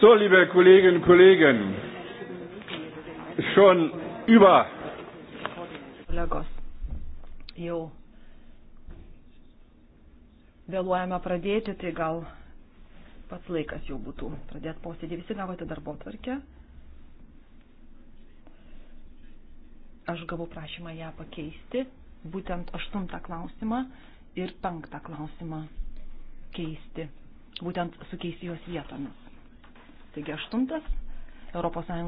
So, liebe Kolleginnen und Kollegen, schon über. Kolegos, jau vėluojame pradėti, tai gal pats laikas jau būtų pradėti posėdį. Visi gavote darbo tvarkę. Aš gavau prašymą ją pakeisti, būtent aštuntą klausimą ir penktą klausimą keisti, būtent sukeisti juos vietomis Taigi aštuntas ES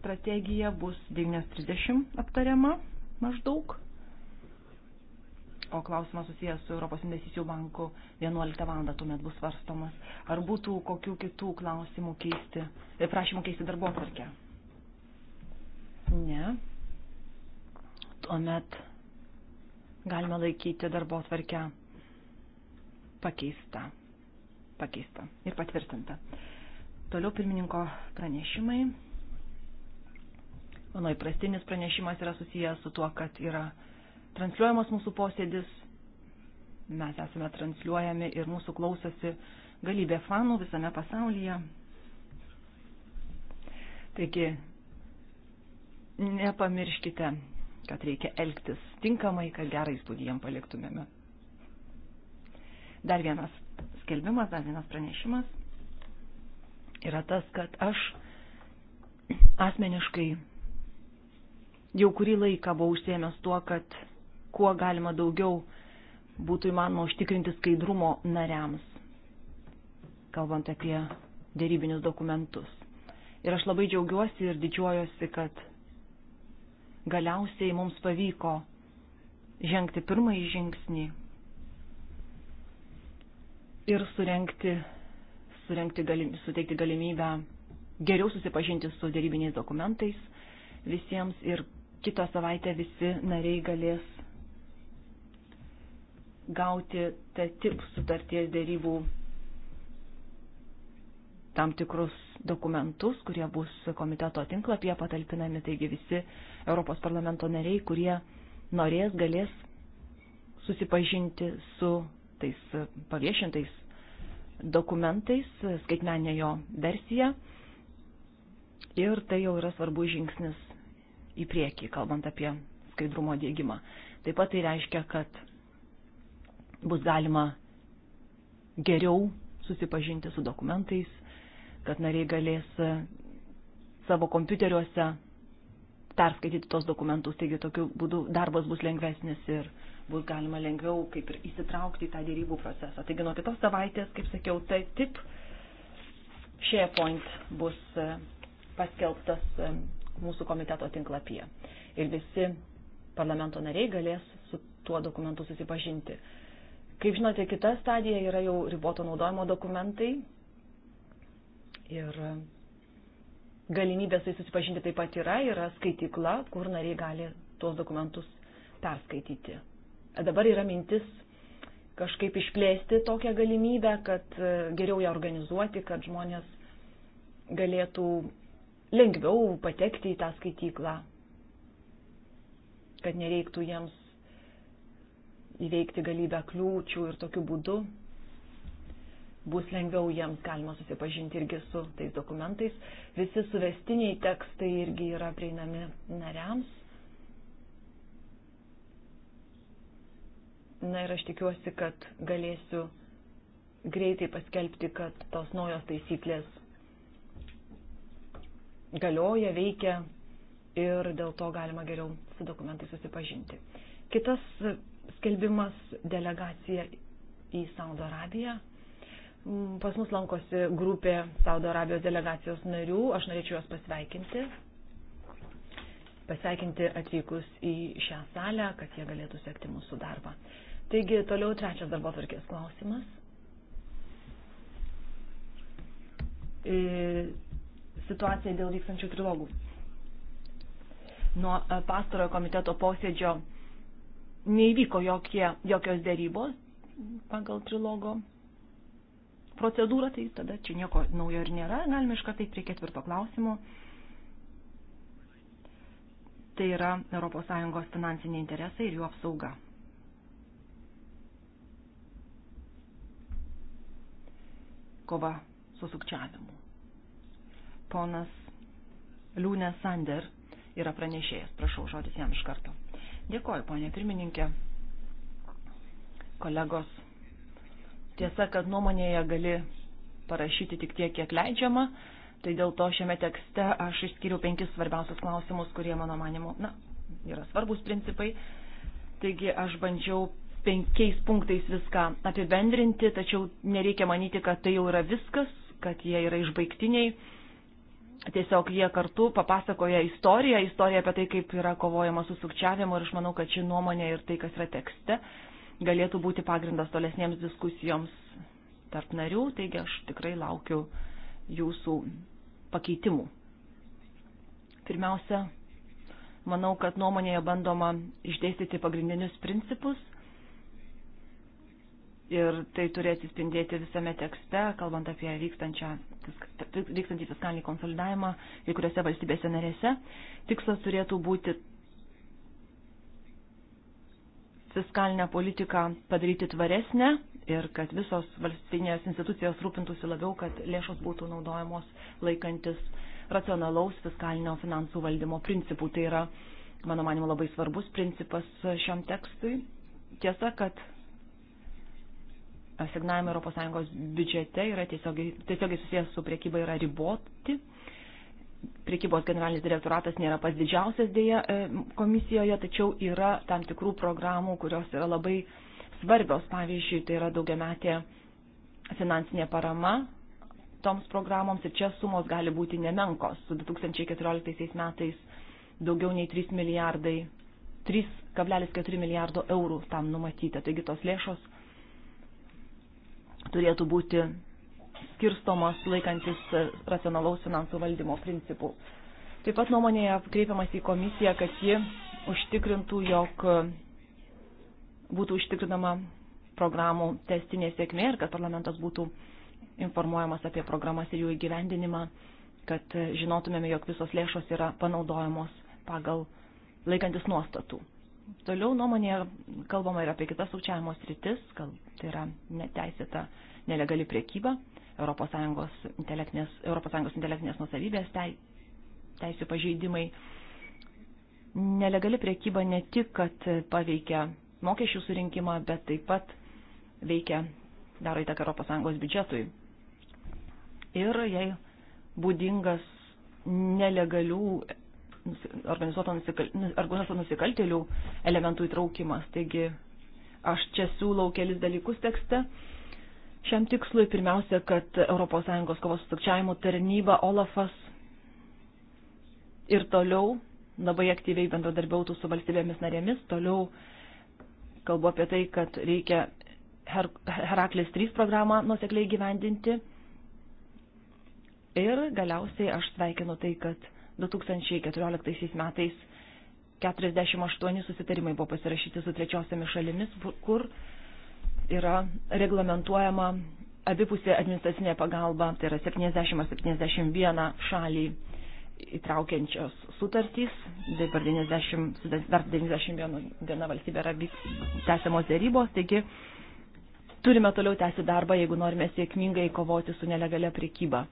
strategija bus 9.30 aptariama maždaug, o klausimas susijęs su Europos investicijų banku 11 val. tuomet bus svarstomas. Ar būtų kokių kitų klausimų keisti, e, prašymų keisti darbo atvarkę? Ne. Tuomet galime laikyti darbo atvarkę pakeistą pakeista ir patvirtinta. Toliau pirmininko pranešimai. Mano įprastinis pranešimas yra susijęs su tuo, kad yra transliuojamas mūsų posėdis. Mes esame transliuojami ir mūsų klausosi galybė fanų visame pasaulyje. Taigi, nepamirškite, kad reikia elgtis tinkamai, kad gerą įspūdį jam paliktumėme. Dar vienas paskelbimas, dar vienas pranešimas yra tas, kad aš asmeniškai jau kurį laiką buvau užsiemęs tuo, kad kuo galima daugiau būtų įmanoma užtikrinti skaidrumo nariams, kalbant apie dėrybinius dokumentus. Ir aš labai džiaugiuosi ir didžiuojuosi, kad galiausiai mums pavyko žengti pirmąjį žingsnį ir surenkti, surenkti galim, suteikti galimybę geriau susipažinti su dėrybiniais dokumentais visiems ir kitą savaitę visi nariai galės gauti tą tip sutarties dėrybų tam tikrus dokumentus, kurie bus komiteto tinklapyje patalpinami, taigi visi Europos parlamento nariai, kurie norės, galės susipažinti su tais e, paviešintais dokumentais, skaitmenė jo versija. Ir tai jau yra svarbus žingsnis į priekį, kalbant apie skaidrumo dėgymą. Taip pat tai reiškia, kad bus galima geriau susipažinti su dokumentais, kad nariai galės e, savo kompiuteriuose perskaityti tos dokumentus, taigi tokiu būdu darbas bus lengvesnis ir uh, bus galima lengviau kaip ir įsitraukti į tą dėrybų procesą. Taigi nuo kitos savaitės, kaip sakiau, tai tip SharePoint bus e, paskelbtas e, mūsų komiteto tinklapyje. Ir visi parlamento nariai galės su tuo dokumentu susipažinti. Kaip žinote, kita stadija yra jau riboto naudojimo dokumentai ir e, galimybės tai susipažinti taip pat yra, yra skaitikla, kur nariai gali tuos dokumentus perskaityti dabar yra mintis kažkaip išplėsti tokią galimybę, kad e, geriau ją organizuoti, kad žmonės galėtų lengviau patekti į tą skaityklą, kad nereiktų jiems įveikti galybę kliūčių ir tokiu būdu bus lengviau jiems galima susipažinti irgi su tais dokumentais. Visi suvestiniai tekstai irgi yra prieinami nariams Na ir aš tikiuosi, kad galėsiu greitai paskelbti, kad tos naujos taisyklės galioja, veikia ir dėl to galima geriau su dokumentai susipažinti. Kitas skelbimas delegacija į Saudo Arabiją. Mm, pas mus lankosi grupė Saudo Arabijos delegacijos narių. Aš norėčiau juos pasveikinti. Pasveikinti atvykus į šią salę, kad jie galėtų sekti mūsų darbą. Taigi toliau trečias darbo tvarkės klausimas. E, situacija dėl vykstančių trilogų. Nuo e, pastarojo komiteto posėdžio neįvyko jokie, jokios dėrybos pagal trilogo procedūrą, tai tada čia nieko naujo ir nėra. Galime iš karto prie ketvirto klausimo. Tai yra ES finansiniai interesai ir jų apsauga. kova su sukčiavimu. Ponas Liūnė Sander yra pranešėjas. Prašau, žodis jam iš karto. Dėkoju, ponė pirmininkė. Kolegos, tiesa, kad nuomonėje gali parašyti tik tiek, kiek leidžiama, tai dėl to šiame tekste aš išskiriau penkis svarbiausius klausimus, kurie mano manimu, na, yra svarbus principai. Taigi aš bandžiau penkiais punktais viską apibendrinti, tačiau nereikia manyti, kad tai jau yra viskas, kad jie yra išbaigtiniai. Tiesiog jie kartu papasakoja istoriją, istoriją apie tai, kaip yra kovojama su sukčiavimu ir aš manau, kad ši nuomonė ir tai, kas yra tekste, galėtų būti pagrindas tolesniems diskusijoms tarp narių, taigi aš tikrai laukiu jūsų pakeitimų. Pirmiausia, manau, kad nuomonėje bandoma išdėstyti pagrindinius principus ir tai turi atsispindėti visame tekste, kalbant apie vykstantį fiskalinį konsolidavimą kai kuriuose valstybėse narėse. Tikslas turėtų būti fiskalinę politiką padaryti tvaresnę ir kad visos valstybinės institucijos rūpintųsi labiau, kad lėšos būtų naudojamos laikantis racionalaus fiskalinio finansų valdymo principų. Tai yra, mano manimo, labai svarbus principas šiam tekstui. Tiesa, kad asignavimai ES biudžete yra tiesiogiai, tiesiogiai susijęs su priekyba yra riboti. Priekybos generalinis direktoratas nėra pats didžiausias dėja e, komisijoje, tačiau yra tam tikrų programų, kurios yra labai svarbios. Pavyzdžiui, tai yra daugiametė finansinė parama toms programoms ir čia sumos gali būti nemenkos. Su 2014 metais daugiau nei 3 milijardai 3,4 milijardo eurų tam numatyta. Taigi tos lėšos turėtų būti skirstomos laikantis racionalaus finansų valdymo principų. Taip pat nuomonėje kreipiamas į komisiją, kad ji užtikrintų, jog būtų užtikrinama programų testinė sėkmė ir kad parlamentas būtų informuojamas apie programas ir jų įgyvendinimą, kad žinotumėme, jog visos lėšos yra panaudojamos pagal laikantis nuostatų. Toliau nuomonėje kalbama ir apie kitas sukčiavimo sritis, gal tai yra neteisėta nelegali priekyba, ES intelektinės, ES intelektinės nusavybės teisų pažeidimai. Nelegali priekyba ne tik, kad paveikia mokesčių surinkimą, bet taip pat veikia, daro įtaką ES biudžetui. Ir jai būdingas nelegalių organizuoto nusikal, nu, nusikaltėlių elementų įtraukimas. Taigi aš čia siūlau kelis dalykus tekste. Šiam tikslui pirmiausia, kad ES kovos sukčiavimo tarnyba Olafas ir toliau labai aktyviai bendradarbiautų su valstybėmis narėmis. Toliau kalbu apie tai, kad reikia Her Heraklis 3 programą nusekliai gyvendinti. Ir galiausiai aš sveikinu tai, kad 2014 metais 48 susitarimai buvo pasirašyti su trečiosiamis šalimis, kur yra reglamentuojama abipusė administracinė pagalba, tai yra 70-71 šalį įtraukiančios sutartys, dabar 90, dar 91 viena valstybė yra tęsiamos dėrybos, taigi turime toliau tęsti darbą, jeigu norime sėkmingai kovoti su nelegalia priekyba.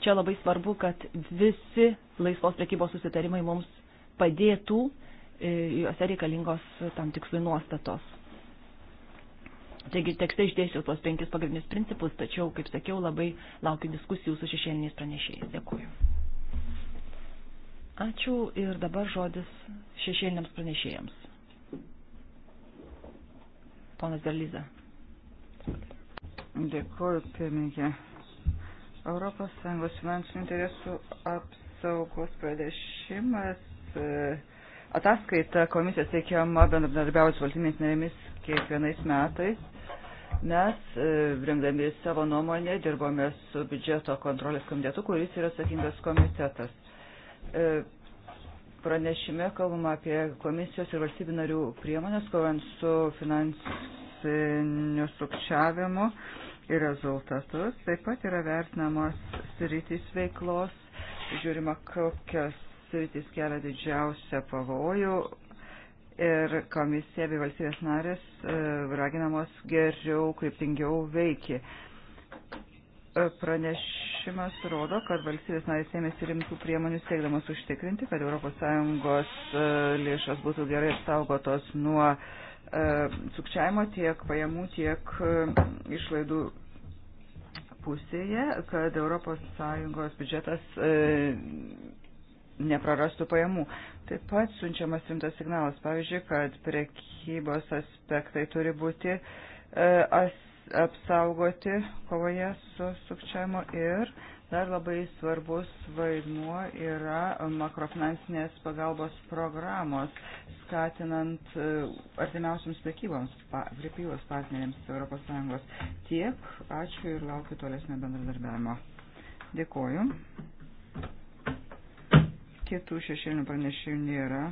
Čia labai svarbu, kad visi laisvos prekybos susitarimai mums padėtų, e, juose reikalingos tam tikslui nuostatos. Taigi tekste išdėsiu tuos penkis pagrindinius principus, tačiau, kaip sakiau, labai laukiu diskusijų su šešėliniais pranešėjais. Dėkuoju. Ačiū ir dabar žodis šešėliniams pranešėjams. Ponas Berlyza. Dėkuoju, pirmininkė. ES finansinių interesų apsaugos pradėšimas. E, ataskaita komisijos teikiama bendradarbiaujant su valstybėmis narėmis kiekvienais metais. Mes, e, rinkdami savo nuomonę, dirbome su biudžeto kontrolės komitetu, kuris yra atsakingas komitetas. E, pranešime kalbama apie komisijos ir valstybių narių priemonės, kovant su finansiniu sukčiavimu ir rezultatus. Taip pat yra vertinamos sritys veiklos, žiūrima, kokios sritys kelia didžiausią pavojų ir komisija bei valstybės narės e, raginamos geriau, kryptingiau veikti. E, pranešimas rodo, kad valstybės narės ėmėsi rimtų priemonių siekdamas užtikrinti, kad ES e, lėšas būtų gerai apsaugotos nuo uh, E, sukčiavimo tiek pajamų, tiek e, išlaidų pusėje, kad ES biudžetas e, neprarastų pajamų. Taip pat siunčiamas rimtas signalas, pavyzdžiui, kad prekybos aspektai turi būti as, apsaugoti kovoje su sukčiavimu ir uh, Dar labai svarbus vaidmuo yra makrofinansinės pagalbos programos, skatinant e, artimiausiams prekyboms, prekybos partneriams ES. Tiek, ačiū ir laukiu tolesnio bendradarbiavimo. Dėkoju. Kitų šešėlinių pranešimų nėra.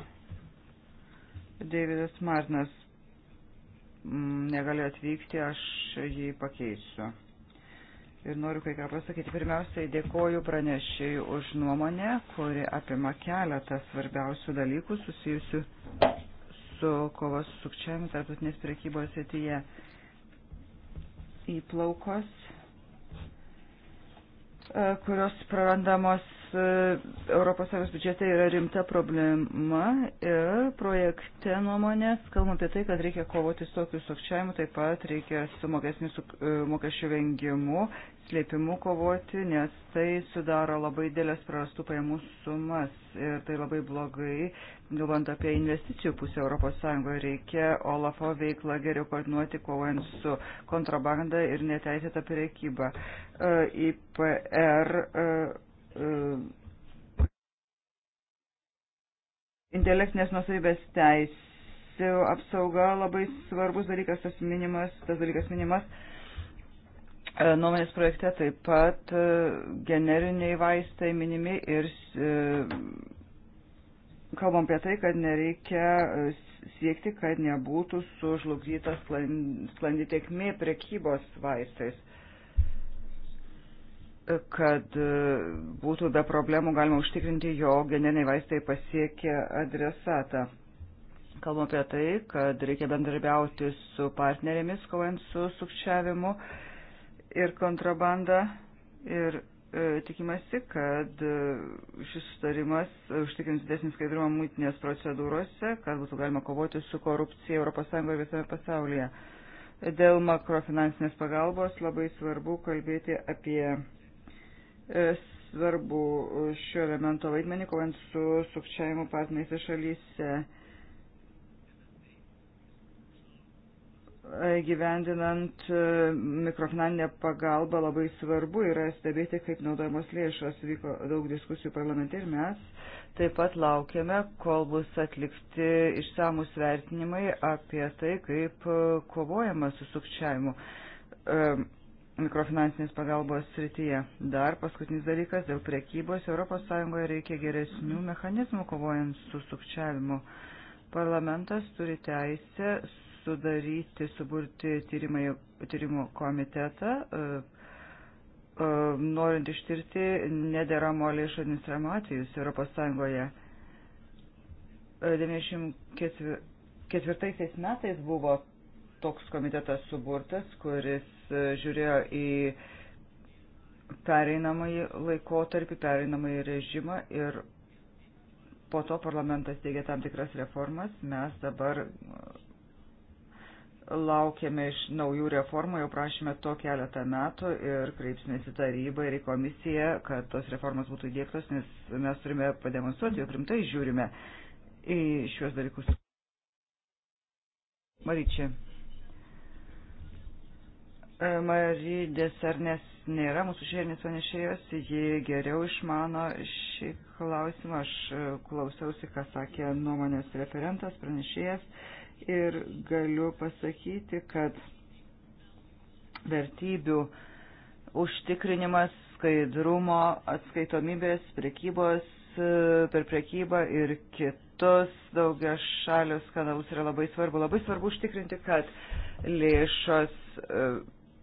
Davidas Martinas mm, negali atvykti, aš jį pakeisiu ir noriu kai ką pasakyti. Pirmiausiai dėkoju pranešėjai už nuomonę, kuri apima keletą svarbiausių dalykų susijusių su kovos sukčiavimu tarptautinės prekybos srityje. Įplaukos, e, kurios prarandamos ES biudžete yra rimta problema ir projekte nuomonės kalbam apie tai, kad reikia kovoti su tokiu sukčiavimu, taip pat reikia su mokesniu e, mokesčių vengimu, slėpimu kovoti, nes tai sudaro labai dėlės prarastų pajamų sumas ir tai labai blogai, galvant apie investicijų pusę ES, reikia Olafo veiklą geriau koordinuoti, kovojant su kontrabanda ir neteisėta priekyba. E, IPR e, E, intelektinės nusavybės teisų apsauga labai svarbus dalykas, tas minimas, tas dalykas minimas. E, nuomonės projekte taip pat e, generiniai vaistai minimi ir kalbam apie tai, kad nereikia siekti, kad nebūtų sužlugdyta sklandi tiekmė prekybos vaistais kad e, būtų be problemų galima užtikrinti, jog geniniai vaistai pasiekia adresatą. Kalbam apie tai, kad reikia bendradarbiauti su partnerėmis, kovant su sukčiavimu ir kontrabanda. Ir e, tikimasi, kad e, šis sustarimas užtikrins didesnį skaidrumą mūtinės procedūrose, kad būtų galima kovoti su korupcija ES ir visame pasaulyje. Dėl makrofinansinės pagalbos labai svarbu kalbėti apie E, svarbu šio elemento vaidmenį, kovant su sukčiavimu partneriais šalyse. E, gyvendinant e, mikrofinalinę pagalbą labai svarbu yra stebėti, kaip naudojamos lėšos. Vyko daug diskusijų parlamente ir mes taip pat laukiame, kol bus atlikti išsamus vertinimai apie tai, kaip kovojama su sukčiavimu mikrofinansinės pagalbos srityje. Dar paskutinis dalykas dėl priekybos ES reikia geresnių mechanizmų kovojant su sukčiavimu. Parlamentas turi teisę sudaryti, suburti tyrimai, tyrimų komitetą, e, e, norint ištirti nederamo lėšų administravimo atvejus ES. 94 e, metais buvo toks komitetas suburtas, kuris E, žiūrėjo į pereinamąjį laikotarpį, pereinamąjį režimą ir po to parlamentas teigia tam tikras reformas. Mes dabar e, laukiame iš naujų reformų, jau prašome to keletą metų ir kreipsimės į tarybą ir į komisiją, kad tos reformos būtų įdėktos, nes mes turime pademonstruoti, jog rimtai žiūrime į šiuos dalykus. Maryčiai. Marydės Arnes nėra mūsų šėlinės panešėjos, ji geriau išmano šį klausimą. Aš e, klausiausi, ką sakė nuomonės referentas, pranešėjas ir galiu pasakyti, kad vertybių užtikrinimas skaidrumo, atskaitomybės, prekybos e, per prekybą ir kitus daugia šalius kanalus yra labai svarbu. Labai svarbu užtikrinti, kad lėšos e,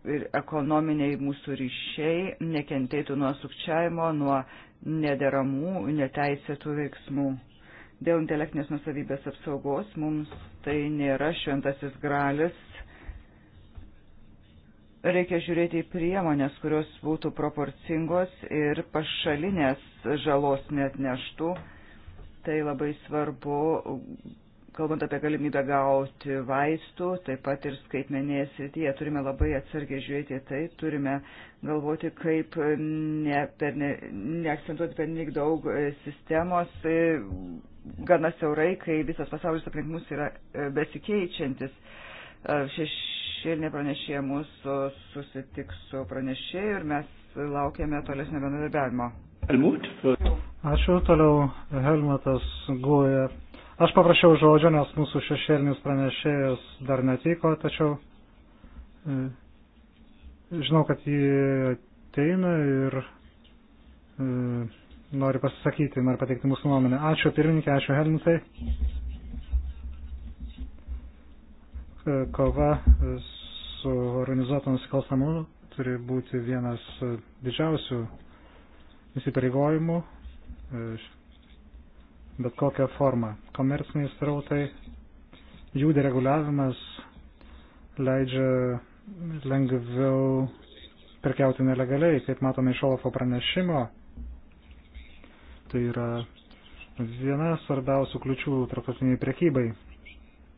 ir ekonominiai mūsų ryšiai nekentėtų nuo sukčiavimo, nuo nederamų, neteisėtų veiksmų. Dėl intelektinės nusavybės apsaugos mums tai nėra šventasis gralis. Reikia žiūrėti į priemonės, kurios būtų proporcingos ir pašalinės žalos net neštų. Tai labai svarbu kalbant apie galimybę gauti vaistų, taip pat ir skaitmenėje srityje turime labai atsargiai žiūrėti tai, turime galvoti, kaip ne, per ne, neakcentuoti per nik daug e, sistemos, e, gana siaurai, kai visas pasaulis aplink mus yra e, besikeičiantis. Šešėlinė pranešėja mūsų susitiks su pranešėju ir mes laukiame tolesnio bendradarbiavimo. Helmut. Ačiū toliau Helmutas Guoja Aš paprašiau žodžio, nes mūsų šešėlinis pranešėjas dar netiko, tačiau e, žinau, kad jį ateina ir e, nori pasisakyti, nori pateikti mūsų nuomonę. Ačiū pirmininkė, ačiū Helintai. E, kova su organizuotu nusikalstamu turi būti vienas didžiausių įsipareigojimų bet kokią formą. Komerciniai srautai, jų dereguliavimas leidžia lengviau prekiauti nelegaliai, kaip matome iš Olafo pranešimo. Tai yra viena svarbiausių kliučių tarptautiniai prekybai.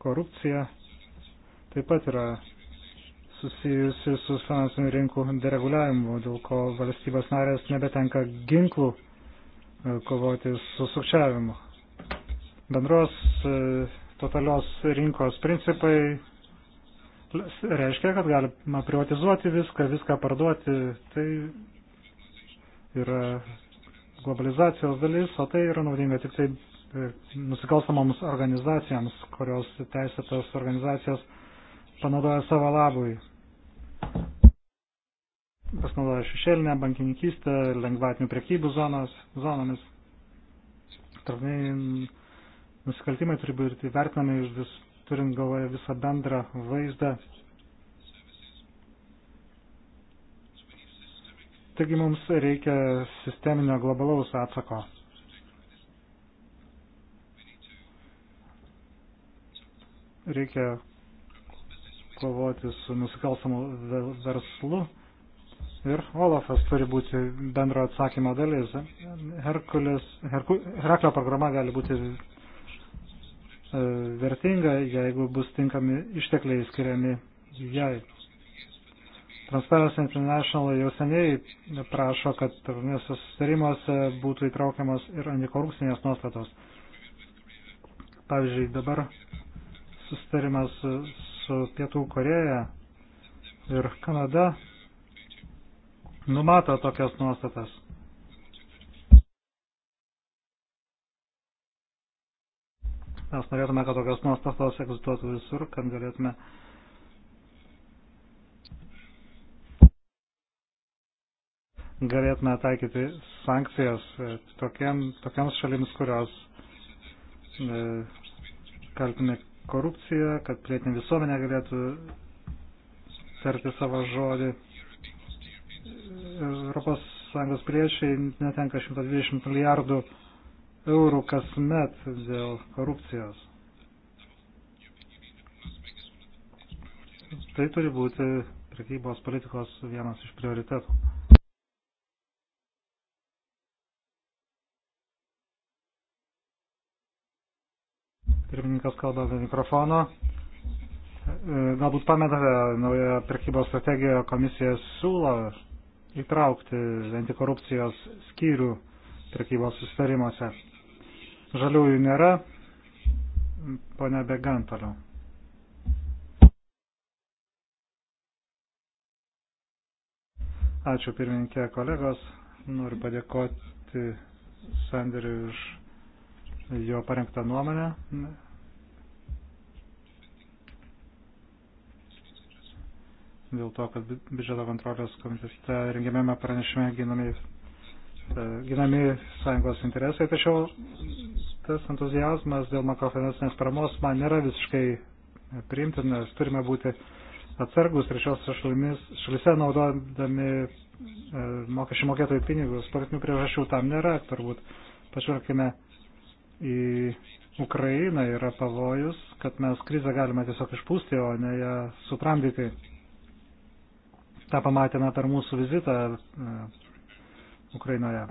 Korupcija taip pat yra susijusi su finansinių rinkų dereguliavimu, dėl ko valstybės narės nebetenka ginklų e, kovoti su sukčiavimu. Bendros e, totalios rinkos principai reiškia, kad galima privatizuoti viską, viską parduoti. Tai yra globalizacijos dalis, o tai yra naudinga tik tai e, nusikalstamoms organizacijoms, kurios teisėtas organizacijos panaudoja savo labui. Pasinaudoja šešėlinę bankininkystę, lengvatinių prekybų zonos, zonomis, tarptautiniai Nusikaltimai turi būti vertinami vis, turint galvoje visą bendrą vaizdą. Taigi mums reikia sisteminio globalaus atsako. Reikia kovoti su nusikalstamu verslu ir Olafas turi būti bendro atsakymo dalis. Herkulės, Herku, Heraklio programa gali būti E, vertinga, jeigu bus tinkami ištekliai skiriami jai. Transparency International jau seniai prašo, kad tarptautiniuose susitarimuose būtų įtraukiamas ir antikorupcinės nuostatos. Pavyzdžiui, dabar susitarimas e, su Pietų Koreja ir Kanada numato tokias nuostatas. Mes norėtume, kad tokios nuostatos egzistuotų visur, kad galėtume galėtume taikyti sankcijas e, tokiem, tokiams šalims, kurios e, kaltinė korupciją, kad plėtinė visuomenė galėtų tarti savo žodį. Europos Sąjungos priešiai netenka 120 milijardų eurų kasmet dėl korupcijos. Tai turi būti prekybos politikos vienas iš prioritetų. Pirmininkas kalba be mikrofono. E, galbūt pametate naują prekybos strategiją komisija siūlo įtraukti antikorupcijos skyrių prekybos susitarimuose. Žaliųjų nėra. Pone Began toliau. Ačiū pirmininkė kolegos. Noriu padėkoti Sanderiui už jo parengtą nuomonę. Dėl to, kad biudžeto kontrolės komitete rengiamėme pranešime ginami, e, ginami sąjungos interesai, tačiau tas entuzijazmas dėl makrofinansinės paramos man nėra visiškai priimtinas. Turime būti atsargus trečios šalise naudodami e, mokesčių mokėtojų pinigus. Politinių priežasčių tam nėra, turbūt. Pažvelkime į Ukrainą yra pavojus, kad mes krizę galime tiesiog išpūsti, o ne ją sutramdyti. Ta pamatėme per mūsų vizitą e, Ukrainoje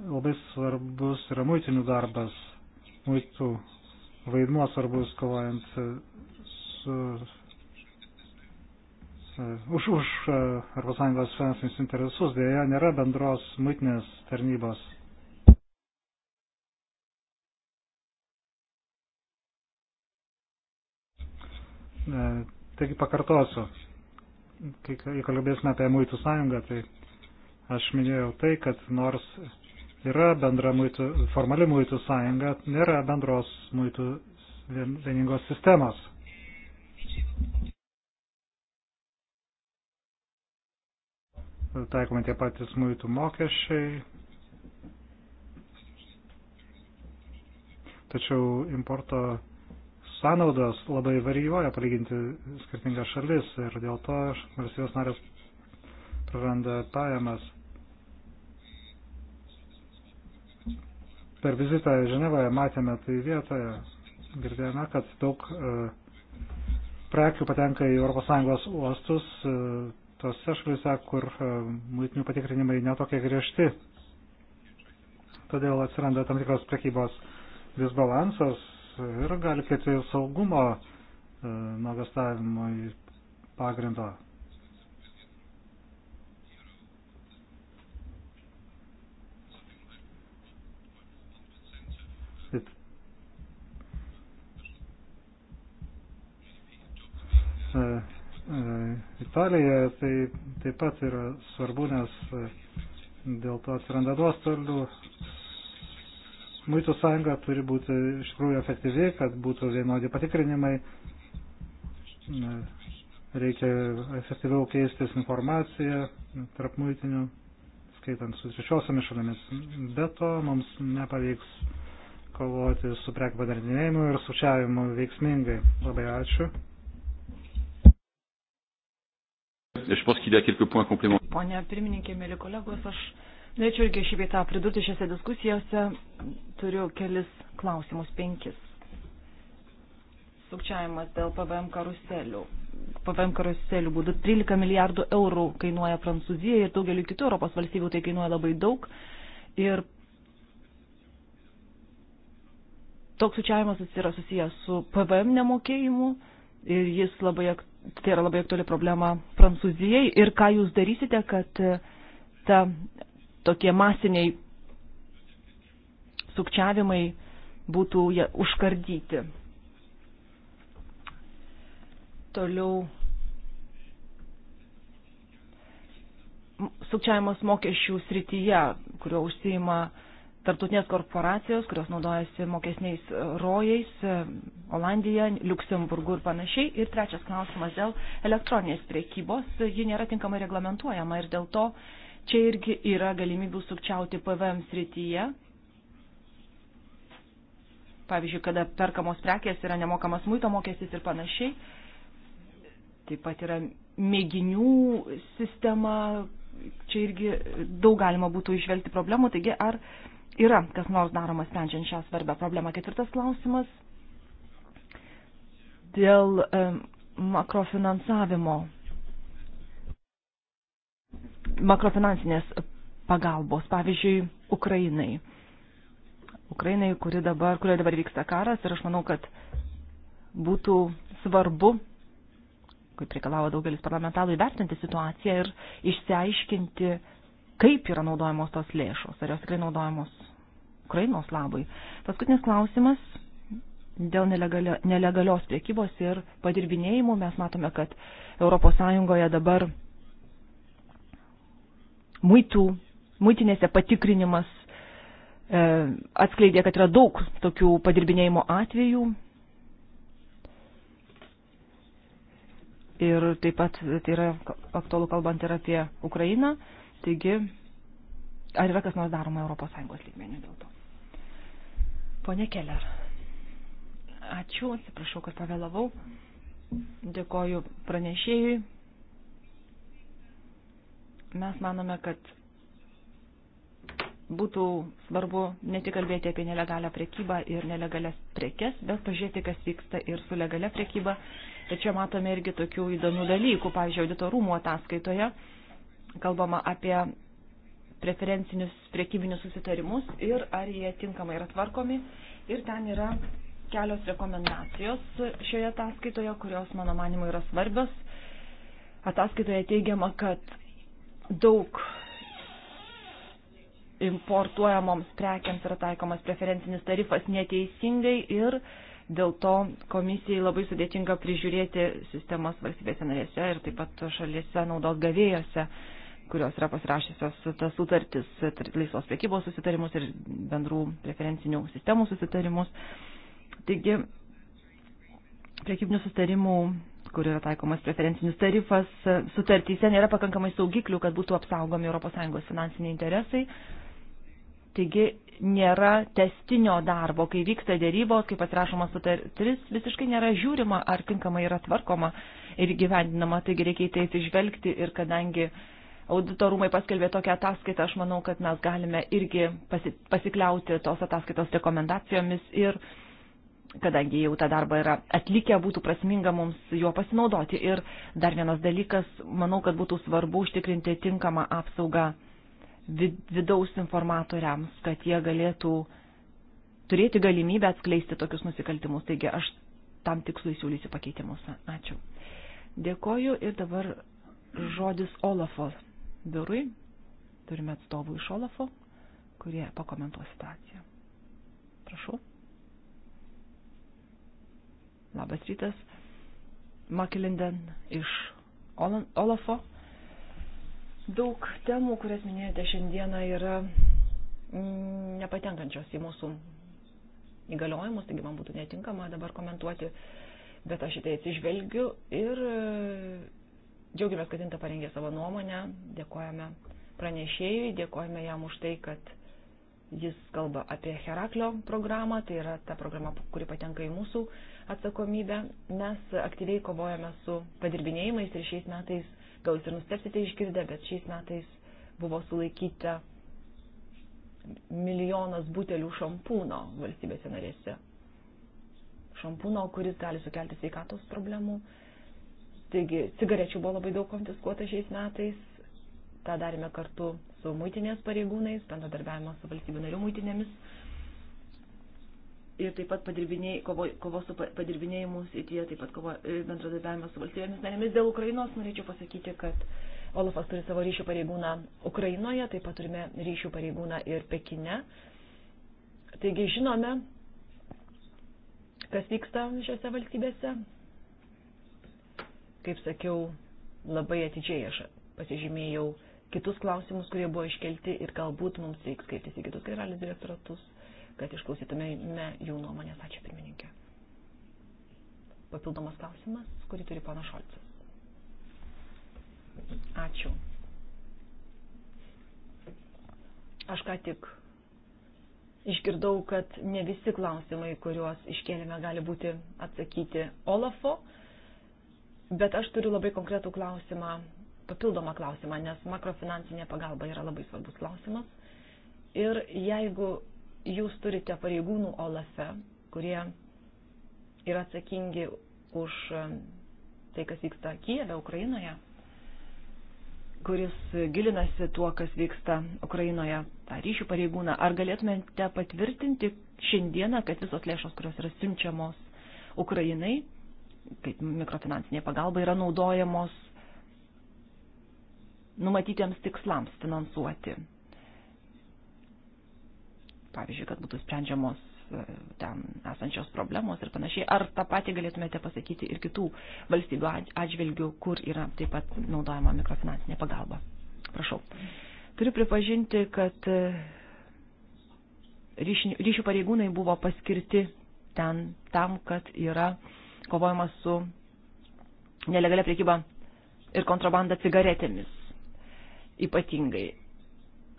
labai svarbus yra muitinių darbas, muitų vaidmuo svarbus kovojant su, su už, už e, Europos Sąjungos finansinius interesus, dėja nėra bendros muitinės tarnybos. E, taigi pakartosiu, kai kalbėsime apie muitų sąjungą, tai aš minėjau tai, kad nors yra bendra muitų, formali muitų sąjunga, nėra bendros muitų vieningos sistemos. Taikomi tie patys muitų mokesčiai. Tačiau importo sąnaudos labai varijuoja palyginti skirtingas šalis ir dėl to valstybės narės praranda pajamas. per vizitą Ženevoje matėme tai vietoje, girdėjome, kad daug e, prekių patenka į ES uostus e, tose šalise, kur e, muitinių patikrinimai netokie griežti. Todėl atsiranda tam tikros prekybos disbalansas ir gali kėti saugumo nuogastavimo pagrindo. E, e, Italijoje tai taip pat yra svarbu, nes e, dėl to atsiranda nuostolių. Muitų sąjunga turi būti iš tikrųjų efektyvi, kad būtų vienodi patikrinimai. Reikia efektyviau keistis informaciją tarp muitinių, skaitant su trečiosiomis šalimis. Be to mums nepavyks kovoti su prekbadarinėjimu ir sučiavimu veiksmingai. Labai ačiū. Je pense qu'il y a quelques points complémentaires. Pone pirmininkė, mėly kolegos, aš norėčiau irgi šį beitą pridurti šiose diskusijose. Turiu kelis klausimus, penkis. Sukčiavimas dėl PVM karuselių. PVM karuselių būdų 13 milijardų eurų kainuoja Prancūzija ir daugeliu kitų Europos valstybių tai kainuoja labai daug. Ir toks sukčiavimas yra susijęs su PVM nemokėjimu ir jis labai aktualus tai yra labai aktuali problema Prancūzijai ir ką jūs darysite, kad e, ta, tokie masiniai sukčiavimai būtų ja, užkardyti. Toliau sukčiavimas mokesčių srityje, kurio užsima uh, tarptautinės korporacijos, kurios naudojasi mokesniais e, rojais, e, Olandija, Luksemburgu ir panašiai. Ir trečias klausimas dėl elektroninės priekybos. Ji nėra tinkamai reglamentuojama ir dėl to čia irgi yra galimybių sukčiauti PVM srityje. Pavyzdžiui, kada perkamos prekės yra nemokamas muito mokestis ir panašiai. Taip pat yra mėginių sistema, čia irgi daug galima būtų išvelgti problemų, taigi ar yra kas nors daroma sprendžiant šią svarbę problemą. Ketvirtas klausimas dėl makrofinansavimo, makrofinansinės pagalbos, pavyzdžiui, Ukrainai. Ukrainai, kuri dabar, kurioje dabar vyksta karas ir aš manau, kad būtų svarbu, kaip reikalavo daugelis parlamentarų, įvertinti situaciją ir išsiaiškinti, kaip yra naudojamos tos lėšos, ar jos tikrai naudojamos Ukrainos labui. Paskutinis klausimas dėl nelegalio, nelegalios priekybos ir padirbinėjimų. Mes matome, kad ES dabar muitų, muitinėse patikrinimas e, atskleidė, kad yra daug tokių padirbinėjimo atvejų. Ir taip pat tai yra aktualu kalbant ir apie Ukrainą. E, Taigi, ar yra kas nors daroma ES lygmenių dėl to? Pone Keller, ačiū, atsiprašau, kad pavėlavau. Dėkoju pranešėjui. Mes manome, kad būtų svarbu ne tik kalbėti apie nelegalią prekybą ir nelegalias prekes, bet pažiūrėti, kas vyksta ir su legalia prekyba. Ir čia matome irgi tokių įdomių dalykų. Pavyzdžiui, audito rūmų ataskaitoje kalbama apie preferencinius priekybinius susitarimus ir ar jie tinkamai yra tvarkomi. Ir ten yra kelios rekomendacijos šioje ataskaitoje, kurios mano manimo yra svarbios. Ataskaitoje teigiama, kad daug importuojamoms prekiams yra taikomas preferencinis tarifas neteisingai ir dėl to komisijai labai sudėtinga prižiūrėti sistemas valstybėse narėse ir taip pat šalyse naudos gavėjose kurios yra pasirašysios tas sutartis, laisvos priekybos susitarimus ir bendrų preferencinių sistemų susitarimus. Taigi, priekybinių susitarimų, kur yra taikomas preferencinis tarifas, sutartyse nėra pakankamai saugiklių, kad būtų apsaugomi ES finansiniai interesai. Taigi, nėra testinio darbo, kai vyksta dėrybos, kai pasirašoma sutartis, visiškai nėra žiūrima, ar tinkamai yra tvarkoma ir gyvendinama, taigi reikia į tai atsižvelgti ir kadangi uh, auditorumai paskelbė tokią ataskaitą, aš manau, kad mes galime irgi pasi, pasikliauti tos ataskaitos rekomendacijomis ir kadangi jau tą darbą yra atlikę, būtų prasminga mums juo pasinaudoti. Ir dar vienas dalykas, manau, kad būtų svarbu užtikrinti tinkamą apsaugą vid vidaus informatoriams, kad jie galėtų turėti galimybę atskleisti tokius nusikaltimus. Taigi aš tam tikslui siūlysiu pakeitimus. Ačiū. Dėkoju ir dabar žodis Olafos biurui. Turime atstovų iš Olafo, kurie pakomentuos situaciją. Prašau. Labas rytas. Makilinden iš Olafo. Daug temų, kurias minėjote šiandieną, yra mm, nepatenkančios į mūsų įgaliojimus, taigi man būtų netinkama dabar komentuoti, bet aš į tai atsižvelgiu ir Džiaugiamės, kad Inta parengė savo nuomonę, dėkojame pranešėjui, dėkojame jam už tai, kad jis kalba apie Heraklio programą, tai yra ta programa, kuri patenka į mūsų atsakomybę. Mes aktyviai kovojame su padirbinėjimais ir šiais metais, gal jūs ir nustepsite išgirdę, bet šiais metais buvo sulaikyta milijonas butelių šampūno valstybėse narėse. Šampūno, kuris gali sukelti sveikatos problemų Taigi cigarečių buvo labai daug konfiskuota šiais metais. Ta darėme kartu su muitinės pareigūnais, bendradarbiavimo su valstybių narių muitinėmis. Ir taip pat kovo, kovo su padirbinėjimu srityje, taip pat kovo, e, bendradarbiavimas su valstybėmis narėmis. Dėl Ukrainos norėčiau pasakyti, kad Olafas turi savo ryšių pareigūną Ukrainoje, taip pat turime ryšių pareigūną ir Pekine. Taigi žinome, kas vyksta šiuose valstybėse, kaip sakiau, labai atidžiai aš pasižymėjau kitus klausimus, kurie buvo iškelti ir galbūt mums reiks kreiptis į kitus generalinius direktoratus, kad išklausytumėme jų nuomonės. Ačiū pirmininkė. Papildomas klausimas, kurį turi pana Šolcas. Ačiū. Aš ką tik išgirdau, kad ne visi klausimai, kuriuos iškėlėme, gali būti atsakyti Olafo Bet aš turiu labai konkretų klausimą, papildomą klausimą, nes makrofinansinė pagalba yra labai svarbus klausimas. Ir jeigu jūs turite pareigūnų OLAFE, kurie yra atsakingi už um, tai, kas vyksta Kijeve, Ukrainoje, kuris gilinasi tuo, kas vyksta Ukrainoje, tą ryšių pareigūną. Ar galėtumėte patvirtinti šiandieną, kad visos lėšos, kurios yra siunčiamos Ukrainai, kaip mikrofinansinė pagalba yra naudojamos numatytiems tikslams finansuoti. Pavyzdžiui, kad būtų sprendžiamos e, ten esančios problemos ir panašiai. Ar tą patį galėtumėte pasakyti ir kitų valstybių atžvilgių, kur yra taip pat naudojama mikrofinansinė pagalba? Prašau. Turiu pripažinti, kad e, ryšių pareigūnai buvo paskirti ten tam, kad yra uh, kovojama su nelegalia priekyba ir kontrabanda cigaretėmis ypatingai.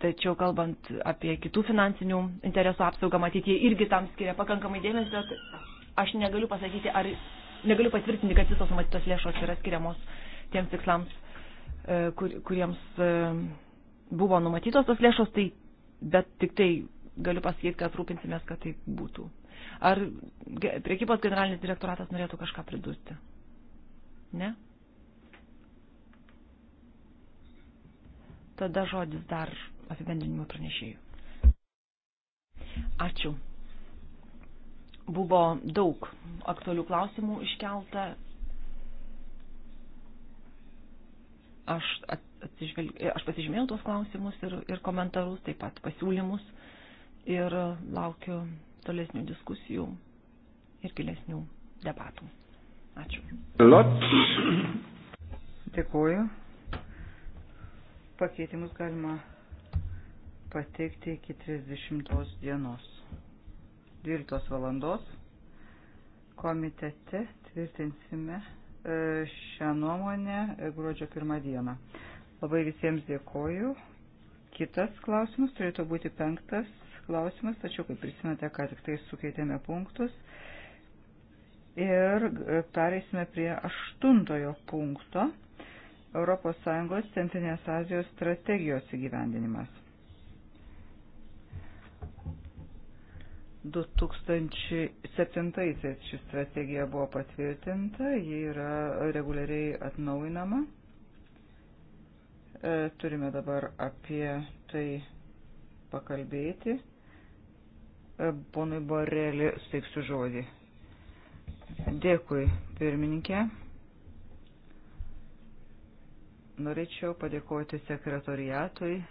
Tačiau kalbant apie kitų finansinių interesų apsaugą, matyt, jie irgi tam skiria pakankamai dėmesio. Aš negaliu pasakyti, ar negaliu patvirtinti, kad visos numatytos lėšos yra skiriamos tiems tikslams, e, kur, kuriems e, buvo numatytos tos lėšos, tai bet tik tai galiu pasakyti, kad rūpinsimės, kad tai būtų Ar priekybos generalinis direktoratas norėtų kažką pridurti? Ne? Tada žodis dar apibendrinimo pranešėjų. Ačiū. Buvo daug aktualių klausimų iškelta. Aš, atsižvel... Aš pasižymėjau tuos klausimus ir, ir komentarus, taip pat pasiūlymus ir laukiu tolesnių diskusijų ir gilesnių debatų. Ačiū. Dėkuoju. Pakeitimus galima pateikti iki 30 dienos. 12 valandos komitete tvirtinsime e, šią nuomonę e, gruodžio pirmą dieną. Labai visiems dėkoju. Kitas klausimas turėtų būti penktas klausimas, tačiau, kaip prisimate, ką tik tai sukeitėme punktus. Ir pereisime prie aštuntojo punkto ES Centrinės Azijos strategijos įgyvendinimas. 2007 ši strategija buvo patvirtinta, ji yra reguliariai atnaujinama. E, turime dabar apie tai pakalbėti. E, ponui Borelį suteiksiu žodį. Dėkui, pirmininkė. Norėčiau padėkoti sekretoriatui uh,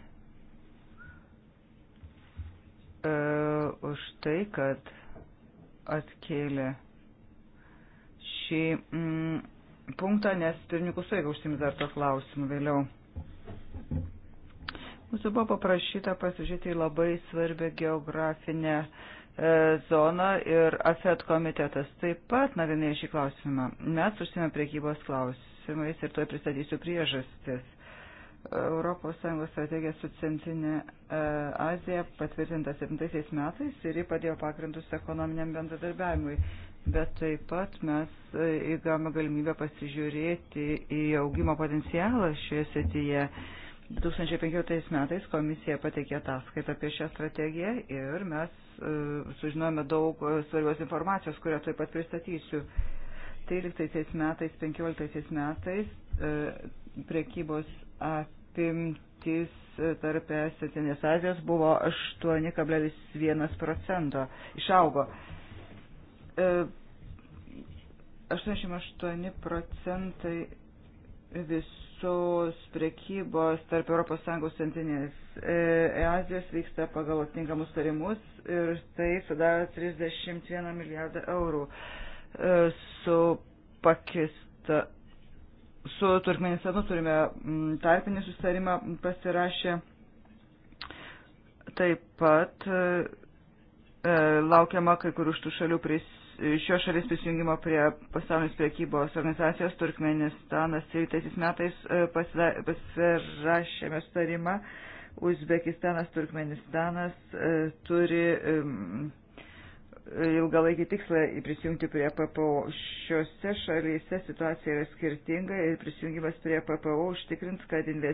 už tai, kad atkėlė šį mm, punktą, nes pirmininkų suėga užsims dar to klausimų vėliau. Mūsų buvo paprašyta pasižiūrėti į labai svarbę geografinę e, zoną ir AFET komitetas taip pat nagrinėja šį klausimą. Mes užsienio priekybos klausimais ir tuoj pristatysiu priežastis. ES strategija su Centrinė e, Azija patvirtinta 7 metais ir ji padėjo pagrindus ekonominiam bendradarbiavimui. Bet taip pat mes e, įgavome galimybę pasižiūrėti į augimo potencialą šioje srityje 2015 metais komisija pateikė ataskaitą apie šią strategiją ir mes e, sužinojome daug e, svarbios informacijos, kurią taip pat pristatysiu. 13 metais, 15 metais e, prekybos apimtis tarp Centrinės Azijos buvo 8,1 procento. Išaugo. 88 procentai visų visos prekybos tarp ES centrinės e, Azijos vyksta pagal atitinkamus tarimus ir tai sudaro 31 milijardą eurų e, su Pakista. Su Turkmenistanu turime tarpinį susitarimą pasirašę. Taip pat e, e, laukiama kai kur iš tų šalių prisijungti šios šalies prisijungimo prie pasaulinės priekybos organizacijos Turkmenistanas 13 metais e, pasirašėme starimą. Uzbekistanas, Turkmenistanas e, turi ilgalaikį tikslą prisijungti prie PPO. Šiuose šalyse situacija yra skirtinga ir prisijungimas prie PPO užtikrins, kad nu,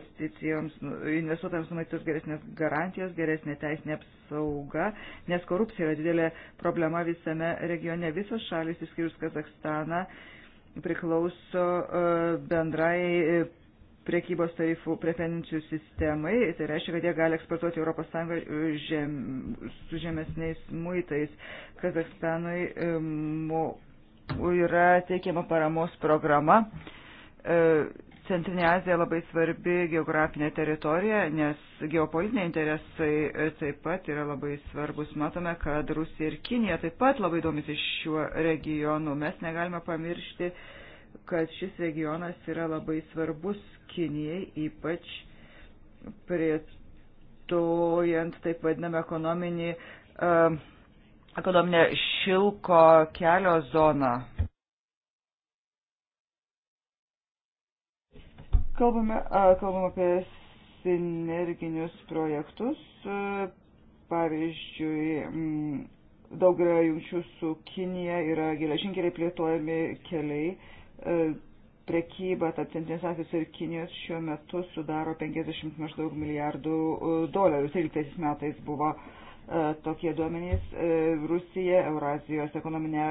investuotams numatytos geresnės garantijos, geresnė teisinė apsauga, nes korupcija yra didelė problema visame regione. Visos šalis, išskyrus Kazakstaną, priklauso e, bendrai e, priekybos tarifų preferencijų sistemai. Tai reiškia, kad jie gali eksportuoti ES e, žem, su žemesniais muitais. Kazakstanui e, yra teikiama paramos programa. E, Centrinė Azija labai svarbi geografinė teritorija, nes geopolitiniai interesai taip pat yra labai svarbus. Matome, kad Rusija ir Kinija taip pat labai domisi šiuo regionu. Mes negalime pamiršti uh, kad šis regionas yra labai svarbus Kinijai, ypač plėtojant taip vadinamą ekonominį, uh, ekonominę šilko kelio zoną. Kalbame, uh, kalbame apie sinerginius projektus, uh, pavyzdžiui, um, daug yra jungčių su Kinija, yra geležinkeliai plėtojami keliai. Uh, E, prekyba tarp Centrinės Azijos ir Kinijos šiuo metu sudaro 50 maždaug milijardų e, dolerių. 13 metais buvo e, tokie duomenys. Rusija, Eurazijos ekonominė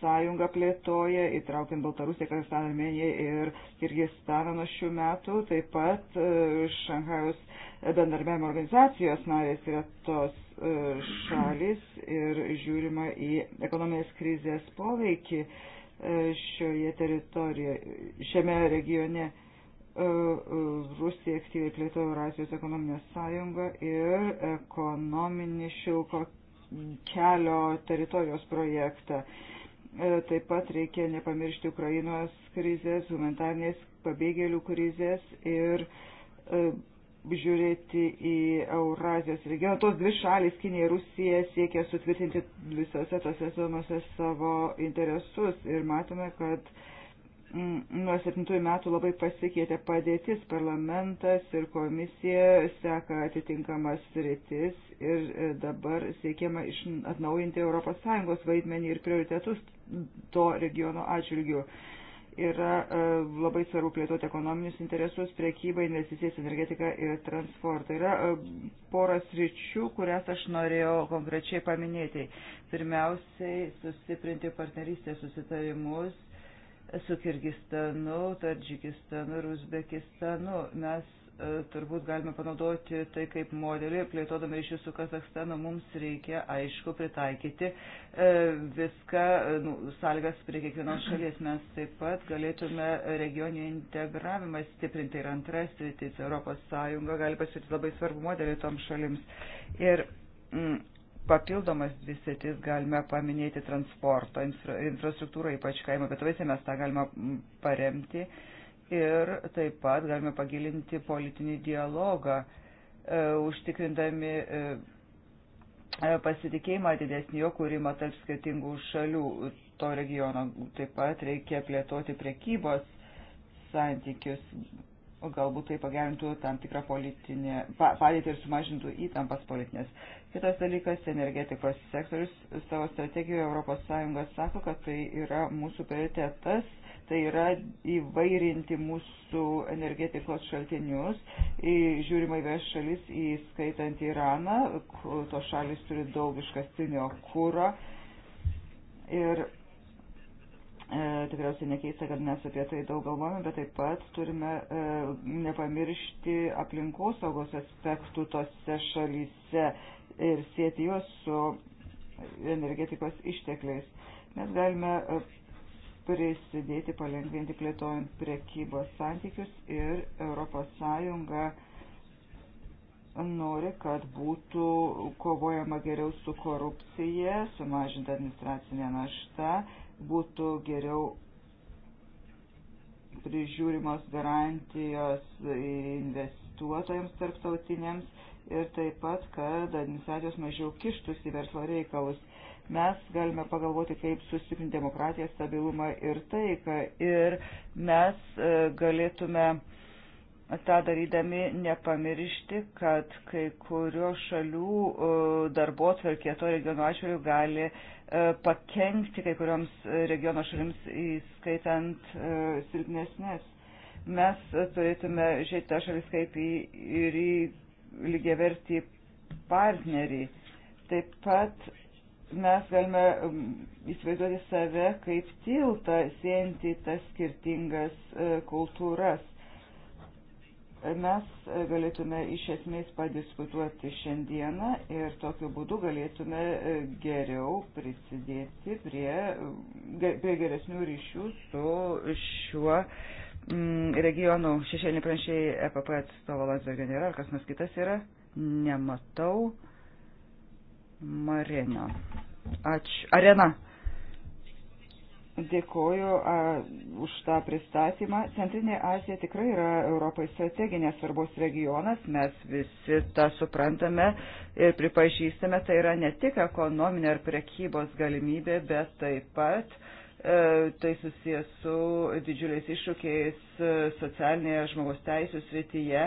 sąjunga plėtoja, įtraukiant Baltarusiją, Kazakstaną, Armeniją ir Kirgistaną nuo šių metų. Taip pat Šanhajus bendarbiavimo organizacijos narės yra tos šalis ir žiūrima į ekonominės krizės poveikį šioje teritorijoje, šiame regione. E, e, Rusija aktyviai plėtojo Eurazijos ekonominę sąjungą ir ekonominį šilko kelio teritorijos projektą. E, taip pat reikia nepamiršti Ukrainos krizės, humanitarnės pabėgėlių krizės ir žiūrėti į Eurazijos regioną. Tos dvi šalis, Kinija ir Rusija, siekia sutvirtinti visose tose zonose savo interesus ir matome, kad mm, nuo 7 metų labai pasikeitė padėtis, parlamentas ir komisija seka atitinkamas rytis ir e, dabar siekiama atnaujinti ES vaidmenį ir prioritetus to regiono atžvilgiu yra e, labai svarbu plėtoti ekonominius interesus, priekybą, investicijas, energetiką ir transportą. Yra e, poras ryčių, kurias aš norėjau konkrečiai paminėti. Pirmiausiai, sustiprinti partnerystės susitarimus su Kirgistanu, Tadžikistanu ir Uzbekistanu. Mes E, turbūt galime panaudoti tai kaip modelį, plėtodami ryšius su Kazakstanu, mums reikia aišku pritaikyti e, viską, e, nu, sąlygas prie kiekvienos šalies. Mes taip pat galėtume regioninį integravimą stiprinti ir antras tai rytis Europos Sąjunga gali pasiūlyti labai svarbu modelį toms šalims. Ir mm, papildomas dvi sritis galime paminėti transporto infra, infrastruktūrą, ypač kaimo vietovėse mes tą galime mm, paremti. Mm, ir taip pat galime pagilinti politinį dialogą, e, užtikrindami e, e, pasitikėjimą didesnį jo kūrimą tarp skirtingų šalių to regiono. Taip pat reikia plėtoti prekybos santykius, galbūt tai pagerintų tam tikrą politinę padėtį ir sumažintų įtampas politinės. Kitas dalykas - energetikos sektorius. Savo strategijoje ES sako, kad tai yra mūsų prioritetas tai yra įvairinti mūsų energetikos šaltinius, žiūrima į vės šalis, įskaitant Iraną, tos šalis turi daug iškastinio kūro ir E, tikriausiai nekeista, kad mes apie tai daug galvojame, bet taip pat turime e, nepamiršti aplinkosaugos aspektų tose šalyse ir sėti juos su energetikos ištekliais. Mes galime e, prisidėti palengvinti plėtojant prekybos santykius ir ES nori, kad būtų kovojama geriau su korupcija, sumažinta administracinė našta, būtų geriau prižiūrimos garantijos investuotojams tarptautiniams ir taip pat, kad administracijos mažiau kištus į verslo reikalus Mes galime pagalvoti, kaip sustiprinti demokratiją, stabilumą ir taiką. Ir mes e, galėtume tą darydami nepamiršti, kad kai kurio šalių e, darbo atverkė to regiono atžvilgių gali e, pakengti kai kurioms regiono šalims, įskaitant silpnesnės. Mes turėtume žiūrėti tą šalis kaip į, ir į lygiavertį partnerį. Taip pat mes galime um, įsivaizduoti save kaip tiltą siejantį tas skirtingas e, kultūras. Mes e, galėtume iš esmės padiskutuoti šiandieną ir tokiu būdu galėtume e, geriau prisidėti prie, um, prie geresnių ryšių su šiuo mm, regionu. Šešėlinį pranešėjai EPP atstovo Landsbergio nėra, ar kas nors kitas yra? Nematau. Marina. Ačiū. Arena. Dėkoju a, už tą pristatymą. Centrinė Azija tikrai yra Europai strateginės svarbos regionas, mes visi tą suprantame ir pripažįstame, tai yra ne tik ekonominė ar prekybos galimybė, bet taip pat e, tai susijęs su didžiuliais iššūkiais e, socialinėje žmogaus teisų srityje.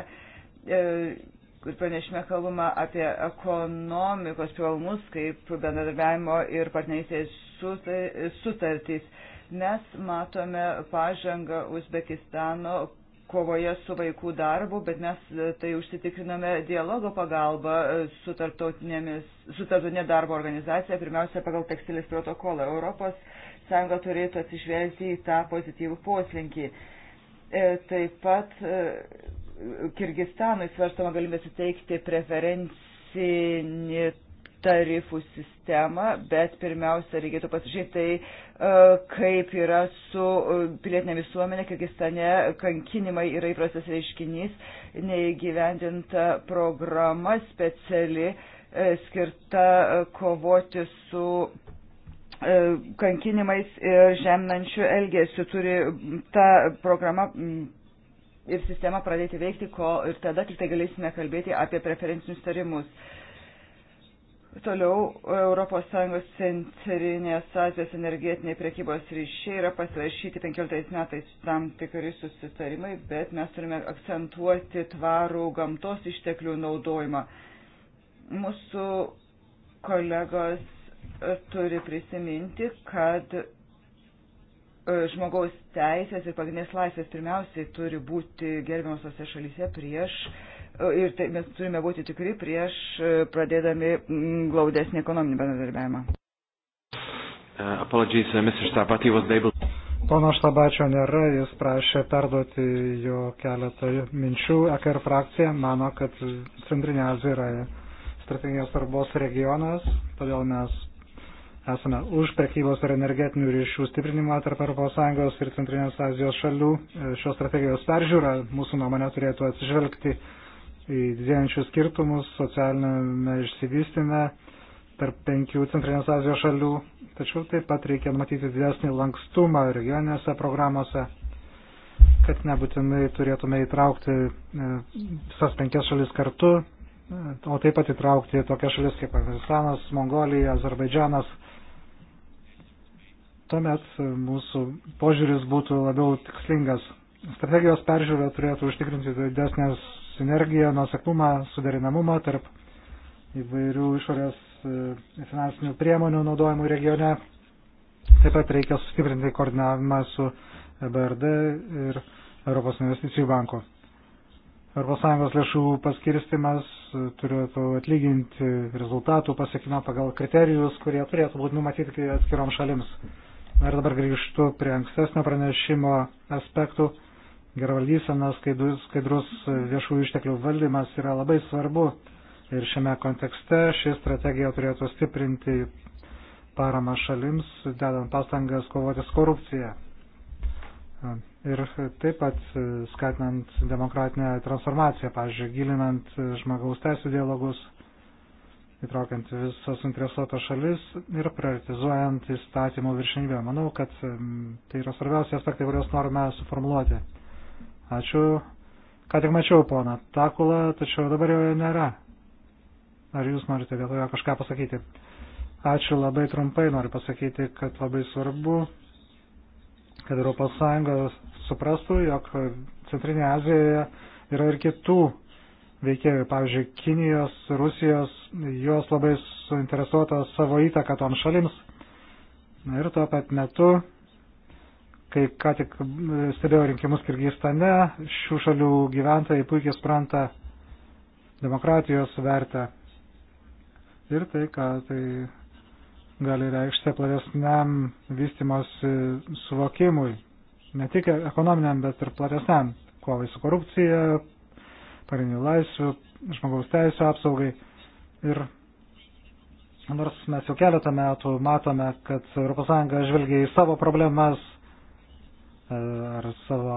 E, kur pranešime kalbama apie ekonomikos privalumus kaip bendradarbiavimo ir partnerystės sutartys. Mes matome pažangą Uzbekistano kovoje su vaikų darbu, bet mes tai užsitikriname dialogo pagalba e, su tarptautinė darbo organizacija, pirmiausia pagal tekstilės protokolą. Europos Sąjunga turėtų atsižvelgti į tą pozityvų poslinkį. E, taip pat e, Kirgistanui svarstama galimybė suteikti preferencinį tarifų sistemą, bet pirmiausia, reikėtų pasižiūrėti tai, e, kaip yra su e, pilietinė visuomenė, Kirgistane kankinimai yra įprastas reiškinys, neįgyvendinta programa speciali e, skirta kovoti su kankinimais ir žemnančių elgesių turi ta programa ir sistema pradėti veikti, ko ir tada tik tai galėsime kalbėti apie preferencinius tarimus. Toliau ES centrinės Azijos energetiniai priekybos ryšiai yra pasirašyti 15 metais tam tikri susitarimai, bet mes turime akcentuoti tvarų gamtos išteklių naudojimą. Mūsų kolegos turi prisiminti, kad E, žmogaus teisės ir pagrindinės laisvės pirmiausiai turi būti gerbiamas tose šalyse prieš e, ir tai mes turime būti tikri prieš e, pradėdami mm, glaudesnį ekonominį bendradarbiavimą. Uh, uh Pono Štabačio nėra, jis prašė perduoti jo keletą minčių. EKR frakcija mano, kad Centrinė Azija yra strateginės svarbos regionas, todėl mes Esame už prekybos ir energetinių ryšių stiprinimą tarp ES ir Centrinės Azijos šalių. Šios strategijos peržiūra mūsų nuomonė turėtų atsižvelgti į didėjančius skirtumus socialinėme išsivystime tarp penkių Centrinės Azijos šalių, tačiau taip pat reikia matyti didesnį lankstumą regioninėse programuose, kad nebūtinai turėtume įtraukti e, visas penkias šalis kartu, e, o taip pat įtraukti tokias šalis kaip Afganistanas, Mongolija, Azerbaidžianas, tuomet mūsų požiūris būtų labiau tikslingas. Strategijos peržiūra turėtų užtikrinti didesnę sinergiją, nuoseklumą, suderinamumą tarp įvairių išorės e, finansinių priemonių naudojimų regione. Taip pat reikia sustiprinti koordinavimą su EBRD ir Europos investicijų banko. ES lėšų paskirstimas e, turėtų atlyginti rezultatų pasiekimą pagal kriterijus, kurie turėtų būti numatyti atskirom šalims. Na ir dabar grįžtu prie ankstesnio pranešimo aspektų. Gervaldysena, skaidrus, skaidrus viešųjų išteklių valdymas yra labai svarbu ir šiame kontekste ši strategija turėtų stiprinti paramą šalims, dedant pastangas kovoti su korupcija. Ir taip pat skatinant demokratinę transformaciją, pavyzdžiui, gilinant žmogaus teisų dialogus įtraukiant visas interesuotas šalis ir prioritizuojant įstatymų viršinybę. Manau, kad tai yra svarbiausi aspektai, kuriuos norime suformuoluoti. Ačiū. Ką tik mačiau poną Takulą, tačiau dabar jo nėra. Ar jūs norite vietoje kažką pasakyti? Ačiū labai trumpai, noriu pasakyti, kad labai svarbu, kad ES suprastų, jog Centrinėje Azijoje yra ir kitų veikėjų, pavyzdžiui, Kinijos, Rusijos, jos labai suinteresuotos savo įtaką tom šalims. Ir tuo pat metu, kaip ką tik stebėjau rinkimus Kirgistane, šių šalių gyventojai puikiai supranta demokratijos vertę ir tai, ką tai gali reikšti platesniam vystimosi suvokimui, ne tik ekonominiam, bet ir platesniam kovai su korupcija, pagrindinių laisvių, žmogaus teisų apsaugai. Ir nors mes jau keletą metų matome, kad ES žvelgia į savo problemas e, ar savo,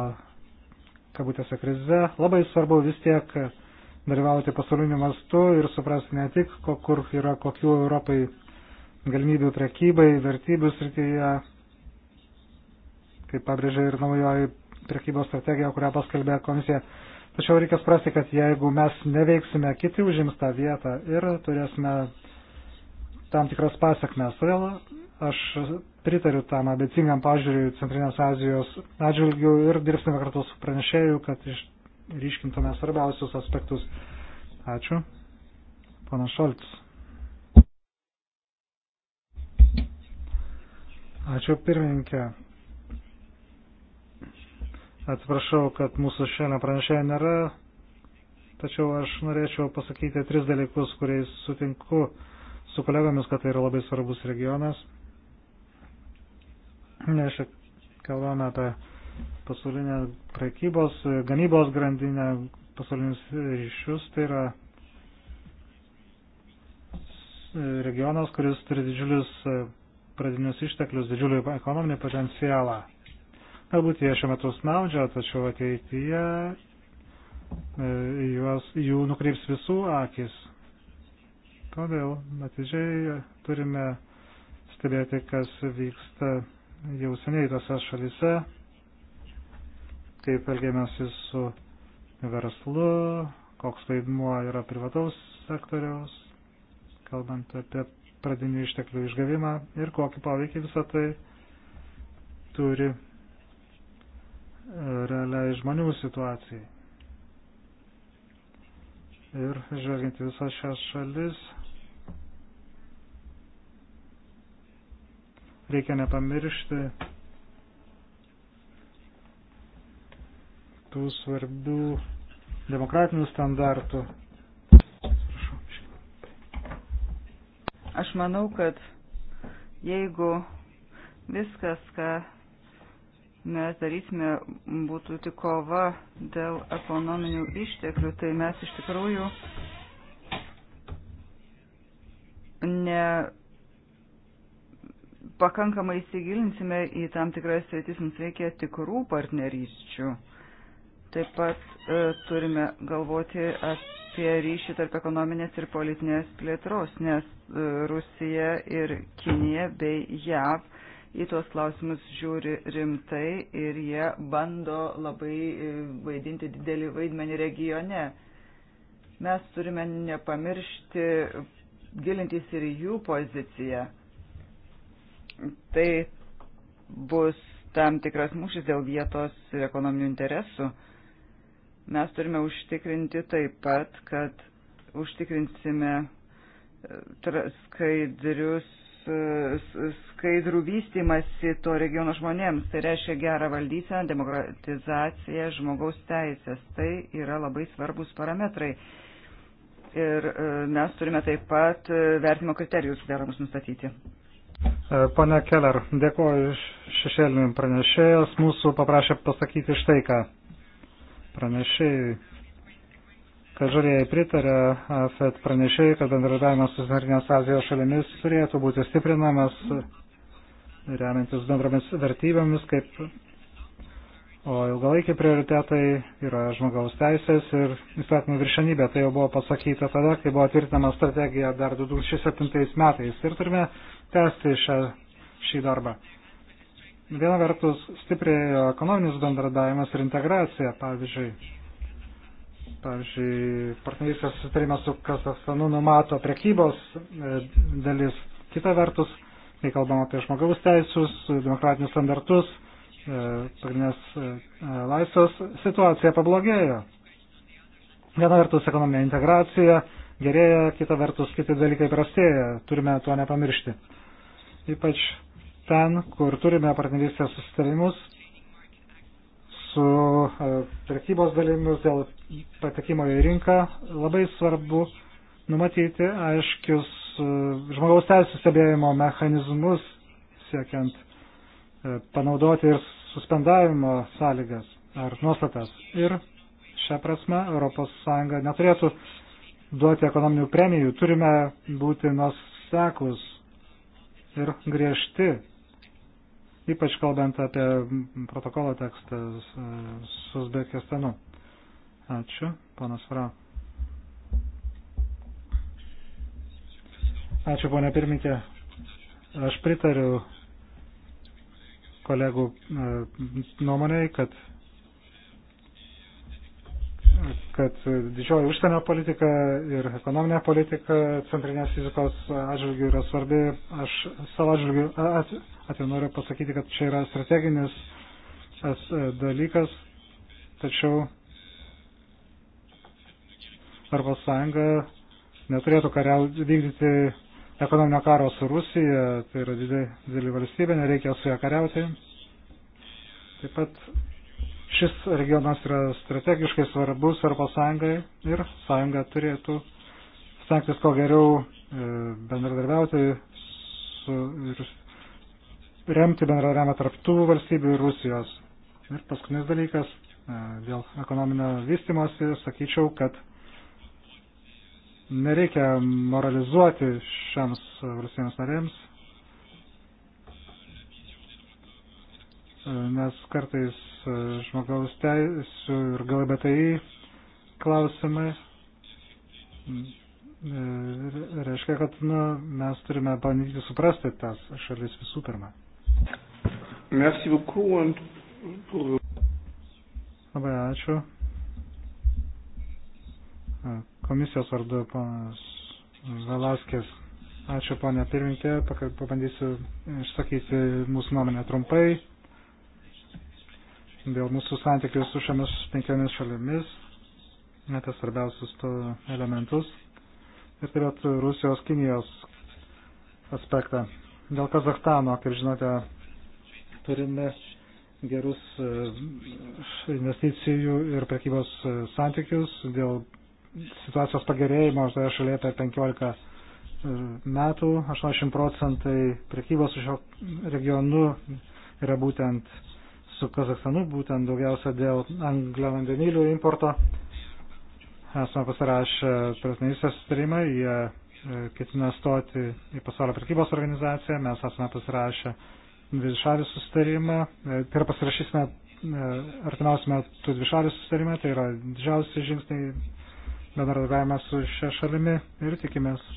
kabutėse, krize, labai svarbu vis tiek dalyvauti pasauliniu mastu ir suprasti ne tik, kur yra kokių Europai galimybių prekybai, vertybių srityje, kaip pabrėžia ir naujoji prekybos strategija, kurią paskelbė komisija, Tačiau reikia suprasti, kad jeigu mes neveiksime, kiti užims tą vietą ir turėsime tam tikras pasiekmes. Todėl aš pritariu tam abecingam pažiūriui Centrinės Azijos atžvilgių ir dirbsime kartu su pranešėju, kad ryškintume svarbiausius aspektus. Ačiū. Pana Šolcis. Ačiū pirmininkė. Atsiprašau, kad mūsų šiandien pranešėjo nėra, tačiau aš norėčiau pasakyti tris dalykus, kuriais sutinku su kolegomis, kad tai yra labai svarbus regionas. Nes kalbame apie pasaulinę prekybos, gamybos grandinę, pasaulinius ryšius. Tai yra regionas, kuris turi didžiulius pradinius išteklius, didžiulį ekonominį potencialą. Galbūt jie šiuo metu snaudžia, tačiau ateityje e, juos, jų nukreips visų akis. Todėl atidžiai turime stebėti, kas vyksta jau seniai tose šalise, kaip elgiamasi su verslu, koks vaidmuo yra privataus sektoriaus, kalbant apie pradinių išteklių išgavimą ir kokį poveikį visą tai turi realiai žmonių situacijai. Ir žvelgiant visas šias šalis, reikia nepamiršti tų svarbių demokratinių standartų. Aš manau, kad jeigu viskas, ką mes darysime, būtų tik kova dėl ekonominių išteklių, tai mes iš tikrųjų ne pakankamai įsigilinsime į tam tikras sritis, mums reikia tikrų partnerysčių. Taip pat e, turime galvoti apie ryšį tarp ekonominės ir politinės plėtros, nes e, Rusija ir Kinija bei JAV e, į tuos klausimus žiūri rimtai ir jie bando labai e, vaidinti didelį vaidmenį regione. Mes turime nepamiršti gilintis ir jų poziciją. Tai bus tam tikras mūšis dėl vietos ir ekonominių interesų. Mes turime užtikrinti taip pat, kad užtikrinsime e, skaidrius skaidrų vystimasi to regiono žmonėms. Tai reiškia gerą valdyseną, demokratizaciją, žmogaus teisės. Tai yra labai svarbus parametrai. Ir e, mes turime taip pat e, vertimo kriterijus deramus nustatyti. E, Pane Keller, dėkuoju šešėlinim pranešėjas. Mūsų paprašė pasakyti štai ką. Pranešėjai kad žalieji pritarė FED pranešėjai, kad bendradarbiavimas su Centrinės Azijos šalimis turėtų būti stiprinamas, remiantis bendromis vertybėmis, kaip O ilgalaikiai prioritetai yra žmogaus teisės ir įstatymų viršenybė. Tai jau buvo pasakyta tada, kai buvo tvirtinama strategija dar 2007 metais. Ir turime tęsti šią, šį darbą. Viena vertus stiprėjo ekonominis bendradavimas ir integracija, pavyzdžiui. Pavyzdžiui, partnerystės sutarimas su Kazakstanu numato prekybos e, dalis. Kita vertus, kai kalbam apie žmogaus teisus, demokratinius standartus, e, pagrindinės e, laisvės, situacija pablogėjo. Viena vertus ekonominė integracija gerėja, kita vertus kiti dalykai prastėja, turime to nepamiršti. Ypač ten, kur turime partnerystės susitarimus, su e, prekybos dalimis dėl patekimo į rinką, labai svarbu numatyti aiškius e, žmogaus teisų stebėjimo mechanizmus siekiant e, panaudoti ir suspendavimo sąlygas ar nuostatas. Ir šią prasme ES neturėtų duoti ekonominių premijų. Turime būti nuoseklus ir griežti ypač kalbant apie protokolo tekstą su Uzbekistanu. Ačiū, panas Fra. Ačiū, ponė pirmininkė. Aš pritariu kolegų e, nuomonėj, kad kad didžioji užsienio politika ir ekonominė politika centrinės fizikos atžvilgių yra svarbi. Aš savo atžvilgių atveju noriu pasakyti, kad čia yra strateginis dalykas, tačiau Europos Sąjunga neturėtų kariau vykdyti ekonominio karo su Rusija, tai yra didelė valstybė, nereikia su ją kariauti. Taip pat Šis regionas yra strategiškai svarbus Europos Sąjungai ir Sąjunga turėtų stengtis ko geriau e, bendradarbiauti su, ir remti bendradarbiavimą tarptų valstybių ir Rusijos. Ir paskutinis dalykas e, dėl ekonominio vystimosi, sakyčiau, kad nereikia moralizuoti šiams valstybėms narėms, e, nes kartais E, žmogaus teisų ir galbėtai klausimai. Mm, e, reiškia, kad nu, mes turime bandyti suprasti tas šalis visų pirma. Merci beaucoup. Labai ačiū. E, komisijos vardu panas Valaskės. Ačiū, ponė pirmininkė, pabandysiu išsakyti mūsų nuomonę trumpai dėl mūsų santykių su šiomis penkiomis šalimis, net svarbiausius to elementus ir taip pat Rusijos, Kinijos aspektą. Dėl Kazakstano, kaip žinote, turime gerus e, investicijų ir prekybos e, santykius dėl situacijos pagerėjimo toje šalyje per 15 e, metų. 80 procentai prekybos su šio regionu yra būtent su Kazakstanu, būtent daugiausia dėl angliavandenilių importo. Esame pasirašę partnerystės sustarimą, jie e, ketina stoti į pasaulio prekybos organizaciją, mes esame pasirašę dvišalį sustarimą, e, tai yra pasirašysime e, artimiausiame tų dvišalį sustarimą, tai yra didžiausi žingsniai bendradarbiavime su šia šalimi ir tikimės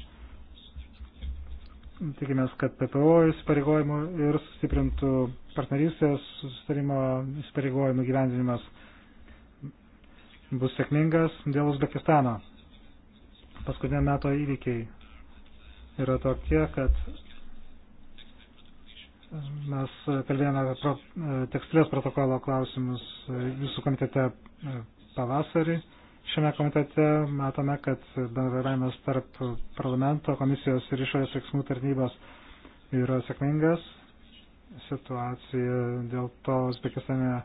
tikimės, kad PPO įsipareigojimų ir sustiprintų partnerystės sustarimo įsipareigojimų gyvendinimas bus sėkmingas dėl Uzbekistano. Paskutinio meto įvykiai yra tokie, kad mes kalbėjome apie pro, e, tekstilės protokolo klausimus visų e, komitete e, pavasarį Šiame komitete matome, kad bendravimas tarp parlamento komisijos ir išorės veiksmų tarnybos yra sėkmingas. Situacija dėl to Uzbekistane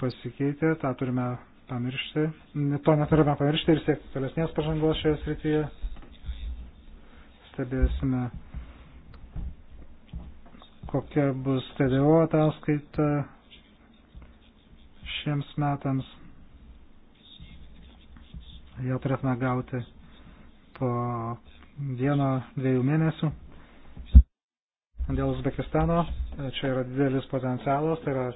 pasikeitė, tą turime pamiršti. To neturime pamiršti ir siekti tolesnės pažangos šioje srityje. Stebėsime, kokia bus TDO ataskaita šiems metams ją turėtume gauti po vieno, dviejų mėnesių. Dėl Uzbekistano čia yra didelis potencialas, tai yra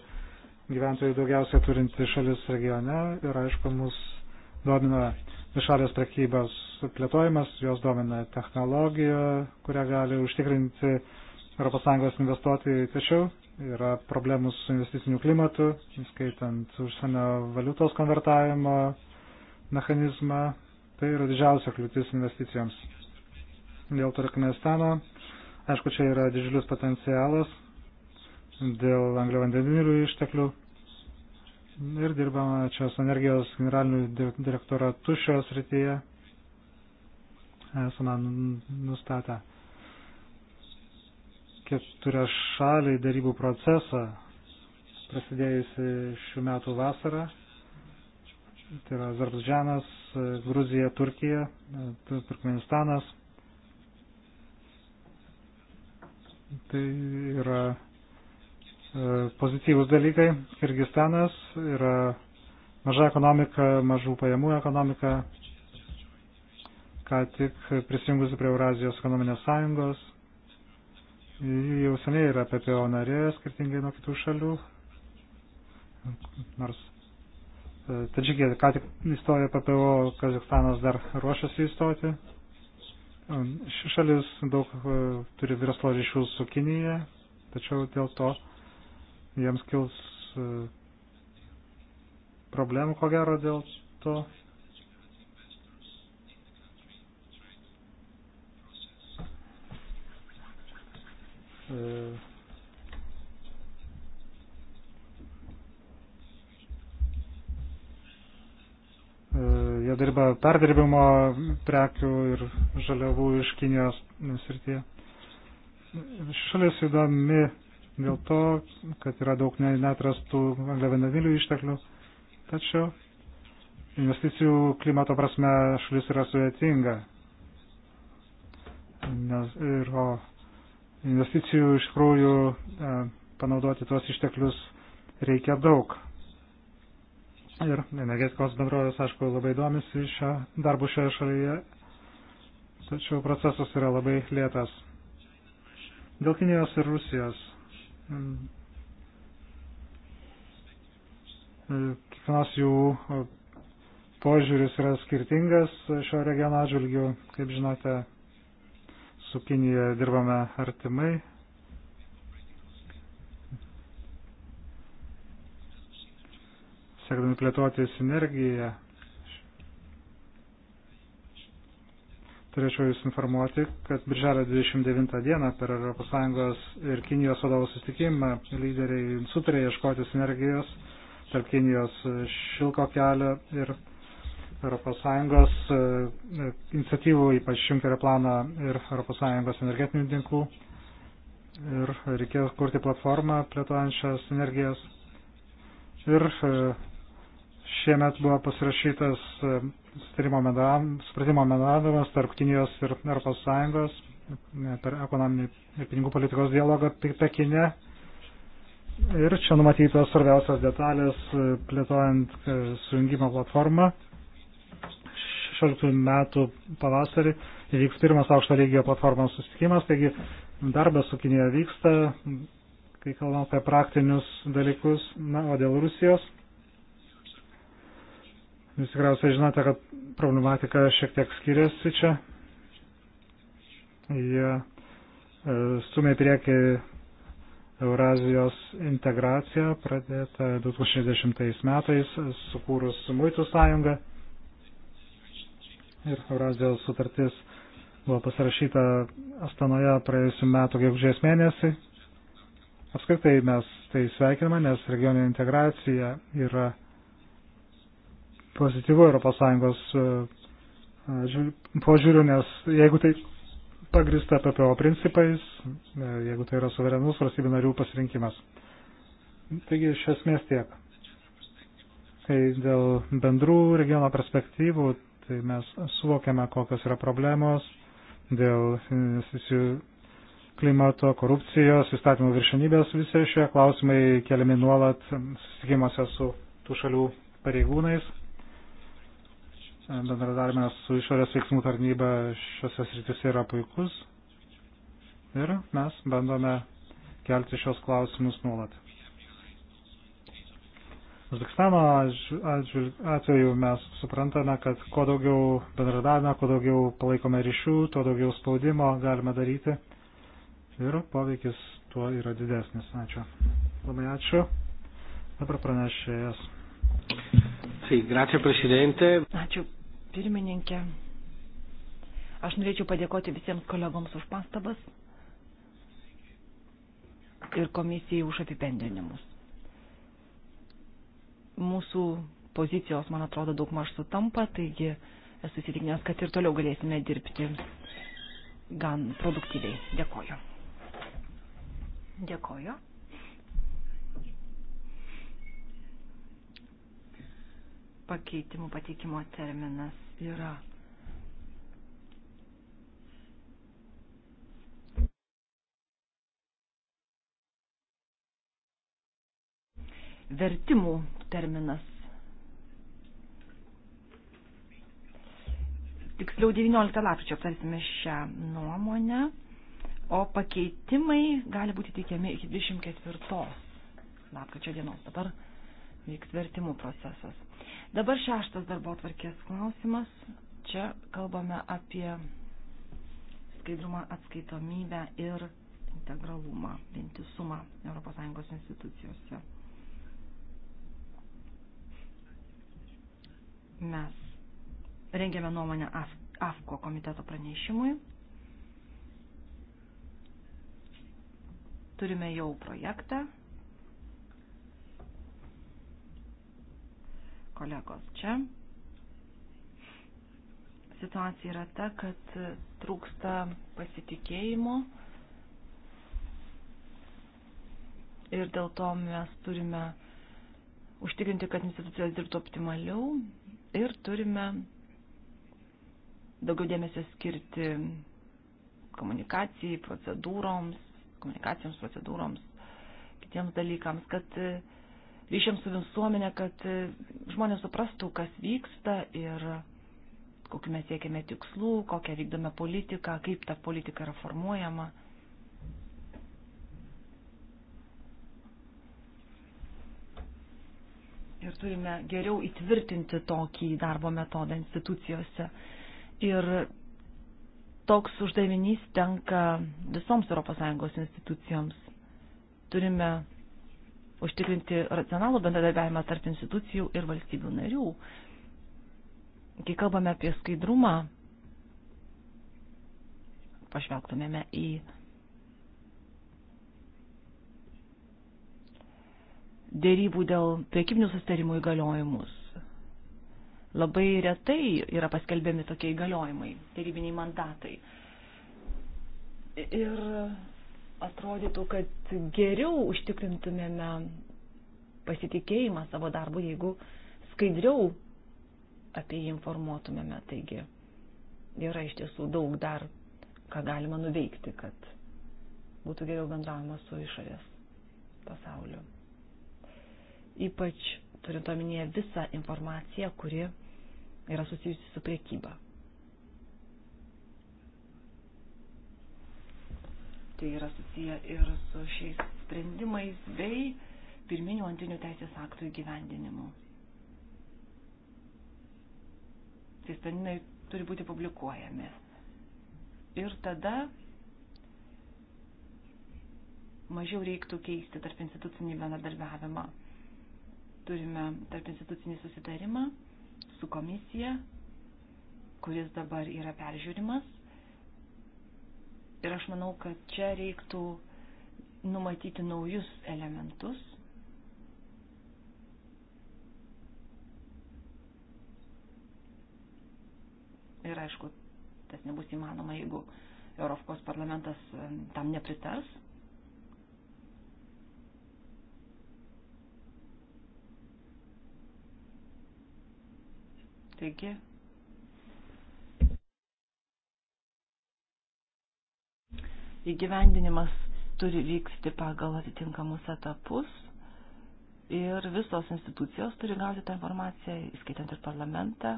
gyventojų daugiausiai turinti šalis regione ir aišku, mus domina višalės prekybos plėtojimas, jos domina technologija, kurią gali užtikrinti ES investuotojai, tačiau yra problemų su investiciniu klimatu, skaitant užsienio valiutos konvertavimo mechanizmą, tai yra didžiausia kliūtis investicijoms. Dėl Turkmenistano, aišku, čia yra didžiulis potencialas dėl angliavandenilių išteklių ir dirbama čia su energijos generaliniu direktoratu šioje srityje esame nustatę keturia šaliai darybų procesą prasidėjusi šių metų vasarą tai yra Azerbaidžanas, Gruzija, Turkija, e, Turkmenistanas. Tai yra e, pozityvus dalykai. Kirgistanas yra maža ekonomika, mažų pajamų ekonomika, ką tik prisijungusi prie Eurazijos ekonominės sąjungos. Ji jau seniai yra PPO narė, skirtingai nuo kitų šalių, nors Tadžikija ką tik įstojo PPO, Kazakstanas dar ruošiasi įstoti. Um, ši šalis daug uh, turi verslo ryšių su Kinija, tačiau dėl to jiems kils uh, problemų, ko gero, dėl to. E, jie dirba perdirbimo prekių ir žaliavų iš Kinijos srityje. Ši šalis įdomi dėl to, kad yra daug netrastų angliavandenilių išteklių, tačiau investicijų klimato prasme šalis yra sudėtinga. Nes, ir, o, investicijų iš tikrųjų e, panaudoti tuos išteklius reikia daug. Ir energetikos bendrovės, aišku, labai domisi šio darbu šioje šalyje, tačiau procesas yra labai lėtas. Dėl Kinijos ir Rusijos. Kiekvienos jų požiūris yra skirtingas šio regiono atžvilgių. Kaip žinote, su Kinija dirbame artimai siekdami plėtoti sinergiją, turėčiau Jūs informuoti, kad birželio 29 dieną per ES ir Kinijos vadovų sustikimą lyderiai sutarė ieškoti sinergijos tarp Kinijos šilko kelio ir ES e, iniciatyvų, ypač Junkerio plano ir ES energetinių tinklų. Ir reikėjo kurti platformą plėtojant šias sinergijas. Ir e, Šiemet buvo pasirašytas e, supratimo memorandumas tarp Kinijos ir Europos Sąjungos e, per ekonominį ir pinigų politikos dialogą Pekine. Ir čia numatytos svarbiausias detalės e, plėtojant sujungimo platformą. 16 metų pavasarį įvyks pirmas aukšto lygio platformos susitikimas, taigi darbas su Kinėje vyksta, kai kalbam apie praktinius dalykus, na, o dėl Rusijos Jūs tikriausiai žinote, kad problematika šiek tiek skiriasi čia. Jie e, stumė prieki Eurazijos integracija pradėta 2010 metais, sukūrus Muitų sąjungą. Ir Eurazijos sutartis buvo pasirašyta Astanoje praėjusiu metu gegužės mėnesį. Apskritai mes tai sveikiname, nes regioninė integracija yra pozityvu ES e, e, požiūriu, nes jeigu tai pagrista PPO principais, e, jeigu tai yra suverenus valstybių narių pasirinkimas. Taigi iš esmės tiek. Kai dėl bendrų regiono perspektyvų, tai mes suvokiame, kokios yra problemos dėl investicijų klimato, korupcijos, įstatymų viršenybės, visi šie klausimai keliami nuolat susitikimuose su tų šalių pareigūnais bendradarbiavimas su išorės veiksmų tarnyba šiuose srityse yra puikus ir mes bandome kelti šios klausimus nuolat. Uzbekistano atveju mes suprantame, kad kuo daugiau bendradarbiavime, kuo daugiau palaikome ryšių, tuo daugiau spaudimo galime daryti ir poveikis tuo yra didesnis. Ačiū. Labai ačiū. Dabar pranešėjas. Sì, grazie Presidente. Ačiū pirmininkė. Aš norėčiau padėkoti visiems kolegoms už pastabas ir komisijai už apipendrinimus. Mūsų pozicijos, man atrodo, daug maž sutampa, taigi esu įsitikinęs, kad ir toliau galėsime dirbti gan produktyviai. Dėkoju. Dėkoju. pakeitimų pateikimo terminas yra. Vertimų terminas. Tiksliau 19 lapkričio aptarsime šią nuomonę, o pakeitimai gali būti teikiami iki 24 lapkričio dienos. Dabar vyks vertimų procesas. Dabar šeštas darbo atvarkės klausimas. Čia kalbame apie skaidrumą, atskaitomybę ir integralumą, vientisumą ES institucijose. Mes rengėme nuomonę AFKO komiteto pranešimui. Turime jau projektą kolegos. Čia situacija yra ta, kad trūksta pasitikėjimo ir dėl to mes turime užtikrinti, kad institucijos dirbtų optimaliau ir turime daugiau dėmesio skirti komunikacijai, procedūroms, komunikacijoms, procedūroms, kitiems dalykams, kad ryšiams su visuomenė, kad e, žmonės suprastų, kas vyksta ir kokiu mes siekiame tikslų, kokią vykdome politiką, kaip ta politika yra formuojama. Ir turime geriau įtvirtinti tokį darbo metodą institucijose. Ir toks uždavinys tenka visoms ES institucijoms. Turime užtikrinti racionalų bendradarbiavimą tarp institucijų ir valstybių narių. Kai kalbame apie skaidrumą, pažvelgtumėme į dėrybų dėl priekybinių sustarimų įgaliojimus. Labai retai yra paskelbiami tokie įgaliojimai, dėrybiniai mandatai. Ir atrodytų, kad geriau užtikrintumėme pasitikėjimą savo darbu, jeigu skaidriau apie jį informuotumėme. Taigi yra iš tiesų daug dar, ką galima nuveikti, kad būtų geriau bendravimo su išorės pasauliu. Ypač turint omenyje visą informaciją, kuri yra susijusi su priekyba. tai yra susiję ir su šiais sprendimais bei pirminių antinių teisės aktų įgyvendinimu. Tai sprendimai turi būti publikuojami. Ir tada mažiau reiktų keisti tarp institucinį bendradarbiavimą. Turime tarp institucinį susitarimą su komisija, kuris dabar yra peržiūrimas Ir aš manau, kad čia reiktų numatyti naujus elementus. Ir aišku, tas nebus įmanoma, jeigu Europos parlamentas tam nepritars. Taigi, įgyvendinimas turi vykti pagal atitinkamus etapus ir visos institucijos turi gauti tą informaciją, įskaitant ir parlamentą.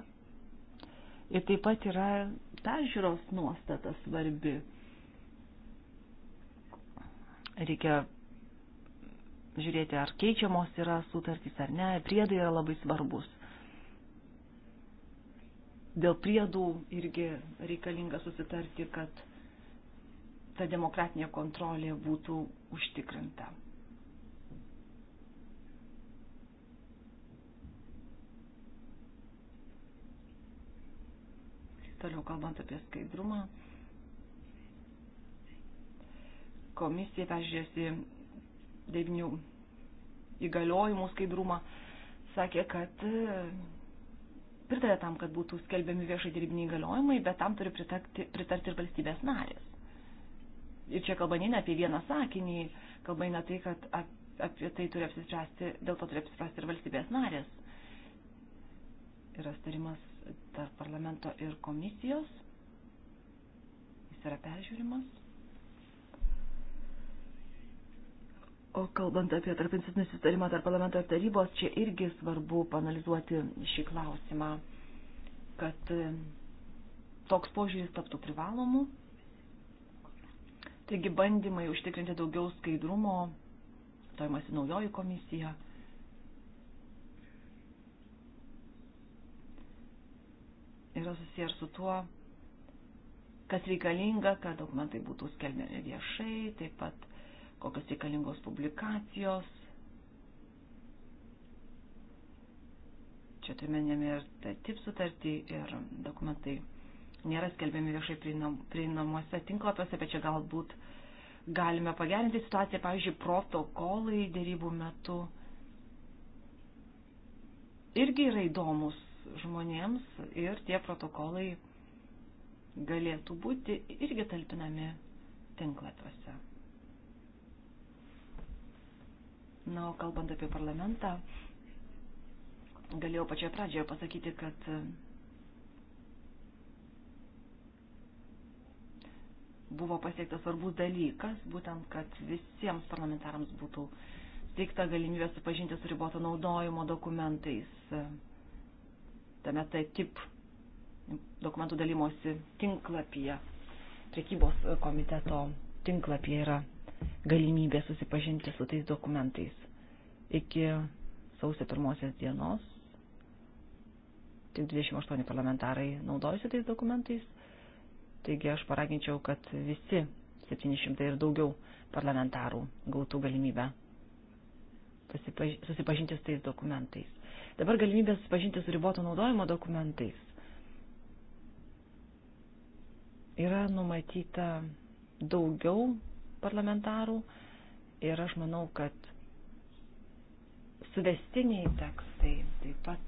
Ir taip pat yra peržiūros nuostata svarbi. Reikia žiūrėti, ar keičiamos yra sutartys ar ne, priedai yra labai svarbus. Dėl priedų irgi reikalinga susitarti, kad ta demokratinė kontrolė būtų užtikrinta. Toliau kalbant apie skaidrumą, komisija peržiūrėsi devinių įgaliojimų skaidrumą, sakė, kad pritarė tam, kad būtų skelbiami viešai dirbiniai įgaliojimai, bet tam turi pritarti, pritarti ir valstybės narės ir čia kalba neina apie vieną sakinį, kalba eina tai, kad apie tai turi apsispręsti, dėl to turi apsispręsti ir valstybės narės. Yra starimas tarp parlamento ir komisijos. Jis yra peržiūrimas. O kalbant apie tarp institucinį sustarimą tarp parlamento ir tarybos, čia irgi svarbu panalizuoti šį klausimą, kad toks požiūris taptų privalomu Taigi bandymai užtikrinti daugiau skaidrumo, tojimasi naujoji komisija. Yra susiję ir su tuo, kas reikalinga, kad dokumentai būtų skelbiami viešai, taip pat kokios reikalingos publikacijos. Čia turime ir taip sutartį ir dokumentai nėra skelbiami viešai prieinamuose tinklapiuose, bet čia galbūt galime pagerinti situaciją, pavyzdžiui, protokolai dėrybų metu irgi yra įdomus žmonėms ir tie protokolai galėtų būti irgi talpinami tinklapiuose. Na, o kalbant apie parlamentą, galėjau pačioje pradžioje pasakyti, kad buvo pasiektas svarbus dalykas, būtent, kad visiems parlamentarams būtų teikta galimybė supažinti su riboto naudojimo dokumentais, tame tai tip dokumentų dalymosi tinklapyje, priekybos komiteto tinklapyje yra galimybė susipažinti su tais dokumentais iki sausio pirmosios dienos. Tik 28 parlamentarai naudojasi tais dokumentais Taigi aš paraginčiau, kad visi 700 ir daugiau parlamentarų gautų galimybę susipažinti su tais dokumentais. Dabar galimybė susipažinti su riboto naudojimo dokumentais yra numatyta daugiau parlamentarų ir aš manau, kad suvestiniai tekstai taip pat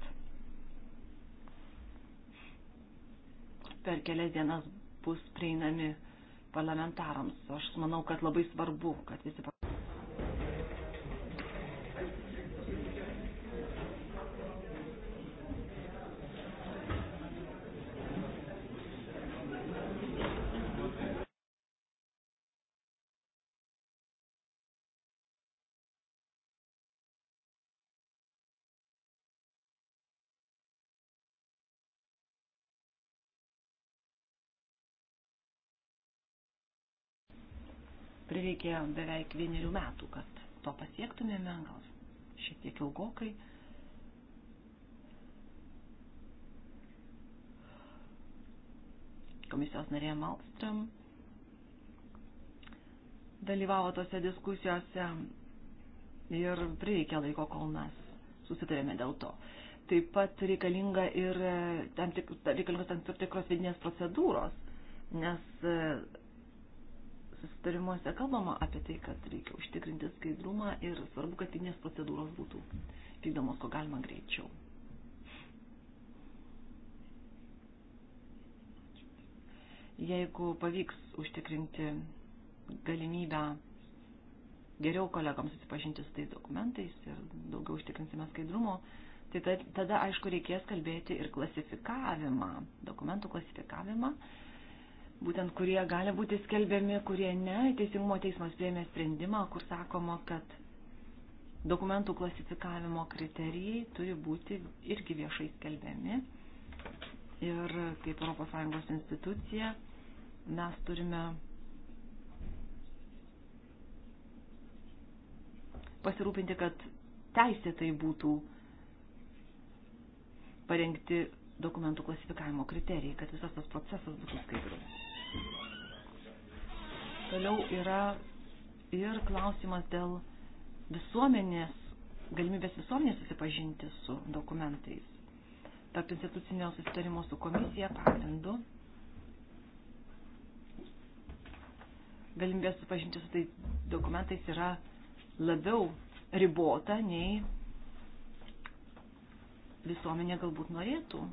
per kelias dienas bus prieinami parlamentarams. Aš manau, kad labai svarbu, kad visi prireikė beveik vienerių metų, kad to pasiektumėme, gal šiek tiek ilgokai. Komisijos narė Malmström dalyvavo tose diskusijose ir prireikė laiko, kol mes susitarėme dėl to. Taip pat reikalinga ir tam, tik, reikalingas tam tikros vidinės procedūros, nes susitarimuose kalbama apie tai, kad reikia užtikrinti skaidrumą ir svarbu, kad pinės procedūros būtų vykdomos, ko galima greičiau. Jeigu pavyks užtikrinti galimybę geriau kolegams susipažinti su tais dokumentais ir daugiau užtikrinsime skaidrumo, tai tada, aišku, reikės kalbėti ir klasifikavimą, dokumentų klasifikavimą, uh, būtent kurie gali būti skelbiami, kurie ne. Teisingumo teismas priėmė sprendimą, kur sakoma, kad dokumentų klasifikavimo kriterijai turi būti irgi viešai skelbiami. Ir kaip ES institucija mes turime pasirūpinti, kad teisėtai būtų parengti dokumentų klasifikavimo kriterijai, kad visas tas procesas būtų skaidrus. Toliau yra ir klausimas dėl visuomenės, galimybės visuomenės susipažinti su dokumentais. Tarp institucinio susitarimo su komisija pagrindu galimybė susipažinti su tais dokumentais yra labiau ribota nei visuomenė galbūt norėtų.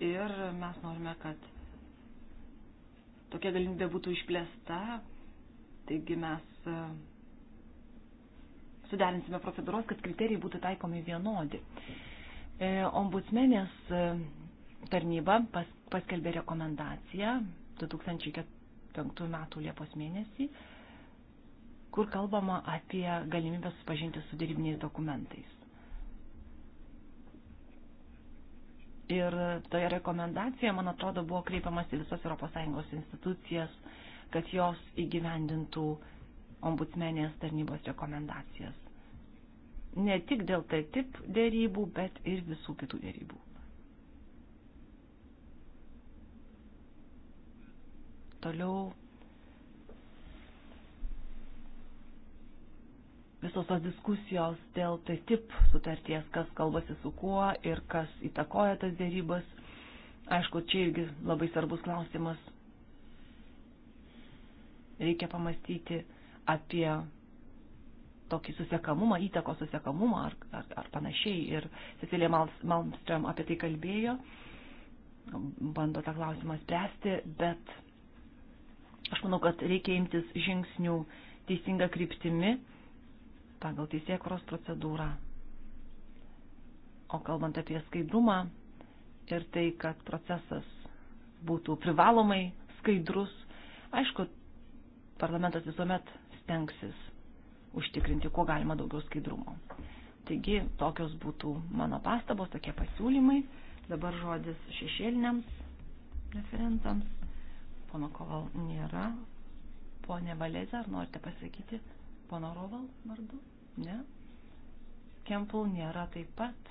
ir mes norime, kad tokia galimybė būtų išplėsta. Taigi mes e, suderinsime procedūros, kad kriterijai būtų taikomi vienodi. E, ombudsmenės e, tarnyba pas, paskelbė rekomendaciją 2005 m. Liepos mėnesį, kur kalbama apie galimybę susipažinti su dėrybiniais dokumentais. Ir toje rekomendacijoje, man atrodo, buvo kreipiamas į visas ES institucijas, kad jos įgyvendintų ombudsmenės tarnybos rekomendacijas. Ne tik dėl TTIP dėrybų, bet ir visų kitų dėrybų. Toliau visos tos diskusijos dėl tai tip sutarties, kas kalbasi su kuo ir kas įtakoja tas dėrybas. Aišku, čia irgi labai svarbus klausimas. Reikia pamastyti apie tokį susiekamumą, įtakos susiekamumą ar, ar, ar panašiai. Ir Cecilija Malmström apie tai kalbėjo, bando tą klausimą spręsti, bet aš manau, kad reikia imtis žingsnių teisinga kryptimi pagal teisėkros procedūrą. O kalbant apie skaidrumą ir tai, kad procesas būtų privalomai skaidrus, aišku, parlamentas visuomet stengsis užtikrinti, kuo galima daugiau skaidrumo. Taigi, tokios būtų mano pastabos, tokie pasiūlymai. Dabar žodis šešėliniams referentams. Pono Koval nėra. Pone Valėzė, ar norite pasakyti? Pono Roval vardu? Ne. Kempul nėra taip pat.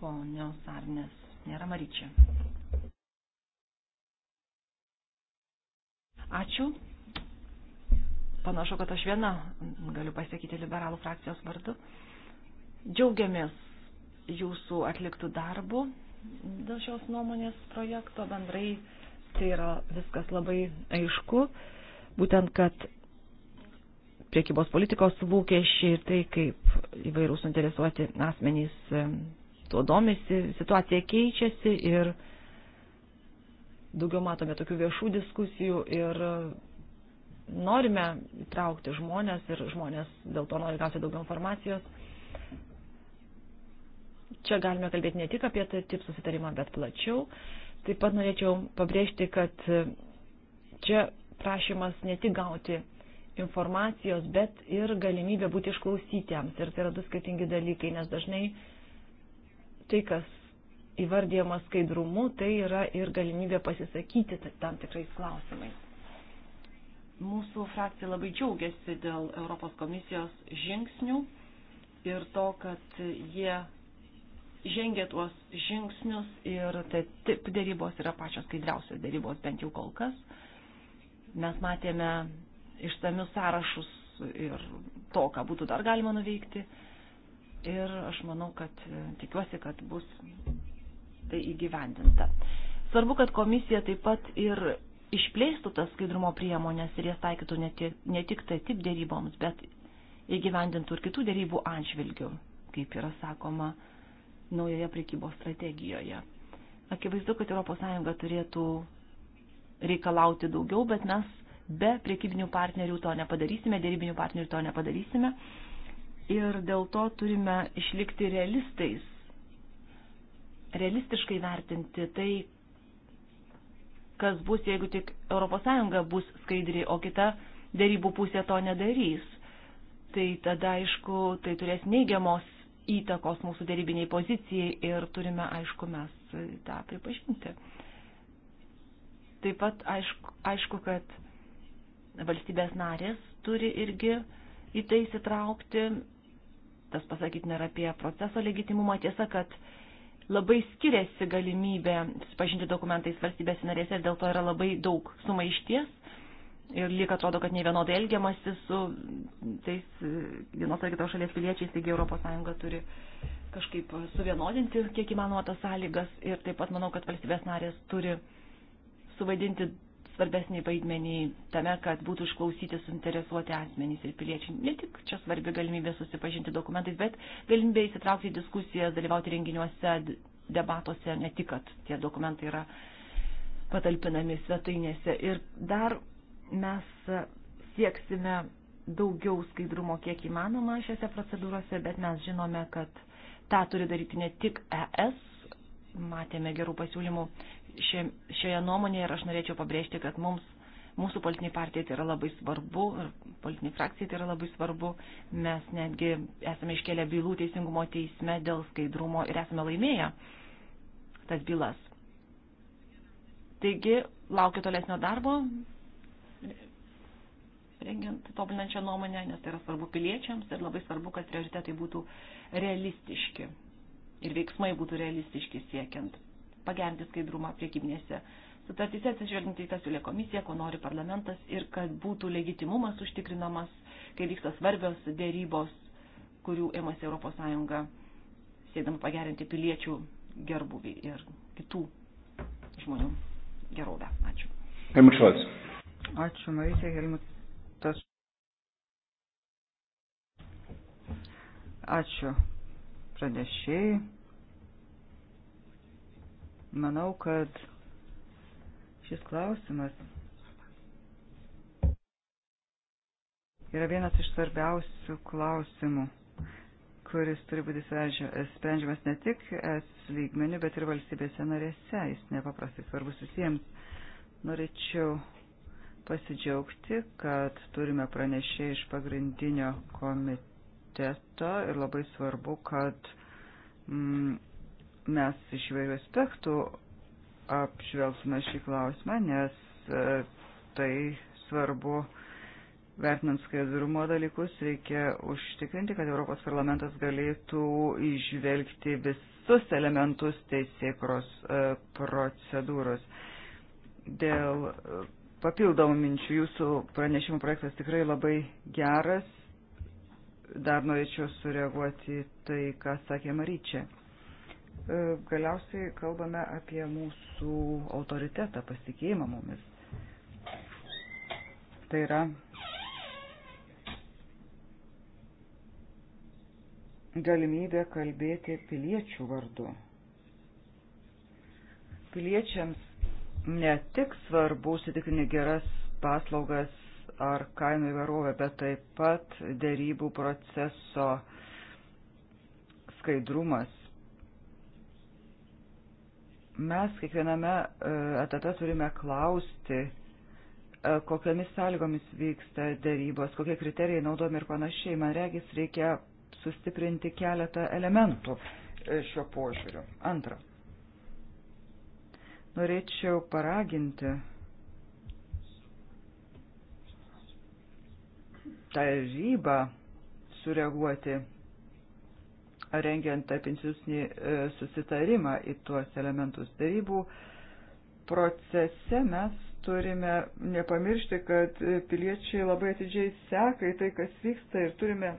Ponios Arnės nėra Maryčia. Ačiū. Panašu, kad aš viena galiu pasakyti liberalų frakcijos vardu. Džiaugiamės jūsų atliktų darbų dėl šios nuomonės projekto bendrai Čia tai yra viskas labai aišku, būtent kad priekybos politikos lūkesčiai ir tai, kaip įvairūs interesuoti asmenys tuo domisi, situacija keičiasi ir daugiau matome tokių viešų diskusijų ir e, norime įtraukti žmonės ir žmonės dėl to nori gauti daugiau informacijos. Čia galime kalbėti ne tik apie tai, taip susitarimą, bet plačiau. Taip pat norėčiau pabrėžti, kad čia prašymas ne tik gauti informacijos, bet ir galimybė būti išklausytiems. Ir tai yra du skirtingi dalykai, nes dažnai tai, kas įvardyjama skaidrumu, tai yra ir galimybė pasisakyti tam tikrais klausimais. Mūsų frakcija labai džiaugiasi dėl Europos komisijos žingsnių ir to, kad jie žengė tuos žingsnius ir tai taip dėrybos yra pačios skaidriausios dėrybos bent jau kol kas. Mes matėme išsamius sąrašus ir to, ką būtų dar galima nuveikti. Ir aš manau, kad e, tikiuosi, kad bus tai įgyvendinta. Svarbu, kad komisija taip pat ir išplėstų tas skaidrumo priemonės ir jas taikytų ne tik, ne tik tai tip dėryboms, bet įgyvendintų ir kitų dėrybų atžvilgių, kaip yra sakoma, uh, naujoje prekybos strategijoje. Akivaizdu, kad ES turėtų reikalauti daugiau, bet mes be prekybinių partnerių to nepadarysime, dėrybinių partnerių to nepadarysime. Ir dėl to turime išlikti realistais, realistiškai vertinti tai, kas bus, jeigu tik ES bus skaidri, o kita dėrybų pusė to nedarys. Tai tada, aišku, tai turės neigiamos įtakos mūsų dėrybiniai pozicijai ir turime, aišku, mes tą pripažinti. Taip pat aišku, aišku kad valstybės narės turi irgi į tai įsitraukti. Tas pasakyti nėra apie proceso legitimumą. Tiesa, kad labai skiriasi galimybė susipažinti dokumentais valstybės narėse ir dėl to yra labai daug sumaišties ir lyg atrodo, kad ne vienodai elgiamasi su tais e, vienos ar kitos šalies piliečiais, taigi ES turi kažkaip suvienodinti, kiek įmanoma, tas sąlygas ir taip pat manau, kad valstybės narės turi suvaidinti svarbesnį vaidmenį tame, kad būtų išklausyti suinteresuoti asmenys ir piliečiai. Ne tik čia svarbi galimybė susipažinti dokumentais, bet galimybė įsitraukti į diskusijas, dalyvauti renginiuose, debatuose, ne tik, kad tie dokumentai yra patalpinami svetainėse. Ir dar Mes sieksime daugiau skaidrumo kiek įmanoma šiose procedūrose, bet mes žinome, kad tą turi daryti ne tik ES, matėme gerų pasiūlymų šioje nuomonėje ir aš norėčiau pabrėžti, kad mums, mūsų politiniai partijai tai yra labai svarbu ir politiniai frakcijai tai yra labai svarbu. Mes netgi esame iškėlę bylų teisingumo teisme dėl skaidrumo ir esame laimėję tas bylas. Taigi, laukiu tolesnio darbo, rengiant tobulinančią nuomonę, nes tai yra svarbu piliečiams ir labai svarbu, kad prioritetai būtų realistiški ir veiksmai būtų realistiški siekiant pagerinti skaidrumą priekybinėse sutartyse atsižvelgiant į tą tai, siūlė komisija, ko nori parlamentas ir kad būtų legitimumas užtikrinamas, kai vyksta svarbios dėrybos, kurių ėmasi ES siekdama pagerinti piliečių gerbuvį ir kitų žmonių gerovę. Ačiū. Helmut Scholz. Ačiū, Marija Helmut aspektas. Ačiū pranešėjai. Manau, kad šis klausimas yra vienas iš svarbiausių klausimų, kuris turi būti sprendžiamas ne tik es lygmeniu, bet ir valstybėse narėse. Jis nepaprastai svarbus visiems. Norėčiau pasidžiaugti, kad turime pranešę iš pagrindinio komiteto ir labai svarbu, kad mm, mes iš vairių aspektų apžvelgsime šį klausimą, nes e, tai svarbu vertinant skaidrumo dalykus, reikia užtikrinti, kad Europos parlamentas galėtų išvelgti visus elementus teisėkros e, procedūros. Dėl papildomų minčių. Jūsų pranešimų projektas tikrai labai geras. Dar norėčiau sureaguoti tai, ką sakė Maryčia. E, galiausiai kalbame apie mūsų autoritetą, pasitikėjimą mumis. Tai yra galimybė kalbėti piliečių vardu piliečiams ne tik svarbu užsitikrinti geras paslaugas ar kainų įvairovę, bet taip pat dėrybų proceso skaidrumas. Mes kiekviename e, etape turime klausti, e, kokiamis sąlygomis vyksta dėrybos, kokie kriterijai naudomi ir panašiai. Man regis reikia sustiprinti keletą elementų e, šiuo požiūriu. Antra. Norėčiau paraginti tarybą sureaguoti, rengiant taip institucinį e, susitarimą į tuos elementus darybų. Procese mes turime nepamiršti, kad piliečiai labai atidžiai seka į tai, kas vyksta ir turime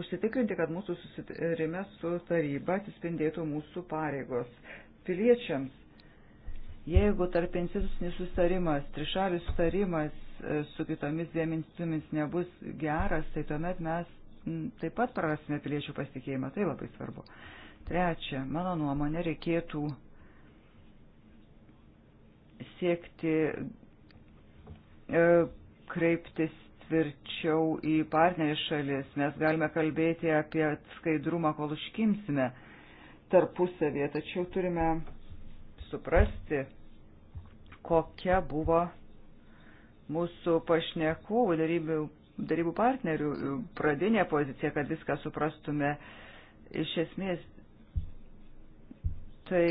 užsitikrinti, kad mūsų susitarime su taryba atsispindėtų mūsų pareigos piliečiams. Jeigu tarp institucinis sustarimas, trišalis sustarimas e, su kitomis dviem institucijomis nebus geras, tai tuomet mes taip pat prarasime piliečių pasitikėjimą. Tai labai svarbu. Trečia, mano nuomonė, reikėtų siekti e, kreiptis tvirčiau į partnerį šalis. Mes galime kalbėti apie skaidrumą, kol užkimsime tarpusavėje, tačiau turime suprasti, kokia buvo mūsų pašnekovų darybių, darybų partnerių pradinė pozicija, kad viską suprastume. Iš esmės, tai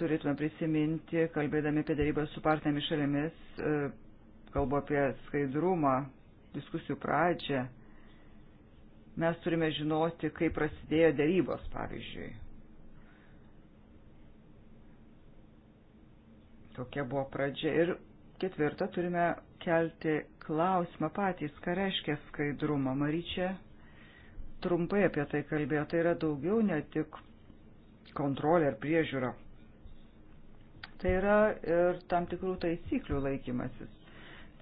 turėtume prisiminti, kalbėdami apie darybą su partneriamis šalimis, e, kalbu apie skaidrumą, diskusijų pradžią. Mes turime žinoti, kaip prasidėjo darybos, pavyzdžiui. Tokia buvo pradžia. Ir ketvirta, turime kelti klausimą patys, ką reiškia skaidrumą. Maryčia trumpai apie tai kalbėjo. Tai yra daugiau ne tik kontrolė ar priežiūra. Tai yra ir tam tikrų taisyklių laikymasis.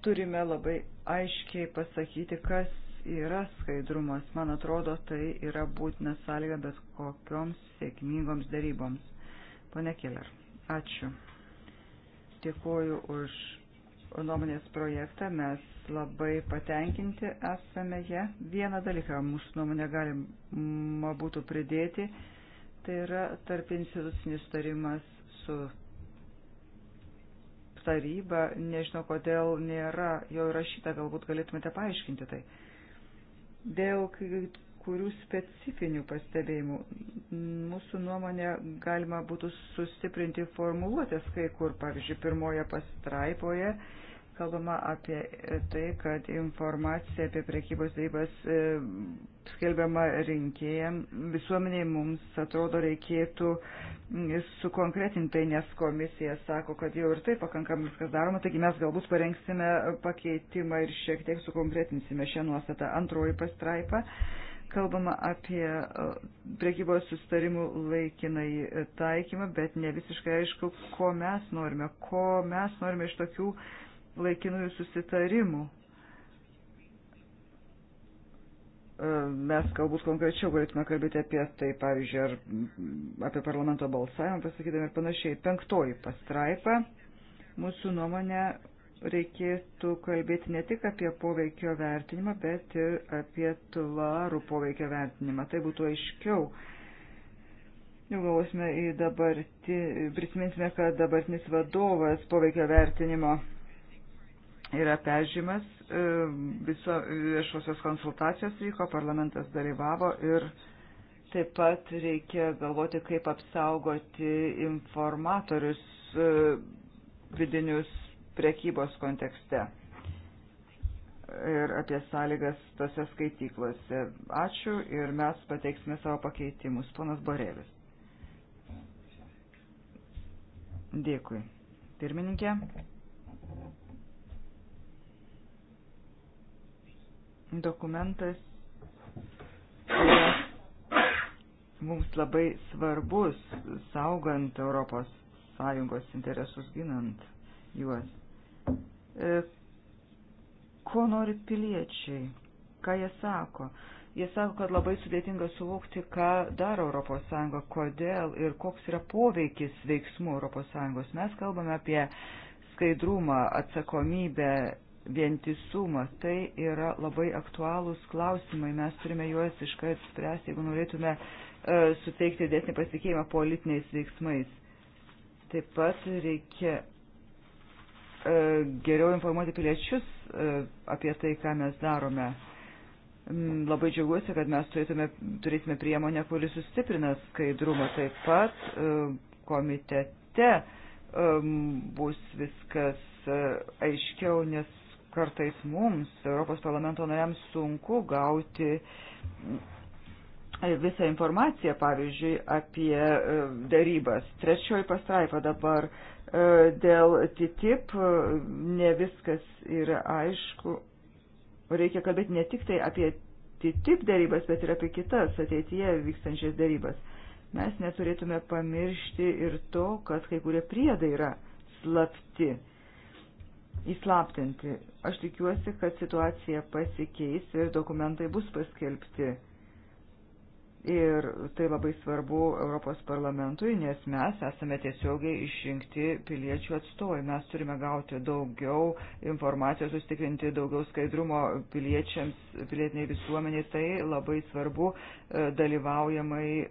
Turime labai aiškiai pasakyti, kas yra skaidrumas. Man atrodo, tai yra būtina sąlyga bet kokioms sėkmingoms daryboms. Pone Keller, ačiū. Dėkuoju už nuomonės projektą, mes labai patenkinti esame ją. Vieną dalyką mūsų nuomonę galima būtų pridėti, tai yra tarp institucinis tarimas su taryba, nežinau kodėl nėra jo įrašyta, galbūt galėtumėte paaiškinti tai. Dėl kurių specifinių pastebėjimų. Mūsų nuomonė galima būtų sustiprinti formuluotės kai kur, pavyzdžiui, pirmoje pastraipoje kalbama apie tai, kad informacija apie prekybos darybas e, skelbiama rinkėjam. Visuomeniai mums atrodo reikėtų sukonkretintai, nes komisija sako, kad jau ir tai pakankamai viskas daroma, taigi mes galbūt parengsime pakeitimą ir šiek tiek sukonkretinsime šią nuostatą. Antroji pastraipa Kalbama apie prekybos sustarimų laikinai taikymą, bet ne visiškai aišku, ko mes norime, ko mes norime iš tokių laikinųjų susitarimų. E, mes galbūt konkrečiau galėtume kalbėti apie tai, pavyzdžiui, ar apie parlamento balsavimą, pasakydami ir panašiai. Penktoji pastraipa mūsų nuomonė reikėtų kalbėti ne tik apie poveikio vertinimą, bet ir apie tvarų poveikio vertinimą. Tai būtų aiškiau. Jau gausime į dabartį, prisiminsime, kad dabartinis vadovas poveikio vertinimo yra peržymas, e, viso viešosios konsultacijos vyko, parlamentas dalyvavo ir taip pat reikia galvoti, kaip apsaugoti informatorius e, vidinius prekybos kontekste ir apie sąlygas tose skaityklose. Ačiū ir mes pateiksime savo pakeitimus. Ponas Borelis. Dėkui. Pirmininkė. Dokumentas yra mums labai svarbus, saugant Europos Sąjungos interesus, ginant juos. E, ko nori piliečiai, ką jie sako. Jie sako, kad labai sudėtinga suvokti, ką daro ES, kodėl ir koks yra poveikis veiksmų ES. Mes kalbame apie skaidrumą, atsakomybę, vientisumą. Tai yra labai aktualūs klausimai. Mes turime juos iškart spręsti, jeigu norėtume e, suteikti didesnį pasitikėjimą politiniais veiksmais. Taip pat reikia E, geriau informuoti piliečius e, apie tai, ką mes darome. Labai džiaugiuosi, kad mes turėtume, turėsime priemonę, kuri sustiprina skaidrumą. Taip pat e, komitete bus viskas aiškiau, nes kartais mums, Europos parlamento nariams, sunku gauti visą informaciją, pavyzdžiui, apie darybas. Trečioji pastraipa dabar E, dėl TTIP e, ne viskas yra aišku. Reikia kalbėti ne tik tai apie TTIP darybas, bet ir apie kitas ateityje vykstančias darybas. Mes neturėtume pamiršti ir to, kad kai kurie priedai yra slapti įslaptinti. Aš tikiuosi, kad situacija pasikeis ir dokumentai bus paskelbti. Ir tai labai svarbu Europos parlamentui, nes mes esame tiesiogiai išrinkti piliečių atstovai. Mes turime gauti daugiau informacijos, sustikrinti daugiau skaidrumo piliečiams, pilietiniai visuomeniai. Tai labai svarbu e, dalyvaujamai e,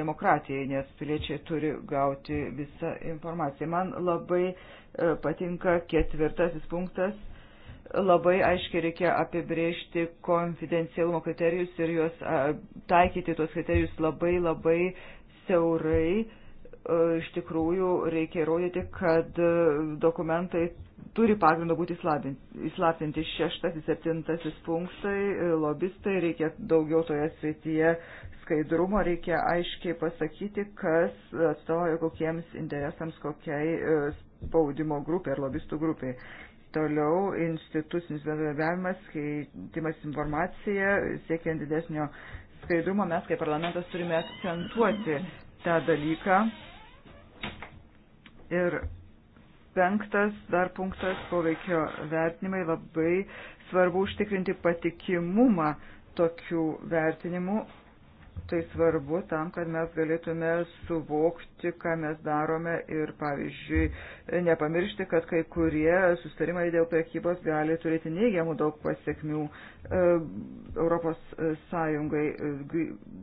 demokratijai, nes piliečiai turi gauti visą informaciją. Man labai e, patinka ketvirtasis punktas labai aiškiai reikia apibriežti konfidencialumo kriterijus ir juos taikyti tuos kriterijus labai labai siaurai. E, iš tikrųjų reikia įrodyti, kad e, dokumentai turi pagrindą būti įslaptinti. Šeštasis, septintasis punktai, e, lobistai, reikia daugiau toje srityje skaidrumo, reikia aiškiai pasakyti, kas atstovauja kokiems interesams, kokiai spaudimo grupė ar lobistų grupiai. Toliau institucinis bendradarbiavimas, keitimas informacija, siekiant didesnio skaidrumo, mes kaip parlamentas turime akcentuoti tą dalyką. Ir penktas dar punktas poveikio vertinimai labai svarbu užtikrinti patikimumą tokių vertinimų tai svarbu tam, kad mes galėtume suvokti, ką mes darome ir, pavyzdžiui, nepamiršti, kad kai kurie sustarimai dėl prekybos gali turėti neigiamų daug pasiekmių e, Europos Sąjungai.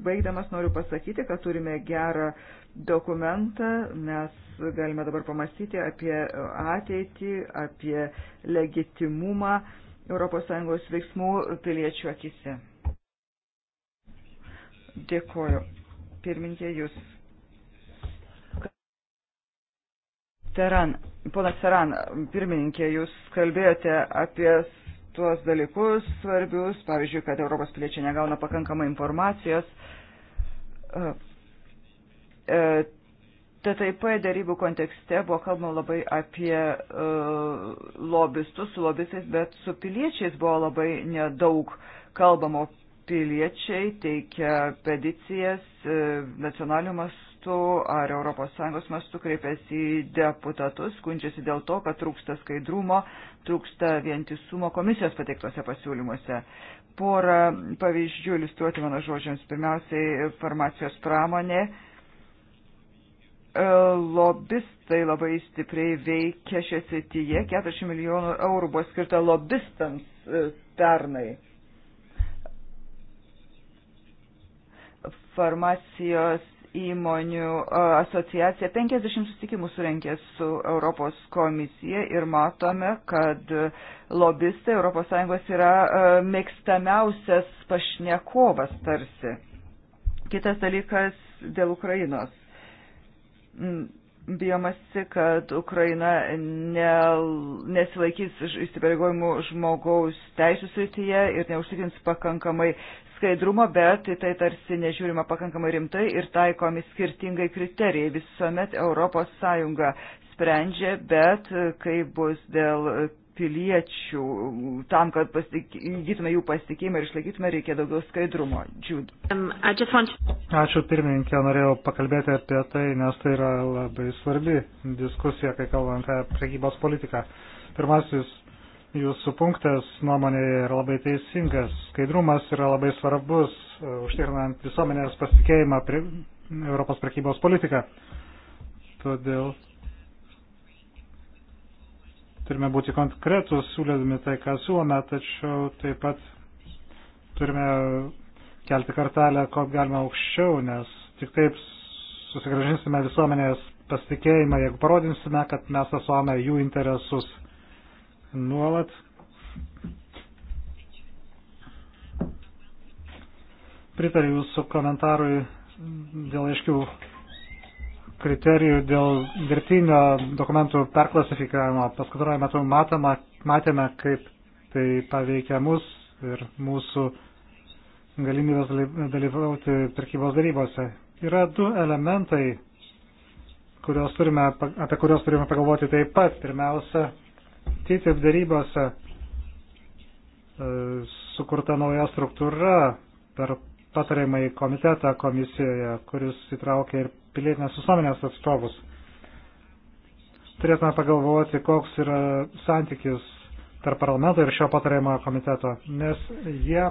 Baigdamas noriu pasakyti, kad turime gerą dokumentą, mes galime dabar pamastyti apie ateitį, apie legitimumą Europos Sąjungos veiksmų piliečių akise. Dėkuoju. Pirmininkė, jūs. Teran, ponas Teran, pirmininkė, jūs kalbėjote apie tuos dalykus svarbius, pavyzdžiui, kad Europos piliečiai negauna pakankamai informacijos. E, e, TTIP darybų kontekste buvo kalbama labai apie e, lobistus, su lobistais, bet su piliečiais buvo labai nedaug kalbama, piliečiai teikia peticijas e, nacionaliniu mastu ar ES mastu, kreipiasi į deputatus, skundžiasi dėl to, kad trūksta skaidrumo, trūksta vientisumo komisijos pateiktose pasiūlymuose. Porą pavyzdžių iliustruoti mano žodžiams. Pirmiausiai, farmacijos pramonė e, lobistai labai stipriai veikia šią srityje. 40 milijonų eurų buvo skirta lobistams e, pernai. farmacijos įmonių asociacija 50 susitikimų surenkė su Europos komisija ir matome, kad lobistai ES yra mėgstamiausias pašnekovas tarsi. Kitas dalykas dėl Ukrainos. Mm, bijomasi, kad Ukraina ne, nesilaikys įsipareigojimų žmogaus teisų srityje ir neužtikrins pakankamai skaidrumo, bet į tai tarsi nežiūrima pakankamai rimtai ir taikomi skirtingai kriterijai. Visuomet ES sprendžia, bet kai bus dėl piliečių, tam, kad įgytume jų pasitikėjimą ir išlaikytume, reikia daugiau skaidrumo. Džiūd. Um, Ačiū pirmininkė, norėjau pakalbėti apie tai, nes tai yra labai svarbi diskusija, kai kalbant apie prekybos politiką. Pirmasis jūsų punktas nuomonėje yra labai teisingas. Skaidrumas yra labai svarbus, e, užtikrinant visuomenės pasitikėjimą prie Europos prekybos politiką. Todėl turime būti konkretus, siūlydami tai, ką siūlome, tačiau taip pat turime kelti kartelę, ko galima aukščiau, nes tik taip susigražinsime visuomenės pasitikėjimą, jeigu parodinsime, kad mes atsovame jų interesus nuolat. Pritariu jūsų komentarui dėl aiškių kriterijų dėl dirbtinio dokumentų perklasifikavimo. Paskutiniu metu matoma, matėme, kaip tai paveikia mus ir mūsų galimybės dalyvauti pirkybos darybose. Yra du elementai, kurios turime, apie kuriuos turime pagalvoti taip pat. Pirmiausia, TTIP darybose e, sukurta nauja struktūra per patariamai komitetą komisijoje, kuris įtraukia ir pilietinės visuomenės atstovus. Turėtume pagalvoti, koks yra santykis tarp parlamento ir šio patariamojo komiteto, nes jie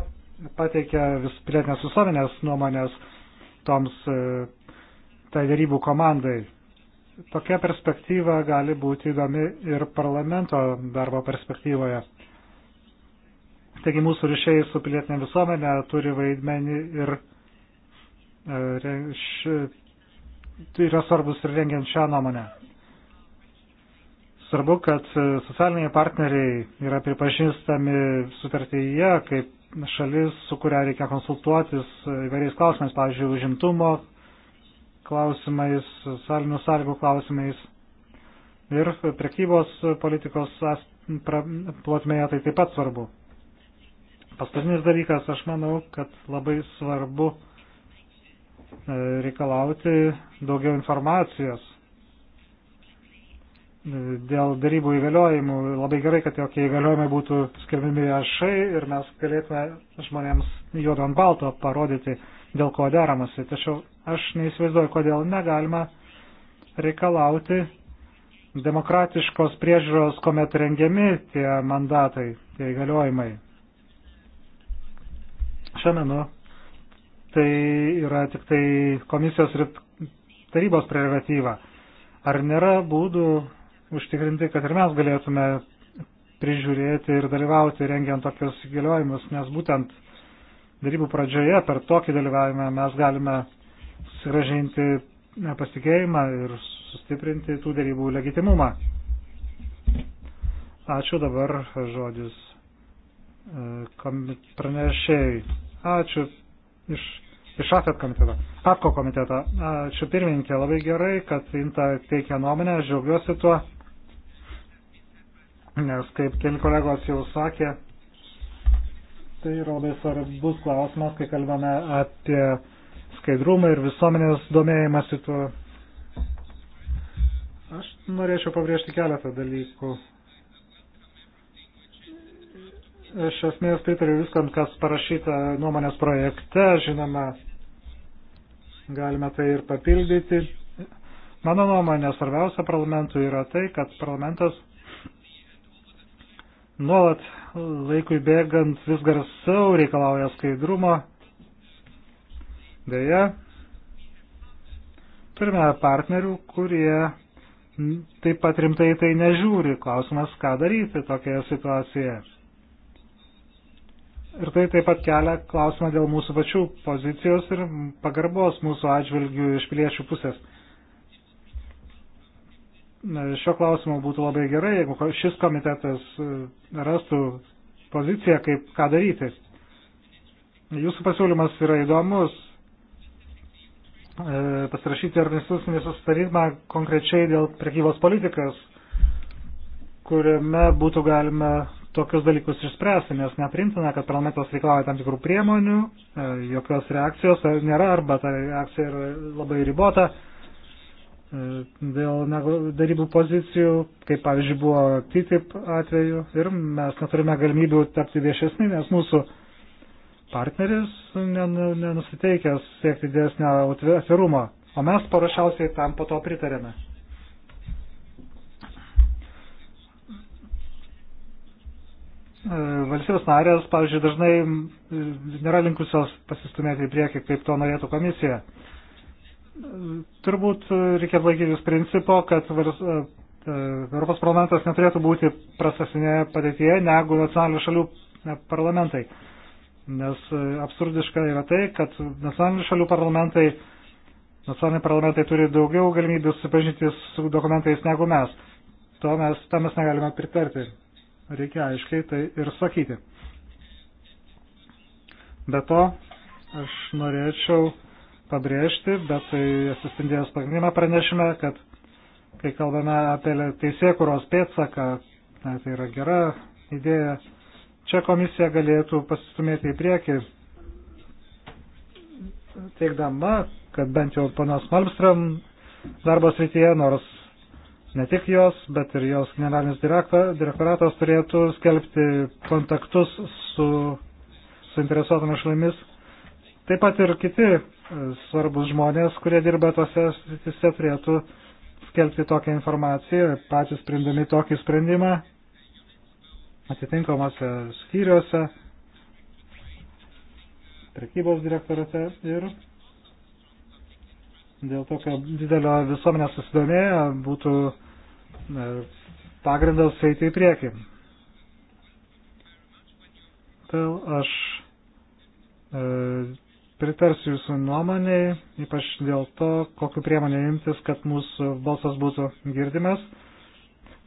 pateikia vis pilietinės visuomenės nuomonės toms e, tai darybų komandai tokia perspektyva gali būti įdomi ir parlamento darbo perspektyvoje. Taigi mūsų ryšiai su pilietinė visuomenė turi vaidmenį ir e, š, tai yra svarbus ir rengiant šią nuomonę. Svarbu, kad socialiniai partneriai yra pripažįstami sutartyje kaip šalis, su kuria reikia konsultuotis įvairiais klausimais, pavyzdžiui, užimtumo klausimais, salinių sąlygų klausimais ir prekybos politikos plotmėje tai taip pat svarbu. Paskutinis dalykas, aš manau, kad labai svarbu e, reikalauti daugiau informacijos e, dėl darybų įgaliojimų. Labai gerai, kad jokie įgaliojimai būtų skirbiami viešai ir mes galėtume žmonėms juodo ant balto parodyti, dėl ko deramasi. Tačiau aš neįsivaizduoju, kodėl negalima reikalauti demokratiškos priežiūros, kuomet rengiami tie mandatai, tie įgaliojimai. Šiandien tai yra tik tai komisijos ir tarybos prerogatyva. Ar nėra būdų užtikrinti, kad ir mes galėtume prižiūrėti ir dalyvauti rengiant tokius įgaliojimus, nes būtent darybų pradžioje per tokį dalyvavimą mes galime sugražinti pasitikėjimą ir sustiprinti tų darybų legitimumą. Ačiū dabar žodis e, pranešėjai. Ačiū iš, iš AFET komiteto. APKO komiteto. Ačiū pirmininkė, labai gerai, kad Inta teikia nuomonę, aš džiaugiuosi tuo, nes kaip keli kolegos jau sakė, Tai yra labai svarbus klausimas, kai kalbame apie skaidrumą ir visuomenės domėjimąsi tuo. Aš norėčiau pabrėžti keletą dalykų. Iš esmės pritariu viskam, kas parašyta nuomonės projekte, žinoma, galime tai ir papildyti. Mano nuomonė svarbiausia parlamentui yra tai, kad parlamentas nuolat laikui bėgant vis garsiau reikalauja skaidrumo. Deja, turime partnerių, kurie taip pat rimtai tai nežiūri. Klausimas, ką daryti tokioje situacijoje. Ir tai taip pat kelia klausimą dėl mūsų pačių pozicijos ir pagarbos mūsų atžvilgių iš piliečių pusės šio klausimo būtų labai gerai, jeigu šis komitetas e, rastų poziciją, kaip ką daryti. Jūsų pasiūlymas yra įdomus. E, pasirašyti organizacinį susitarimą konkrečiai dėl prekybos politikas, kuriame būtų galima tokius dalykus išspręsti, nes neprimtina, kad parlamentas reikalauja tam tikrų priemonių, e, jokios reakcijos nėra arba ta reakcija yra labai ribota. E, dėl darybų pozicijų, kaip pavyzdžiui buvo TTIP atveju ir mes neturime galimybių tapti viešesni, nes mūsų partneris nenusiteikęs siekti didesnio atvirumo, o mes paprasčiausiai tam po to pritarėme. E, valstybės narės, pavyzdžiui, dažnai nėra linkusios pasistumėti į priekį, kaip to norėtų komisija. Turbūt reikėtų laikytis principo, kad e, e, Europos parlamentas neturėtų būti prastesnėje padėtyje negu nacionalinių šalių e, parlamentai. Nes absurdiška yra tai, kad nacionalinių šalių parlamentai, nacionaliniai parlamentai turi daugiau galimybių susipažinti su dokumentais negu mes. To mes, tam mes negalime pritarti. Reikia aiškiai tai ir sakyti. Be to, aš norėčiau pabrėžti, bet tai atsispindėjęs pagrindinėme pranešime, kad kai kalbame apie teisėkuros pėtsaką, tai yra gera idėja, čia komisija galėtų pasistumėti į priekį, teikdama, kad bent jau panas Malmström darbo srityje, nors ne tik jos, bet ir jos generalinis direktoratas turėtų skelbti kontaktus su suinteresuotomis šalimis. Taip pat ir kiti svarbus žmonės, kurie dirba tose sritise, turėtų skelbti tokią informaciją, patys sprendami tokį sprendimą atitinkamose skyriuose, prekybos direktorate ir dėl tokio didelio visuomenės susidomėjo būtų pagrindas eiti į priekį. Todėl aš e, pritarsiu jūsų nuomonėj, ypač dėl to, kokiu priemonė imtis, kad mūsų balsas būtų girdimas.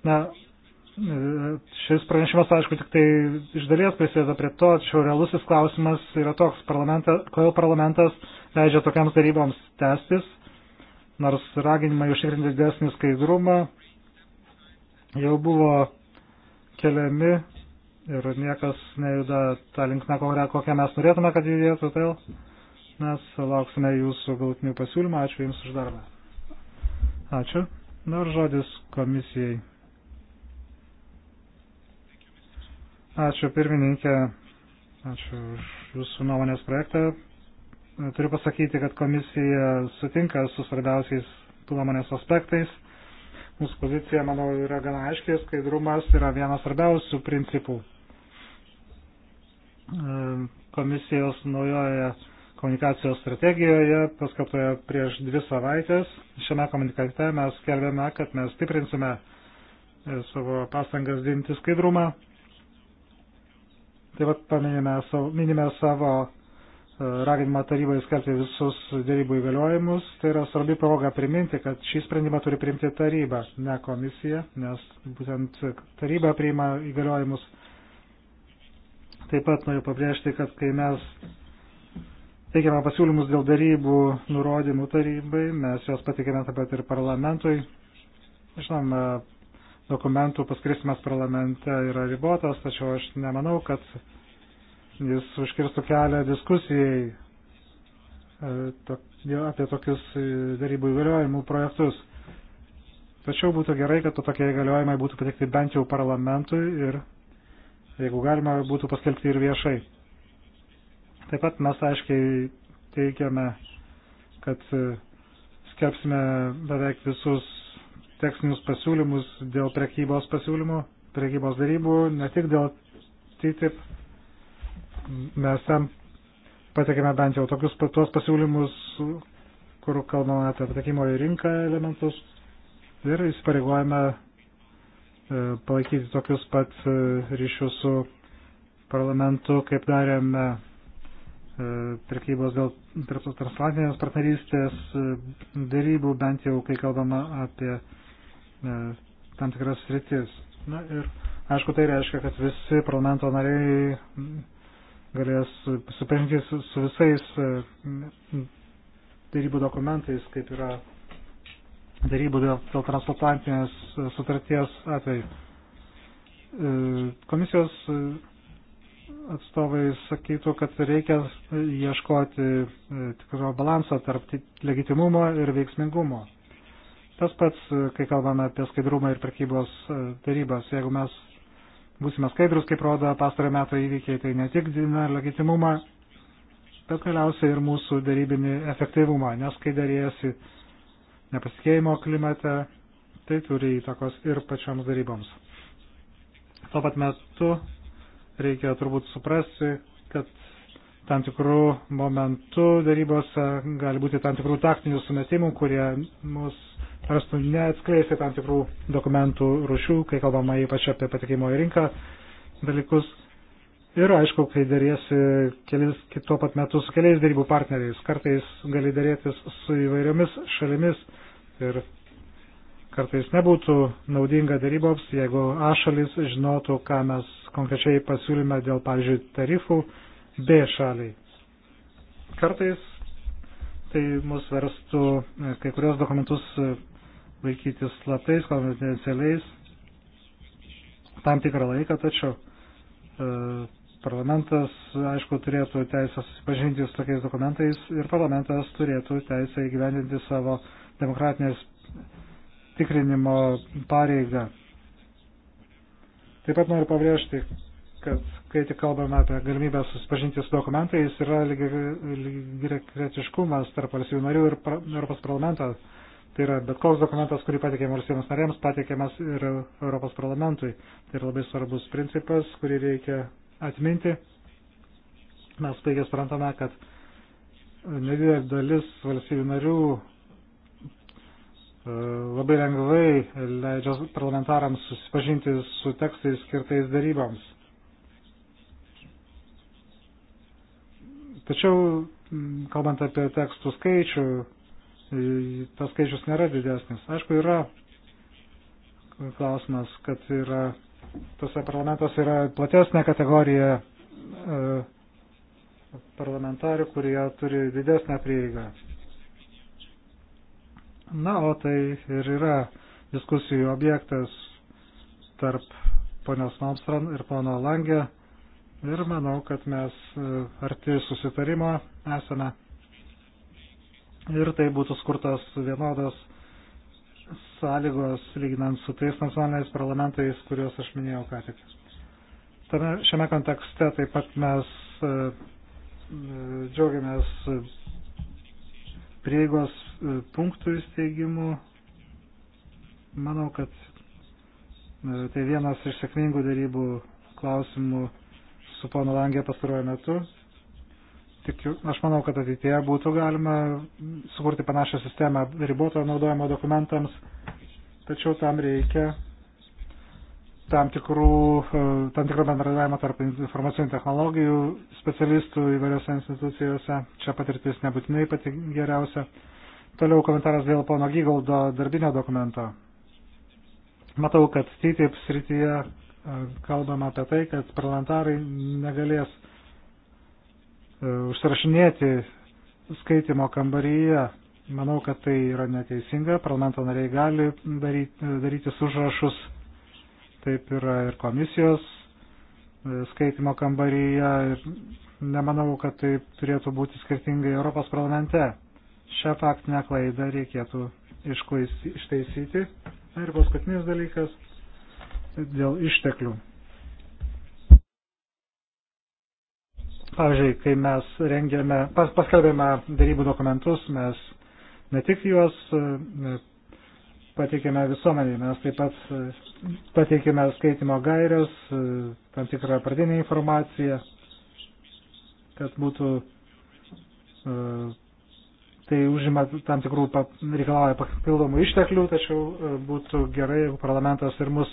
Na, šis pranešimas, aišku, tik tai iš dalies prisideda prie to, tačiau realusis klausimas yra toks, parlamenta, kodėl parlamentas leidžia tokiams daryboms tęstis, nors raginimai užtikrinti didesnį skaidrumą jau buvo keliami ir niekas nejuda tą linkmę, kokią mes norėtume, kad judėtų. Tai Mes lauksime jūsų galutinių pasiūlymą. Ačiū Jums už darbą. Ačiū. Na ir žodis komisijai. Ačiū pirmininkė. Ačiū už Jūsų nuomonės projektą. Turiu pasakyti, kad komisija sutinka su svarbiausiais nuomonės aspektais. Mūsų pozicija, manau, yra gana aiškiai, skaidrumas yra vienas svarbiausių principų. E, komisijos naujoje komunikacijos strategijoje, paskelbtoje prieš dvi savaitės. Šiame komunikate mes skelbėme, kad mes stiprinsime e, savo pastangas didinti skaidrumą. Taip pat paminime savo, minime savo e, raginimą tarybai skelbti visus dėrybų įgaliojimus. Tai yra svarbi proga priminti, kad šį sprendimą turi priimti taryba, ne komisija, nes būtent taryba priima įgaliojimus. Taip pat noriu pabrėžti, kad kai mes Teikiame pasiūlymus dėl darybų nurodymų tarybai, mes juos patikėme taip pat ir parlamentui. Žinoma, dokumentų paskristimas parlamente yra ribotas, tačiau aš nemanau, kad jis užkirstų kelią diskusijai e, apie tokius e, darybų įgaliojimų projektus. Tačiau būtų gerai, kad to tokie įgaliojimai būtų patikti bent jau parlamentui ir, jeigu galima, būtų paskelbti ir viešai. Taip pat mes aiškiai teigiame, kad e, skelbsime beveik visus tekstinius pasiūlymus dėl prekybos pasiūlymų, prekybos darybų, ne tik dėl TTIP. Mes ten patekėme bent jau tokius tuos pasiūlymus, kur kalbame apie patekimo į rinką elementus ir įsipareigojame e, palaikyti tokius pat e, ryšius su parlamentu, kaip darėme E, prekybos dėl transatlantinės partnerystės e, darybų, bent jau kai kalbama apie e, tam tikras sritis. Na ir aišku, tai reiškia, kad visi parlamento nariai galės supažinti su, su visais darybų dokumentais, kaip yra darybų dėl, dėl transatlantinės sutarties atveju. Komisijos atstovai sakytų, kad reikia ieškoti e, tikro balanso tarp legitimumo ir veiksmingumo. Tas pats, e, kai kalbame apie skaidrumą ir prekybos darybas, e, jeigu mes būsime skaidrus, kaip rodo pastarojo metų įvykiai, tai ne tik didina legitimumą, bet galiausiai ir mūsų darybinį efektyvumą, nes kai darėjasi nepasitikėjimo klimate, tai turi įtakos ir pačioms daryboms. Tuo pat metu reikia turbūt suprasti, kad tam tikrų momentų darybose gali būti tam tikrų taktinių sumetimų, kurie mus prastų neatskleisti tam tikrų dokumentų rušių, kai kalbama ypač apie patikimo į rinką dalykus. Ir aišku, kai dėrėsi kelis, tuo pat metu su keliais darybų partneriais, kartais gali dėrėtis su įvairiomis šalimis ir Kartais nebūtų naudinga dėryboms, jeigu A šalis žinotų, ką mes konkrečiai pasiūlyme dėl, pavyzdžiui, tarifų B šaliai. Kartais tai mus verstų e, kai kurios dokumentus e, laikyti slaptais, konfidencialiais tam tikrą laiką, tačiau e, parlamentas, aišku, turėtų teisę susipažinti su tokiais dokumentais ir parlamentas turėtų teisę įgyvendinti savo demokratinės tikrinimo pareigą. Taip pat noriu pabrėžti, kad kai tik kalbame apie galimybę susipažinti su dokumentais, yra lygirekretiškumas tarp valstybių narių ir pra, Europos parlamento. Tai yra bet koks dokumentas, kurį patikėm valstybėms narėms, patikėmas ir Europos parlamentui. Tai yra labai svarbus principas, kurį reikia atminti. Mes puikiai suprantame, kad nedidelė dalis valstybių narių labai lengvai leidžia parlamentarams susipažinti su tekstais skirtais daryboms. Tačiau, kalbant apie tekstų skaičių, tas skaičius nėra didesnis. Aišku, yra klausimas, kad yra, tose parlamentuose yra platesnė kategorija e, parlamentarių, kurie turi didesnę prieigą. Na, o tai ir yra diskusijų objektas tarp ponios Malmstron ir pono Langė. Ir manau, kad mes e, arti susitarimo esame. Ir tai būtų skurtos vienodos sąlygos, lyginant su tais nacionaliniais parlamentais, kuriuos aš minėjau ką tik. Tame, šiame kontekste taip pat mes e, e, džiaugiamės prieigos e, punktų įsteigimų. Manau, kad e, tai vienas iš sėkmingų darybų klausimų su pono Langė pastaruoju metu. Tikiu, aš manau, kad ateitie būtų galima sukurti panašią sistemą riboto naudojimo dokumentams, tačiau tam reikia tam, tikrų, e, tam tikro bendradavimo tarp informacinių technologijų specialistų įvairiose institucijose. Čia patirtis nebūtinai pati geriausia. Toliau komentaras dėl pono Gygaldo darbinio dokumento. Matau, kad TTIP srityje e, kalbama apie tai, kad parlamentarai negalės e, užsirašinėti skaitimo kambaryje. Manau, kad tai yra neteisinga. Parlamento nariai gali daryti, daryti užrašus taip yra ir komisijos e, skaitimo kambaryje ir nemanau, kad taip turėtų būti skirtingai Europos parlamente. Šią faktinę klaidą reikėtų ištaisyti. Ir paskutinis dalykas dėl išteklių. Pavyzdžiui, kai mes rengėme, pas, paskelbėme darybų dokumentus, mes ne tik juos e, pateikėme visuomenį. Mes taip pat e, pateikėme skaitimo gairias, e, tam tikrą pradinę informaciją, kad būtų e, tai užima tam tikrų reikalauja papildomų išteklių, tačiau būtų gerai, jeigu parlamentas ir mus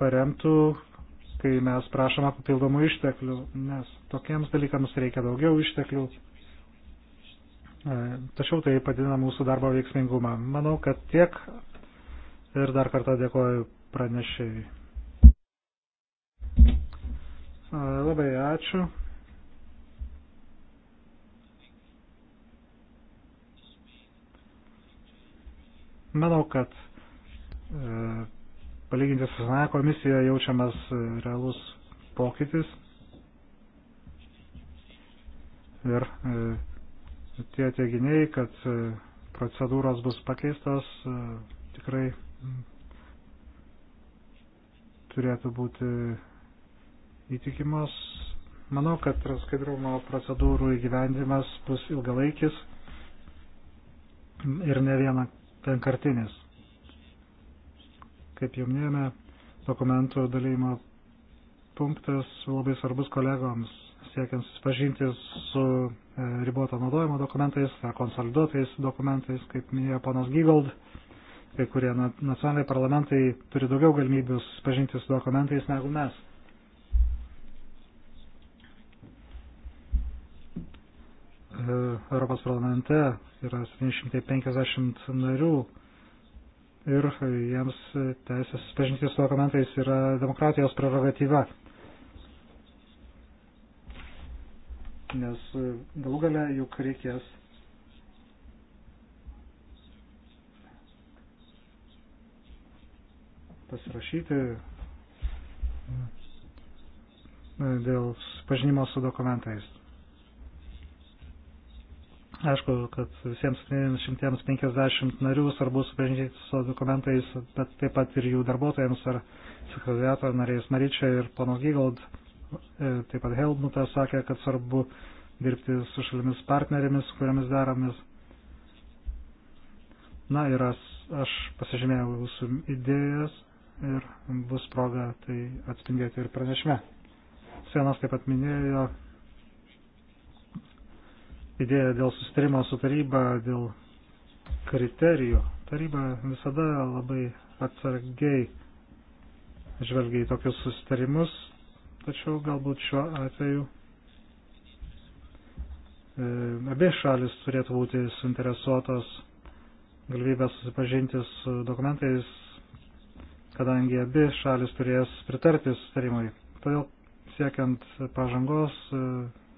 paremtų, kai mes prašome papildomų išteklių, nes tokiems dalykams reikia daugiau išteklių. E, tačiau tai padidina mūsų darbo veiksmingumą. Manau, kad tiek ir dar kartą dėkoju pranešėjai. E, labai ačiū. Manau, kad e, palyginti su senaja komisija jaučiamas realus pokytis ir e, tie teiginiai, kad e, procedūros bus pakeistos, e, tikrai turėtų būti įtikimos. Manau, kad skaidrumo procedūrų įgyvendimas bus ilgalaikis ir ne viena vienkartinis. Kaip jau minėjome, dokumentų dalymo punktas labai svarbus kolegoms siekiant susipažinti su e, riboto naudojimo dokumentais, konsoliduotais dokumentais, kaip minėjo panas Gygold. Kai kurie nacionaliniai parlamentai turi daugiau galimybių susipažinti su dokumentais negu mes. E, Europos parlamente yra 750 narių ir jiems teisės susipažinti su dokumentais yra demokratijos prerogatyva. nes e, galų gale juk reikės pasirašyti e, dėl pažinimo su dokumentais. Aišku, kad visiems 150 narių svarbu supažinti su dokumentais, bet taip pat ir jų darbuotojams ar sekretariato nariais Maryčia ir pono Gygold E, taip pat Helmutas sakė, kad svarbu dirbti su šalimis partnerėmis, kuriamis daromis. Na ir aš pasižymėjau jūsų idėjas ir bus proga tai atspindėti ir pranešme. Senas taip pat minėjo idėją dėl sustarimo su taryba, dėl kriterijų. Taryba visada labai atsargiai žvelgia į tokius sustarimus, Tačiau galbūt šiuo atveju e, abie šalis turėtų būti suinteresuotos galimybę susipažinti su dokumentais, kadangi abi šalis turės pritarti sustarimui. Todėl siekiant pažangos, e,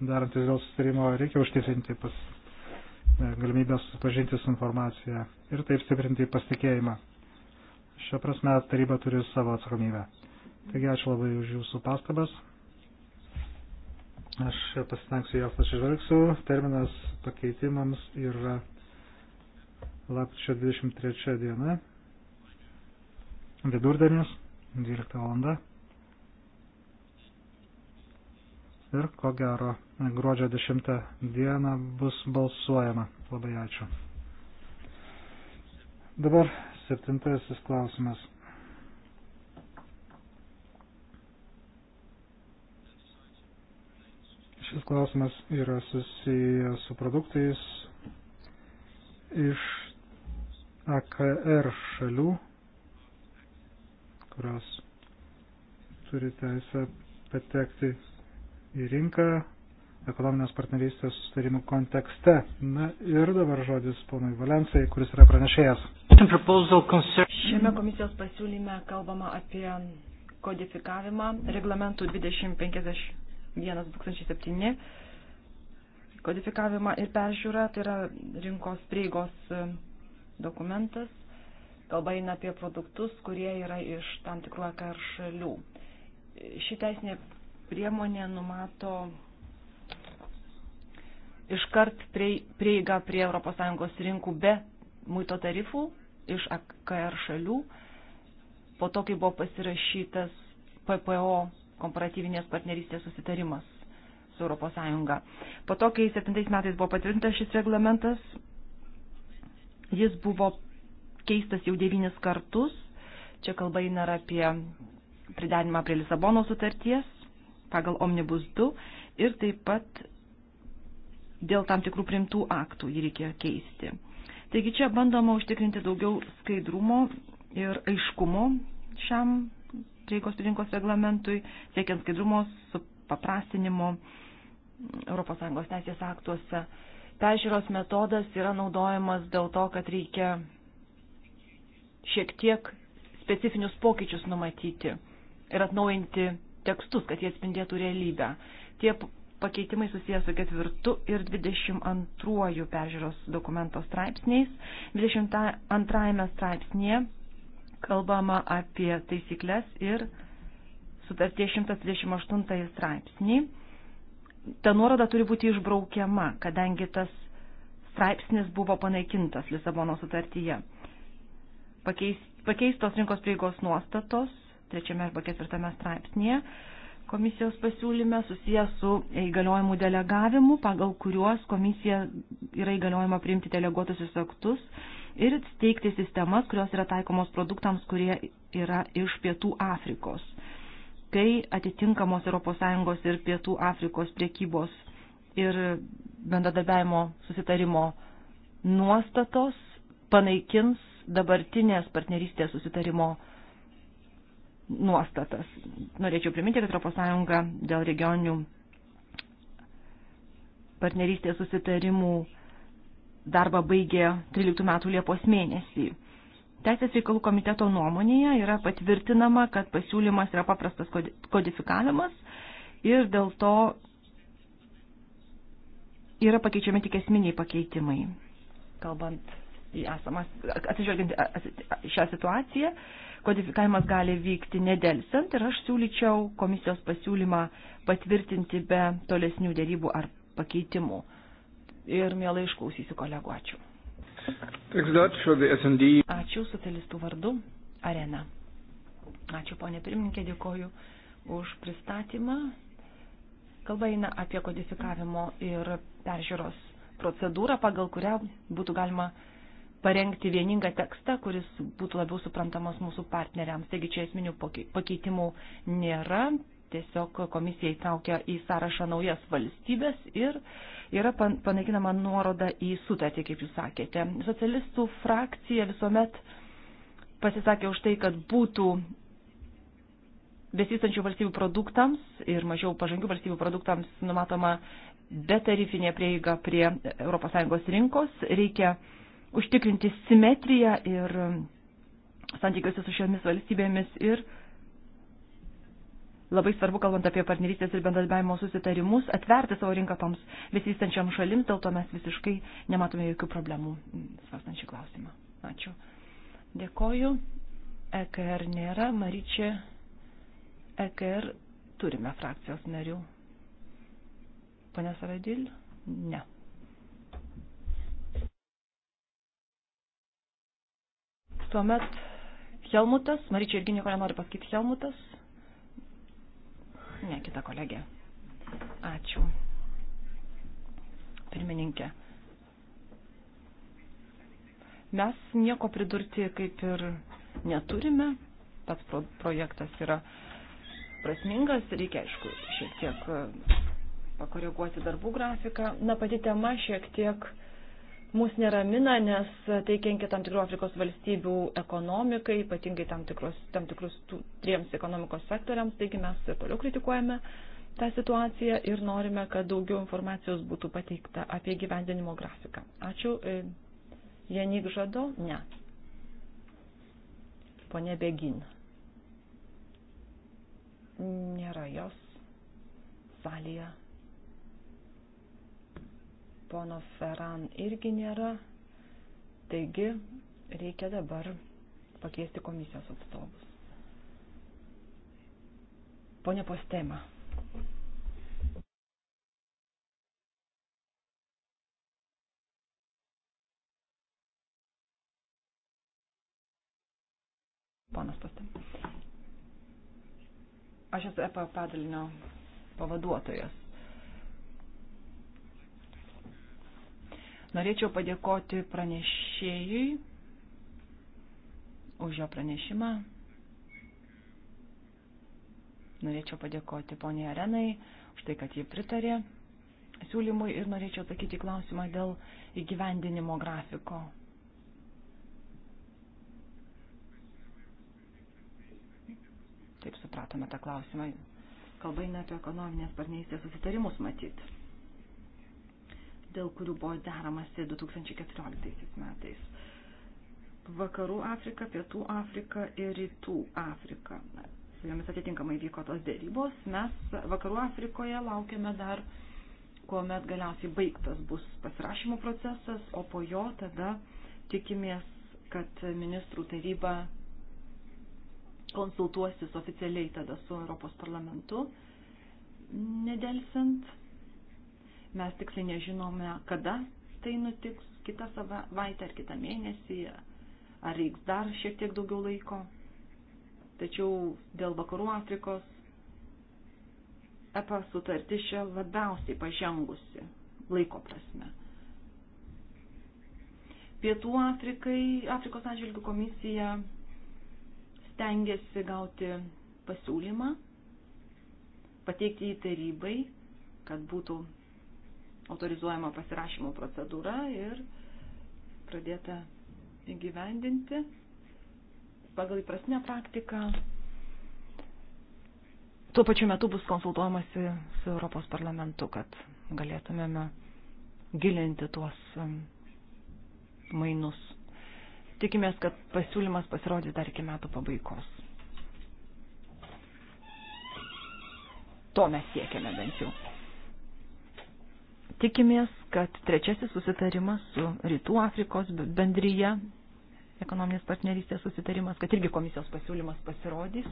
darantis dėl sustarimo, reikia užtikrinti pas, e, galimybę susipažinti su informacija ir taip stiprinti pasitikėjimą. Šią prasme taryba turi savo atsakomybę. Taigi ačiū labai už jūsų pastabas. Aš pasitengsiu jas atsižvelgsiu. Terminas pakeitimams yra lapkričio 23 diena, vidurdienis, 12 valanda. Ir ko gero, gruodžio 10 dieną bus balsuojama. Labai ačiū. Dabar septintasis klausimas. Šis klausimas yra susijęs su produktais iš AKR šalių, kurios turi teisę patekti į rinką ekonominės partnerystės sustarimų kontekste. Na ir dabar žodis ponui Valensai, kuris yra pranešėjas. Šiame komisijos pasiūlyme kalbama apie kodifikavimą reglamentų 2050 1.2007 kodifikavimą ir peržiūrą, tai yra rinkos prieigos e, dokumentas. Kalba eina apie produktus, kurie yra iš tam tikrų AKR šalių. Ši teisinė priemonė numato iškart prieigą prie ES rinkų be muito tarifų iš AKR šalių. Po to, kai buvo pasirašytas PPO komparatyvinės partnerystės susitarimas su ES. Po to, kai 7 metais buvo patvirtintas šis reglamentas, jis buvo keistas jau devynis kartus. Čia kalba eina apie pridarimą prie Lisabono sutarties pagal Omnibus 2 ir taip pat dėl tam tikrų primtų aktų jį reikėjo keisti. Taigi čia bandoma užtikrinti daugiau skaidrumo ir aiškumo šiam prieigos rinkos reglamentui, siekiant skaidrumo, supaprastinimo ES teisės aktuose. Pežiūros metodas yra naudojamas dėl to, kad reikia šiek tiek specifinius pokyčius numatyti ir atnaujinti tekstus, kad jie atspindėtų realybę. Tie pakeitimai susijęs su ketvirtu ir 22 peržiūros dokumento straipsniais. 22 straipsnėje kalbama apie taisyklės ir sutartie 138 straipsnį. Ta nuoroda turi būti išbraukiama, kadangi tas straipsnis buvo panaikintas Lisabono sutartyje. Pakeis, pakeistos rinkos prieigos nuostatos, trečiame arba ketvirtame straipsnėje, komisijos pasiūlyme susijęs su įgaliojimų delegavimu, pagal kuriuos komisija yra įgaliojama priimti deleguotusius aktus ir steigti sistemas, kurios yra taikomos produktams, kurie yra iš Pietų Afrikos, kai atitinkamos ES ir Pietų Afrikos priekybos ir bendradarbiavimo susitarimo nuostatos panaikins dabartinės partnerystės susitarimo nuostatas. Norėčiau priminti, kad ES dėl regioninių partnerystės susitarimų darbą baigė 13 metų Liepos mėnesį. Teisės reikalų komiteto nuomonėje yra patvirtinama, kad pasiūlymas yra paprastas kodifikavimas ir dėl to yra pakeičiami tik esminiai pakeitimai, kalbant į esamas, atsižvelgiant šią situaciją, kodifikavimas gali vykti nedelsiant ir aš siūlyčiau komisijos pasiūlymą patvirtinti be tolesnių dėrybų ar pakeitimų ir mielai išklausysiu kolegų. Ačiū. Ačiū socialistų vardu. Arena. Ačiū, ponė pirmininkė, dėkoju už pristatymą. Kalba eina apie kodifikavimo ir peržiūros procedūrą, pagal kurią būtų galima parengti vieningą tekstą, kuris būtų labiau suprantamas mūsų partneriams. Taigi čia esminių pakeitimų nėra, tiesiog komisija įtraukia į sąrašą naujas valstybės ir yra panaikinama nuoroda į sutartį, kaip jūs sakėte. Socialistų frakcija visuomet pasisakė už tai, kad būtų besistančių valstybių produktams ir mažiau pažangių valstybių produktams numatoma betarifinė prieiga prie ES rinkos. Reikia užtikrinti simetriją ir santykiuose su šiomis valstybėmis ir labai svarbu, kalbant apie partnerystės ir bendradarbiavimo susitarimus, atverti savo rinką toms besivystančiam šalims, dėl to mes visiškai nematome jokių problemų mm, svarstant šį klausimą. Ačiū. Dėkoju. EKR nėra. Maryčia, EKR turime frakcijos narių. Pane Saradil? Ne. Tuomet Helmutas, Maryčia irgi nieko nenori pasakyti Helmutas. Ne, kita kolegė. Ačiū. Pirmininkė. Mes nieko pridurti kaip ir neturime. Pats pro projektas yra prasmingas, reikia aišku šiek tiek pakoreguoti darbų grafiką. Na, pati tema šiek tiek uh, mūsų neramina, nes tai kenkia tam tikrų Afrikos valstybių ekonomikai, ypatingai tam, tikros, tam tikrus tų, triems ekonomikos sektoriams, taigi mes ir toliau kritikuojame tą situaciją ir norime, kad daugiau informacijos būtų pateikta apie gyvendinimo grafiką. Ačiū. E, Janik Žado? Ne. Pone Begin. Nėra jos salėje pono Ferran irgi nėra. Taigi reikia dabar pakeisti komisijos atstovus. Pone Postema. Ponas Postema. Aš esu EPA padalinio pavaduotojas. Norėčiau padėkoti pranešėjui už jo pranešimą. Norėčiau padėkoti poniai Arenai už tai, kad jie pritarė siūlymui ir norėčiau atsakyti klausimą dėl įgyvendinimo grafiko. Taip supratome tą klausimą. Kalba eina apie ekonominės partnerystės susitarimus matyti dėl kurių buvo deramasi 2014 metais. Vakarų Afrika, Pietų Afrika ir Rytų Afrika. Su jomis atitinkamai vyko tos dėrybos. Mes Vakarų Afrikoje laukiame dar, kuomet galiausiai baigtas bus pasirašymo procesas, o po jo tada tikimės, kad ministrų taryba konsultuosis oficialiai tada su Europos parlamentu, nedelsint Mes tiksliai nežinome, kada tai nutiks, kitą savaitę ar kitą mėnesį, ar reiks dar šiek tiek daugiau laiko. Tačiau dėl vakarų Afrikos EPA sutartis čia labiausiai pažengusi laiko prasme. Pietų Afrikai, Afrikos atžvilgių komisija stengiasi gauti pasiūlymą, pateikti jį tarybai, kad būtų autorizuojama pasirašymo procedūra ir pradėta įgyvendinti. Pagal įprastinę praktiką tuo pačiu metu bus konsultuojamasi su Europos parlamentu, kad galėtumėme gilinti tuos um, mainus. Tikimės, kad pasiūlymas pasirodys dar iki metų pabaigos. To mes siekiame bent jau tikimės, kad trečiasis susitarimas su Rytų Afrikos bendryje, ekonominės partnerystės susitarimas, kad irgi komisijos pasiūlymas pasirodys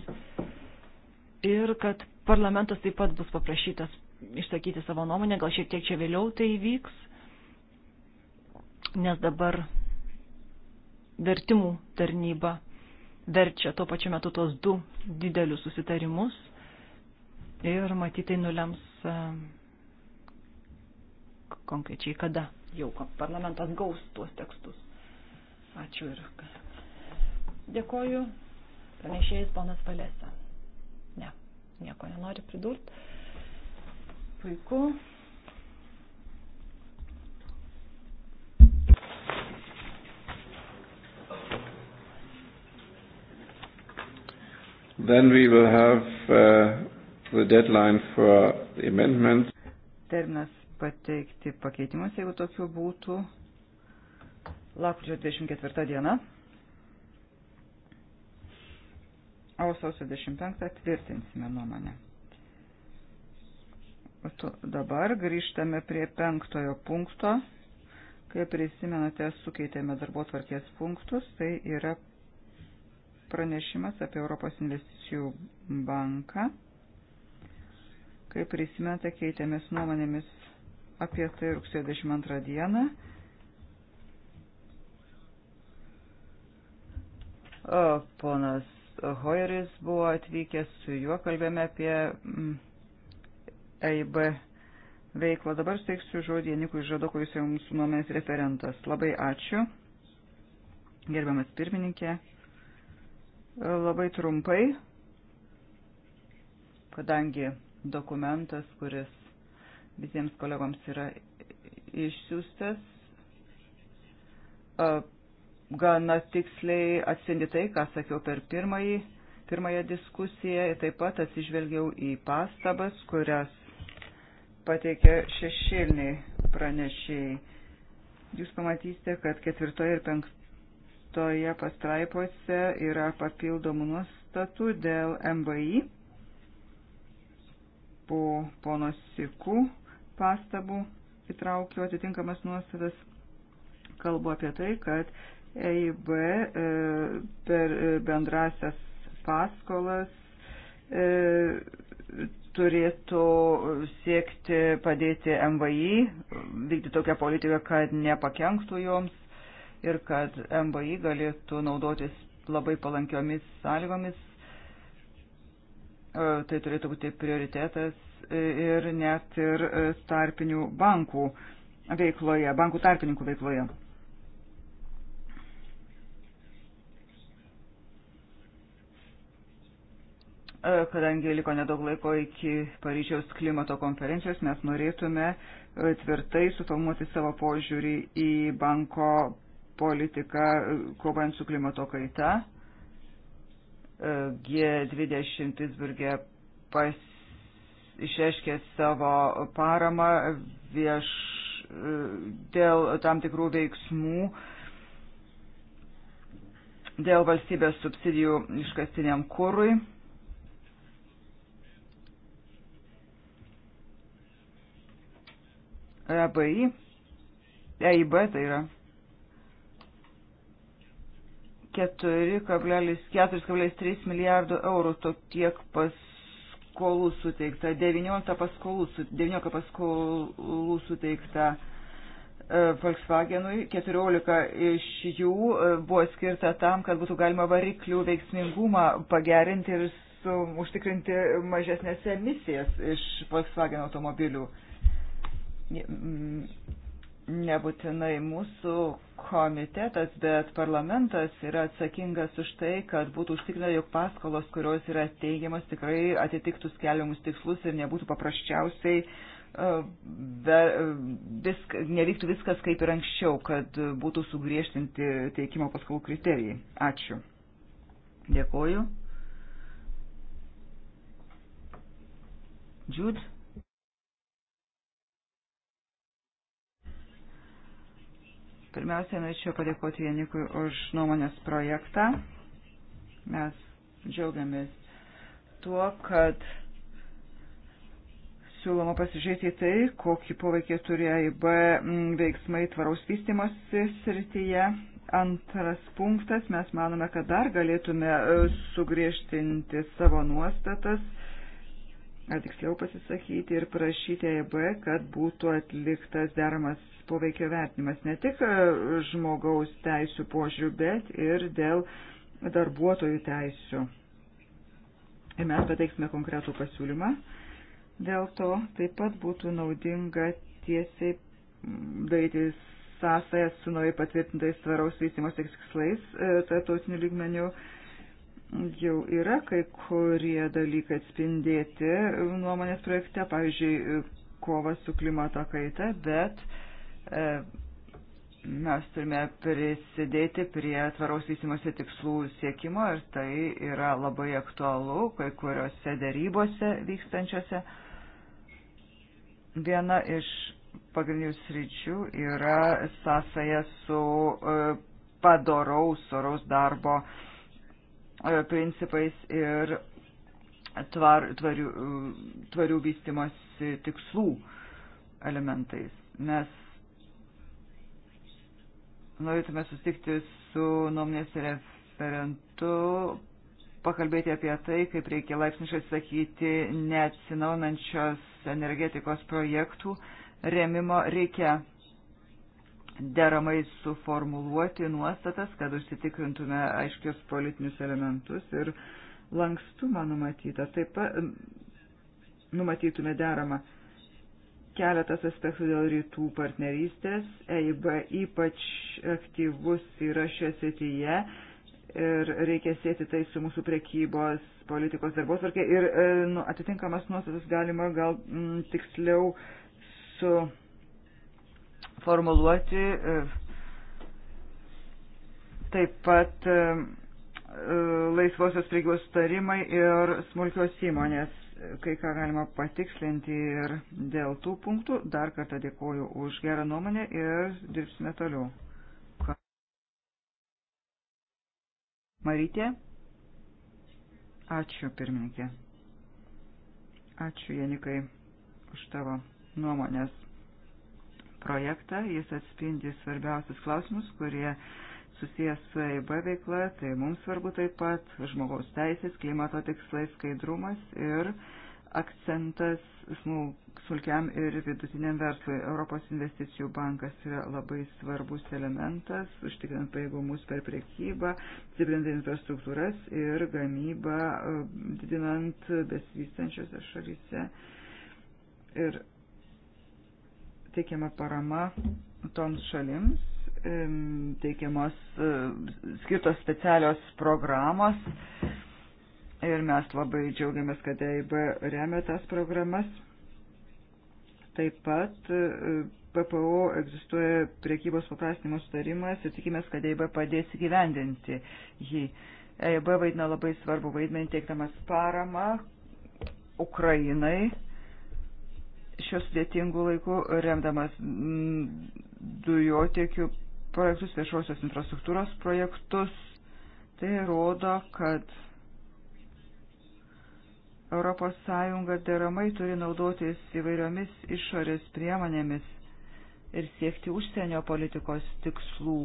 ir kad parlamentas taip pat bus paprašytas išsakyti savo nuomonę, gal šiek tiek čia vėliau tai įvyks, nes dabar vertimų tarnyba verčia tuo pačiu metu tos du didelius susitarimus ir matytai nulems konkrečiai kada jau parlamentas gaus tuos tekstus. Ačiū ir dėkoju. Pranešėjas ponas Valėsa. Ne, nieko nenori pridurti. Puiku. Then we will have uh, the deadline for the amendments. Terminas pateikti pakeitimus, jeigu tokių būtų. Lapkričio 24 diena. O sausio 25 tvirtinsime nuomonę. Dabar grįžtame prie penktojo punkto. Kai prisimenate, sukeitėme darbo tvarkės punktus, tai yra pranešimas apie Europos investicijų banką. Kai prisimenate, keitėmės nuomonėmis apie tai rugsėjo 22 dieną. Ponas Hoeris buvo atvykęs, su juo kalbėjome apie mm, EIB veiklą. Dabar steiksiu žodį Janikui Žadokui, jis jau mūsų nuomonės referentas. Labai ačiū, gerbiamas pirmininkė. Labai trumpai, kadangi dokumentas, kuris visiems kolegoms yra išsiųstas. Gana tiksliai atspindi tai, ką sakiau per pirmąjį, pirmąją diskusiją ir taip pat atsižvelgiau į pastabas, kurias pateikė šešėliniai pranešėjai. Jūs pamatysite, kad ketvirtoje ir penktoje pastraipose yra papildomų nuostatų dėl MVI po pono Sikų pastabų įtraukiau atitinkamas nuostatas. Kalbu apie tai, kad EIB e, per e, bendrasias paskolas e, turėtų siekti padėti MVI, vykdyti tokią politiką, kad nepakenktų joms ir kad MVI galėtų naudotis labai palankiomis sąlygomis. Tai turėtų būti prioritetas ir net ir e, tarpinių bankų veikloje, bankų tarpininkų veikloje. E, kadangi liko nedaug laiko iki Paryžiaus klimato konferencijos, mes norėtume e, tvirtai suformuoti savo požiūrį į banko politiką kovant su klimato kaita. G20 Pittsburgė pas išreiškė savo paramą vieš, dėl tam tikrų veiksmų, dėl valstybės subsidijų iškastiniam kūrui. EBI, EIB tai yra 4,3 milijardų eurų, to tiek pas paskolų suteikta, 19 paskolų, 19 paskolų suteikta e, Volkswagenui, 14 iš jų e, buvo skirta tam, kad būtų galima variklių veiksmingumą pagerinti ir su, užtikrinti mažesnės emisijas iš Volkswagen automobilių nebūtinai mūsų komitetas, bet parlamentas yra atsakingas už tai, kad būtų užtikrinta, jog paskolos, kurios yra teigiamas, tikrai atitiktų skeliamus tikslus ir nebūtų paprasčiausiai, e, be, visk, nevyktų viskas kaip ir anksčiau, kad būtų sugriežtinti teikimo paskolų kriterijai. Ačiū. Dėkoju. Jude? Pirmiausia, norėčiau padėkoti Janikui už nuomonės projektą. Mes džiaugiamės tuo, kad siūloma pasižiūrėti į tai, kokį poveikį turi AIB mm, veiksmai tvaraus vystimosi srityje. Antras punktas, mes manome, kad dar galėtume e, sugriežtinti savo nuostatas ar tiksliau pasisakyti ir prašyti EIB, kad būtų atliktas deramas poveikio vertinimas ne tik e, žmogaus teisų požiūrių, bet ir dėl darbuotojų teisų. Ir mes pateiksime konkretų pasiūlymą. Dėl to taip pat būtų naudinga tiesiai daryti sąsajas su naujai patvirtintais tvaraus vystimos tikslais e, tarptautiniu lygmeniu jau yra kai kurie dalykai atspindėti nuomonės projekte, pavyzdžiui, kova su klimato kaita, bet e, mes turime prisidėti prie tvaraus vystimosi tikslų siekimo ir tai yra labai aktualu kai kuriuose darybose vykstančiose. Viena iš pagrindinių sričių yra sąsaja su e, padoraus, oraus darbo e, E, principais ir tvar, tvarių, tvarių vystimosi tikslų elementais. Mes norėtume susitikti su nuomonės referentu, pakalbėti apie tai, kaip reikia laipsniškai atsakyti neatsinaunančios energetikos projektų remimo. Reikia deramai suformuluoti nuostatas, kad užsitikrintume aiškius politinius elementus ir lankstumą numatytą. Taip pat numatytume deramą keletas aspektų dėl rytų partnerystės. EIB ypač aktyvus yra šioje srityje ir reikia sėti tai su mūsų prekybos politikos darbos varkė ir e, nu, atitinkamas nuostatas galima gal m, tiksliau su formuluoti e, taip pat e, e, laisvosios prieigos tarimai ir smulkios įmonės. Kai ką galima patikslinti ir dėl tų punktų. Dar kartą dėkoju už gerą nuomonę ir dirbsime toliau. Marytė. Ačiū, pirmininkė. Ačiū, Janikai, už tavo nuomonės projektą. Jis atspindi svarbiausius klausimus, kurie susijęs su EIB veikla. Tai mums svarbu taip pat žmogaus teisės, klimato tikslai, skaidrumas ir akcentas smulkiam ir vidutiniam verslui. Europos investicijų bankas yra labai svarbus elementas, užtikrinant pajėgumus per priekybą, stiprinant infrastruktūras ir gamybą, e, didinant besivystančiose šalyse. Ir teikiama parama toms šalims, teikiamos e, skirtos specialios programos ir mes labai džiaugiamės, kad EIB remia tas programas. Taip pat e, PPO egzistuoja priekybos paprastinimo sutarimas ir tikimės, kad EIB padės įgyvendinti jį. EIB vaidina labai svarbu vaidmenį teikdamas paramą Ukrainai šios sudėtingų laikų, remdamas mm, dujotiekių projektus, viešosios infrastruktūros projektus. Tai rodo, kad ES deramai turi naudotis įvairiomis išorės priemonėmis ir siekti užsienio politikos tikslų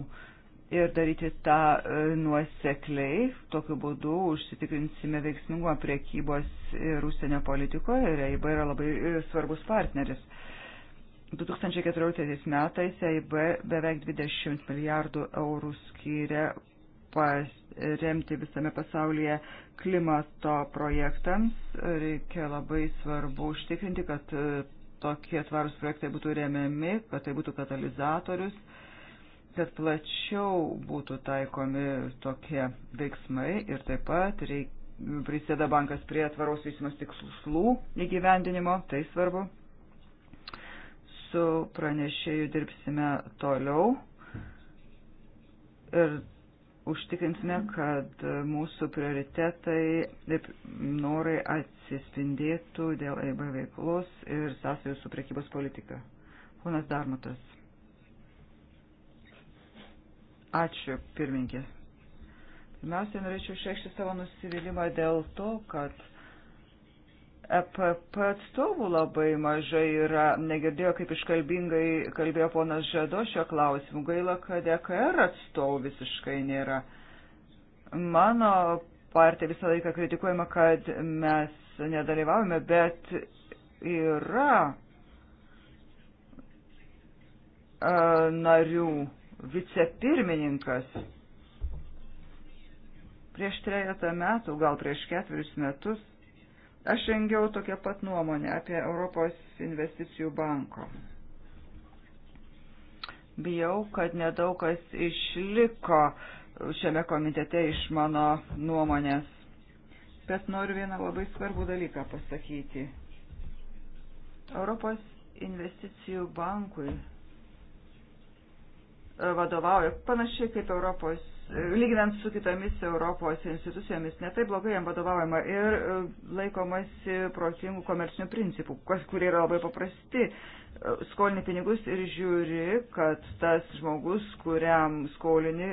ir daryti tą e, nuosekliai. Tokiu būdu užsitikrinsime veiksmingumą priekybos ir užsienio politikoje ir EIB yra labai e, svarbus partneris. 2014 metais EIB beveik 20 milijardų eurų skyrė paremti visame pasaulyje klimato projektams. Reikia labai svarbu užtikrinti, kad e, tokie tvarūs projektai būtų remiami, kad tai būtų katalizatorius kad plačiau būtų taikomi tokie veiksmai ir taip pat reik, prisėda bankas prie tvaros vystimas tikslų įgyvendinimo, tai svarbu. Su pranešėju dirbsime toliau ir užtikrinsime, kad mūsų prioritetai ir norai atsispindėtų dėl EIB veiklos ir sąsajų su priekybos politika. Ponas Darmatas. Ačiū, pirmininkė. Pirmiausia, norėčiau išreikšti savo nusivylimą dėl to, kad EPP atstovų labai mažai yra, negirdėjo, kaip iškalbingai kalbėjo ponas Žado šio klausimu. Gaila, kad EKR atstovų visiškai nėra. Mano partija visą laiką kritikuojama, kad mes nedalyvaujame, bet yra e, narių vicepirmininkas. Prieš trejata metų, gal prieš ketverius metus, aš rengiau tokią pat nuomonę apie Europos investicijų banko. Bijau, kad nedaug kas išliko šiame komitete iš mano nuomonės, bet noriu vieną labai svarbų dalyką pasakyti. Europos investicijų bankui E, vadovauja, panašiai kaip Europos, e, lyginant su kitomis Europos institucijomis, netai blogai jam vadovaujama ir e, laikomasi protingų komercinių principų, kurie yra labai paprasti. Skolini pinigus ir žiūri, kad tas žmogus, kuriam skolini,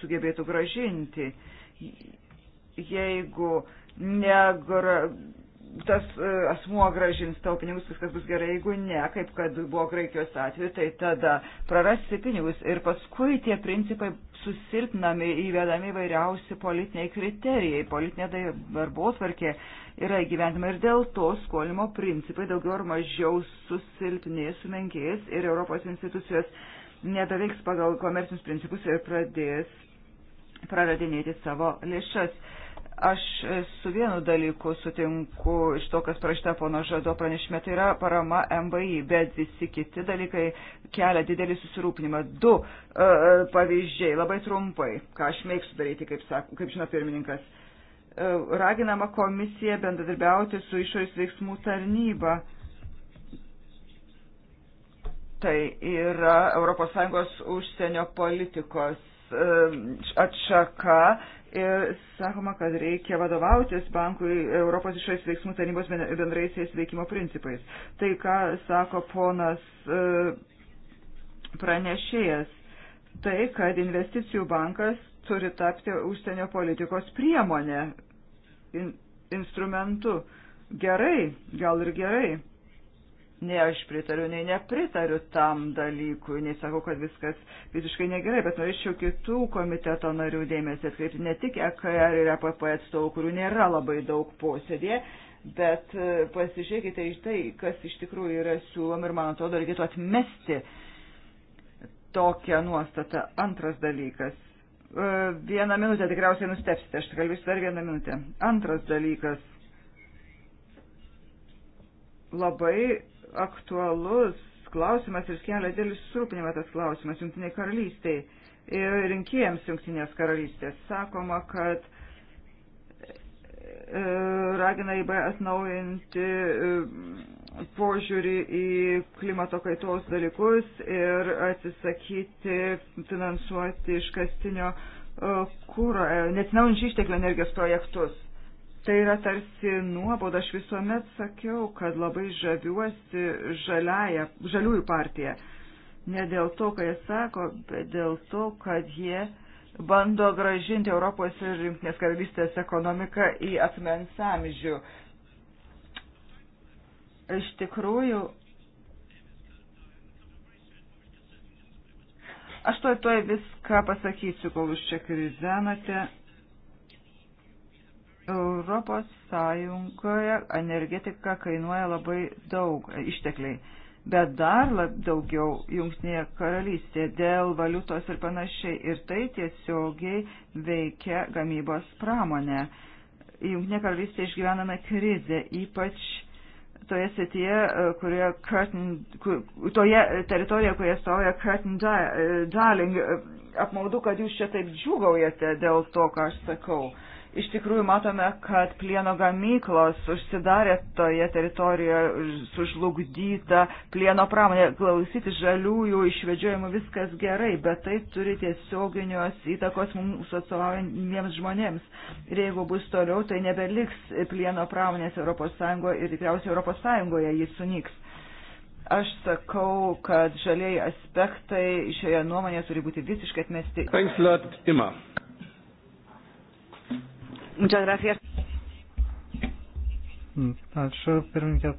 sugebėtų gražinti. Jeigu negra, tas e, asmuo gražins tavo pinigus, viskas bus gerai, jeigu ne, kaip kad buvo Graikijos atveju, tai tada prarasi pinigus ir paskui tie principai susilpnami, įvedami vairiausi politiniai kriterijai, politinė darbotvarkė yra įgyvendama ir dėl to skolimo principai daugiau ar mažiau susilpnės, sumenkės ir Europos institucijos nebeveiks pagal komercinius principus ir pradės praradinėti savo lėšas Aš su vienu dalyku sutinku iš to, kas parašyta pono Žado pranešime, tai yra parama MVI, bet visi kiti dalykai kelia didelį susirūpinimą. Du e, e pavyzdžiai, labai trumpai, ką aš mėgstu daryti, kaip, sako, kaip žino pirmininkas. E, raginama komisija bendradarbiauti su išorės veiksmų tarnyba. Tai yra ES užsienio politikos e, atšaka ir sakoma, kad reikia vadovautis bankui Europos išorės veiksmų tarnybos bendraisiais veikimo principais. Tai, ką sako ponas e, pranešėjas, tai, kad investicijų bankas turi tapti užsienio politikos priemonę, in, instrumentu. Gerai, gal ir gerai Nei aš pritariu, nei nepritariu tam dalykui, nei sakau, kad viskas visiškai negerai, bet norėčiau kitų komiteto narių dėmesį atkreipti, ne tik EKR ir EPP atstovų, kurių nėra labai daug posėdėje, bet e, pasižiūrėkite iš tai, kas iš tikrųjų yra siūlom ir man atrodo reikėtų atmesti tokią nuostatą. Antras dalykas. E, vieną minutę tikriausiai nustepsite, aš kalbėsiu dar vieną minutę. Antras dalykas. Labai aktualus klausimas ir kelia dėlis surūpinimą tas klausimas Junktiniai karalystiai ir rinkėjams Junktinės karalystės. Sakoma, kad e, ragina IB atnaujinti e, požiūrį į klimato kaitos dalykus ir atsisakyti finansuoti iškastinio e, kūro, neatsinaujančių išteklių energijos projektus. Tai yra tarsi nuobauda, aš visuomet sakiau, kad labai žaviuosi žaliaja, žaliųjų partiją. Ne dėl to, ką jie sako, bet dėl to, kad jie bando gražinti Europos ir Junktinės karalystės ekonomiką į akmens amžių. Iš tikrųjų, aš toj toj viską pasakysiu, kol jūs čia krizenate. Europos Sąjungoje energetika kainuoja labai daug e, ištekliai, bet dar daugiau jungtinėje karalystėje dėl valiutos ir panašiai. Ir tai tiesiogiai veikia gamybos pramonę. Jungtinė karalystė išgyvename krizę, ypač toje srityje, e, kurioje Curtin, kur, toje teritorijoje, kurioje stovėjo Curtin e, Darling. Apmaudu, kad jūs čia taip džiugaujate dėl to, ką aš sakau. Uh, Iš tikrųjų matome, kad plieno gamyklos užsidarė toje teritorijoje, sužlugdyta plieno pramonė. Klausyti žaliųjų išvedžiojimų viskas gerai, bet tai turi tiesioginios įtakos mūsų atstovaujamiems žmonėms. Ir jeigu bus toliau, tai nebeliks plieno pramonės ES ir tikriausiai ES jis sunyks. Aš sakau, kad žaliai aspektai šioje nuomonėje turi būti visiškai atmesti. Thanks, Lord, Muchas gracias. Ačiū, pirmininkė.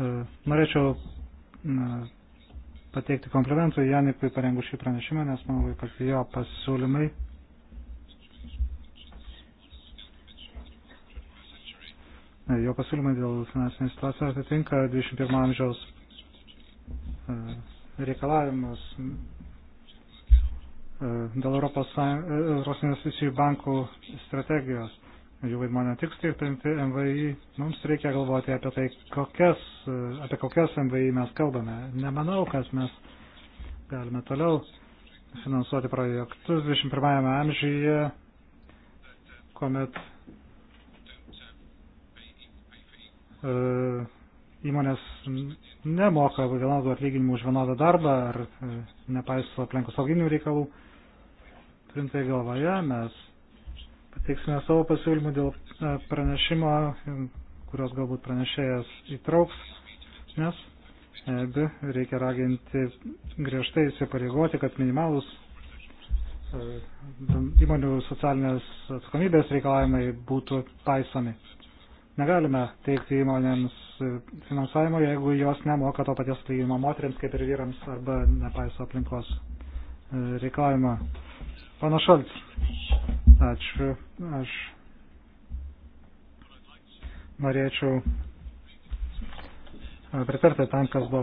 E, norėčiau pateikti komplimentų Janikui parengus šį pranešimą, nes manau, kad jo pasiūlymai e, jo pasiūlymai dėl finansinės situacijos atitinka 21 amžiaus e, reikalavimus E, dėl Europos, e, Europos investicijų bankų strategijos. Jų vaidmo ne tik stiprinti MVI, mums reikia galvoti apie tai, kokias, e, apie kokias MVI mes kalbame. Nemanau, kad mes galime toliau finansuoti projektus 21 amžiuje, kuomet įmonės nemoka vienodų atlyginimų už vienodą darbą ar nepaiso aplinkos sauginių reikalų. Turint tai galvoje, mes pateiksime savo pasiūlymų dėl e, pranešimo, kurios galbūt pranešėjas įtrauks, nes EB reikia raginti griežtai įsipareigoti, kad minimalus e, įmonių socialinės atsakomybės reikalavimai būtų taisomi. Negalime teikti įmonėms e, finansavimo, jeigu jos nemoka to paties atlyginimo moteriams kaip ir vyrams arba nepaiso aplinkos reikalavimo. Pana Šalts. Ačiū. Aš norėčiau pritarti tam, kas buvo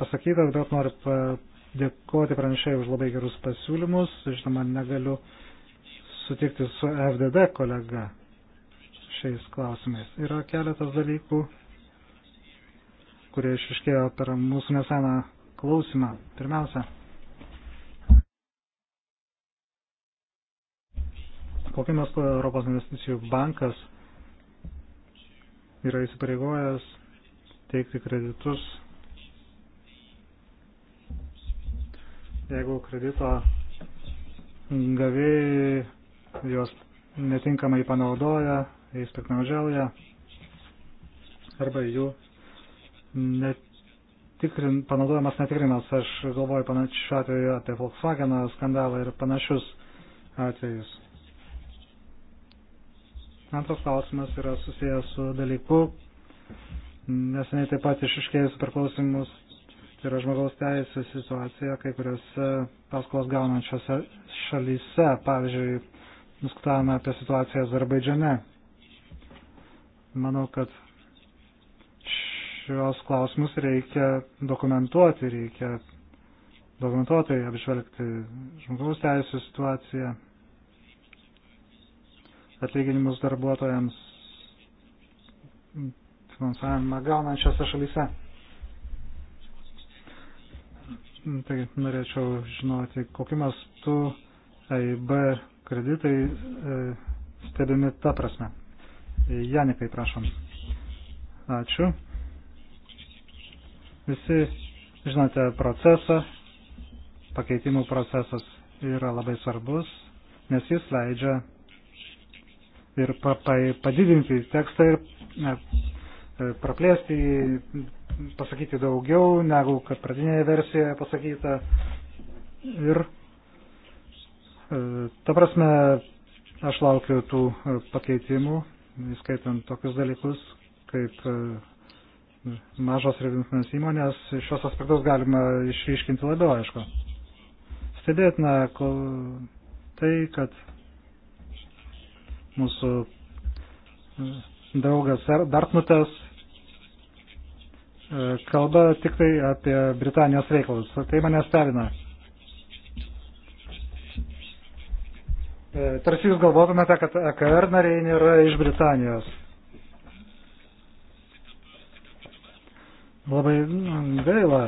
pasakyta, bet noriu padėkoti pranešėjai už labai gerus pasiūlymus. Žinoma, negaliu sutikti su FDD kolega šiais klausimais. Yra keletas dalykų, kurie išiškėjo per mūsų neseną klausimą. Pirmiausia, kokiu mes Europos investicijų bankas yra įsipareigojęs teikti kreditus, jeigu kredito gavėjai juos netinkamai panaudoja, jais piknaudžiauja arba jų netikrin, panaudojimas netikrinas. Aš galvoju panašiu atveju apie Volkswagen skandalą ir panašius atvejus. Antras klausimas yra susijęs su dalyku, neseniai taip pat išiškėjus per klausimus, tai yra žmogaus teisų situacija kai kuriuose paskolas gaunančiose šalyse. Pavyzdžiui, diskutavome apie situaciją Azerbaidžiane. Manau, kad šios klausimus reikia dokumentuoti, reikia dokumentuotai apžvelgti žmogaus teisų situaciją atlyginimus darbuotojams finansavimą gaunančiose šalyse. Tai norėčiau žinoti, kokiu mastu AIB kreditai e, stebimi tą prasme. Janikai, prašom. Ačiū. Visi žinote procesą, pakeitimų procesas yra labai svarbus, nes jis leidžia ir pa, pa, padidinti tekstą ir ne, praplėsti, pasakyti daugiau negu kad pradinėje versijoje pasakyta. Ir e, ta prasme, aš laukiu tų e, pakeitimų, įskaitant tokius dalykus, kaip e, mažos ir vidutinės įmonės, šios aspektus galima išryškinti labiau, aišku. Stebėtina tai, kad mūsų e, draugas Dartmutas e, kalba tik tai apie Britanijos reikalus. Tai mane stebina. E, tarsi jūs galvotumėte, kad EKR nariai nėra iš Britanijos. Labai nu, gaila,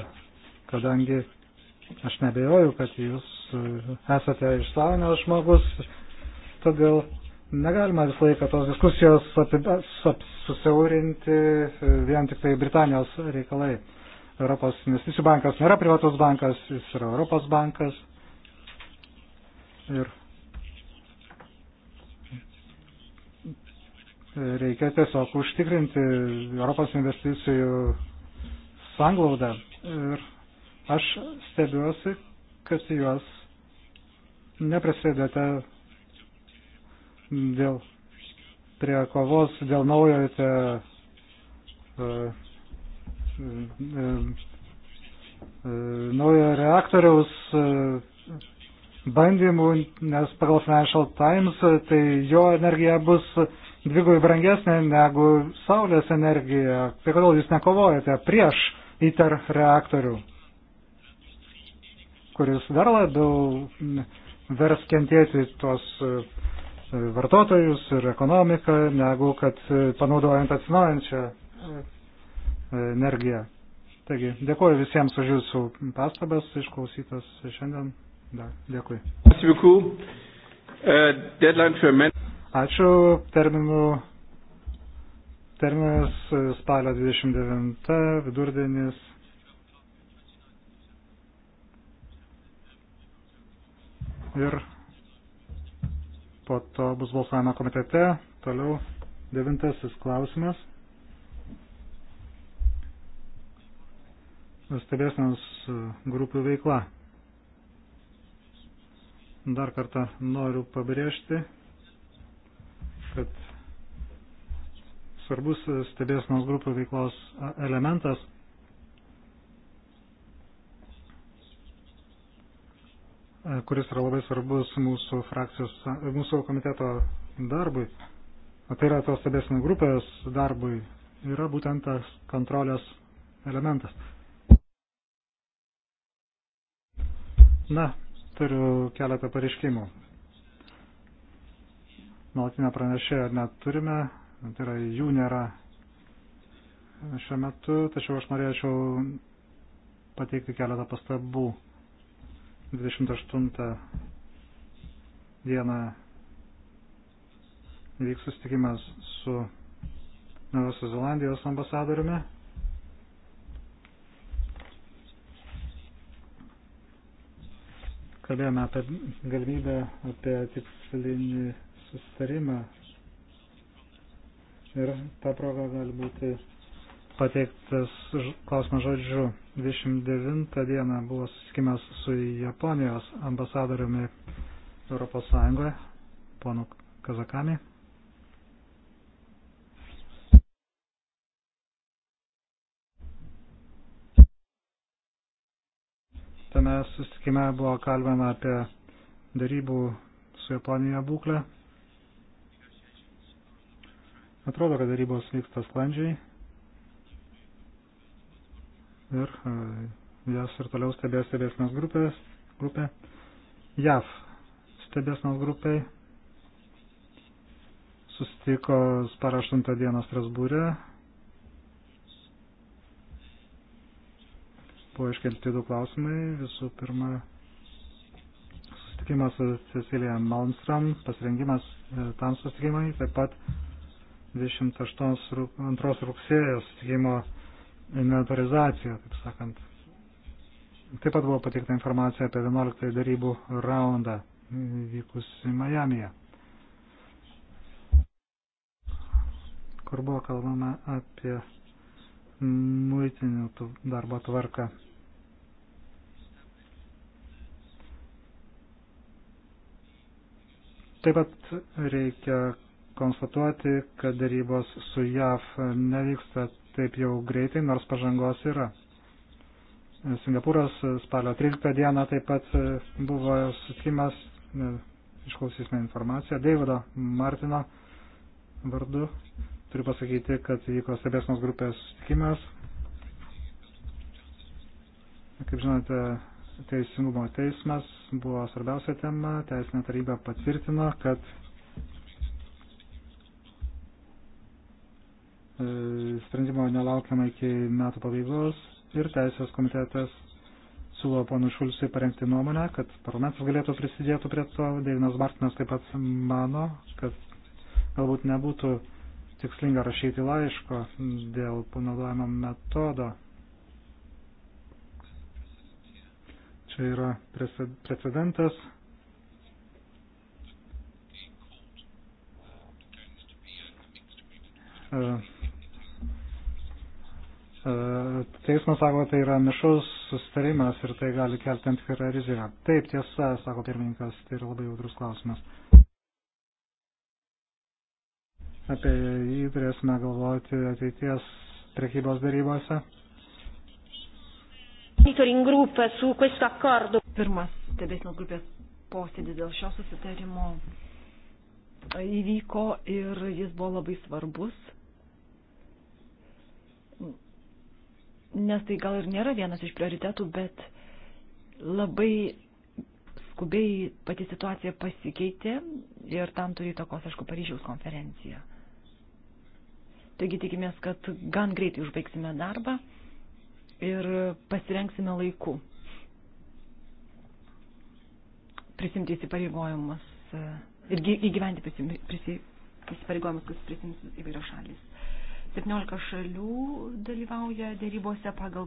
kadangi aš nebejoju, kad jūs esate išsavinęs žmogus, todėl Negalima visą laiką tos diskusijos susiaurinti e, vien tik tai Britanijos reikalai. Europos investicijų bankas nėra privatus bankas, jis yra Europos bankas. Ir reikia tiesiog užtikrinti Europos investicijų sanglaudą. Ir aš stebiuosi, kad juos neprasidėte dėl prie kovos dėl naujo te, e, e, e, naujo reaktoriaus bandymų, nes pagal Financial Times tai jo energija bus dvigubai brangesnė negu Saulės energija. Tai kodėl jūs nekovojate prieš ITER reaktorių, kuris dar labiau vers kentėti tuos vartotojus ir ekonomiką, negu kad e, panaudojant atsinaujančią e, e, energiją. Taigi, dėkuoju visiems už jūsų pastabas, išklausytas šiandien. Da, dėkui. Euh, Ačiū. Terminų, terminas spalio 29, vidurdienis. Ir po to bus balsuojama komitete. Toliau devintasis klausimas. Stebėsnos e, grupių veikla. Dar kartą noriu pabrėžti, kad svarbus stebėsnos grupių veiklos e, elementas – E, kuris yra labai svarbus mūsų frakcijos, e, mūsų komiteto darbui, tai yra tos stebėsinų grupės darbui, yra būtent tas kontrolės elementas. Na, turiu keletą pareiškimų. Nuolatinę pranešėją neturime, tai yra jų nėra šiuo metu, tačiau aš norėčiau pateikti keletą pastabų. 28 dieną vyks susitikimas su Naujosios Zelandijos ambasadoriumi. Kalbėjome apie galimybę, apie tikslinį susitarimą ir ta proga gali būti pateiktas klausimas žodžiu. 29 dieną buvo susitikimas su Japonijos ambasadoriumi Europos Sąjungoje, ponu Kazakami. Tame susitikime buvo kalbama apie darybų su Japonija būklę. Atrodo, kad darybos vyksta sklandžiai ir e, jas ir toliau stebės stebėsnos grupės, grupė. JAV stebėsnos grupiai susitiko spalio 8 dieną Strasbūrė. Buvo iškelti du klausimai. Visų pirma, susitikimas su Cecilija Malmstram, pasirengimas e, tam susitikimai, taip pat 22 rugsėjo susitikimo inventorizaciją, taip sakant. Taip pat buvo patikta informacija apie 11 darybų raundą vykusi Majamija, kur buvo kalbama apie muitinių darbo tvarką. Taip pat reikia konstatuoti, kad darybos su JAV nevyksta taip jau greitai, nors pažangos yra. Singapūras spalio 13 dieną taip pat e, buvo sutikimas, e, išklausysime informaciją, Davido Martino vardu. Turiu pasakyti, kad vyko stebėsnos grupės sutikimas. Kaip žinote, teisingumo teismas buvo svarbiausia tema, teisinė taryba patvirtino, kad E, sprendimo nelaukiama iki metų pabaigos ir teisės komitetas siūlo ponu Šulsui parengti nuomonę, kad parlamentas galėtų prisidėtų prie to. Deivinas Martinas taip pat mano, kad galbūt nebūtų tikslinga rašyti laiško dėl panaudojimo metodo. Čia yra precedentas. Uh, Teismas sako, tai yra mišaus sustarimas ir tai gali kelti tam tikrą riziką. Taip, tiesa, sako pirmininkas, tai yra labai jautrus klausimas. Apie jį turėsime galvoti ateities prekybos darybose. Pirmas stebėsinos grupės posėdis dėl šio susitarimo įvyko ir jis buvo labai svarbus nes tai gal ir nėra vienas iš prioritetų, bet labai skubiai pati situacija pasikeitė ir tam turi įtakos, aišku, Paryžiaus konferencija. Taigi tikimės, kad gan greitai užbaigsime darbą ir pasirengsime laiku prisimti įsipareigojimus e, ir įgyventi įsipareigojimus, kas prisims įvairios šalis. 17 šalių dalyvauja dėrybose pagal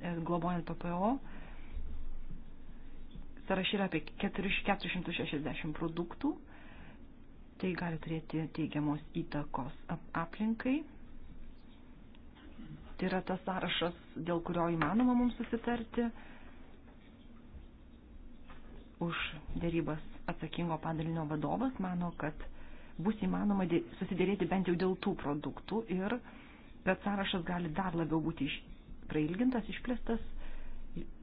e, globojant PPO. Sarašy yra apie 460 produktų. Tai gali turėti teigiamos įtakos aplinkai. Tai yra tas sąrašas, dėl kurio įmanoma mums susitarti už dėrybas atsakingo padalinio vadovas mano, kad bus įmanoma susidėrėti bent jau dėl tų produktų ir bet sąrašas gali dar labiau būti iš, prailgintas, išplėstas,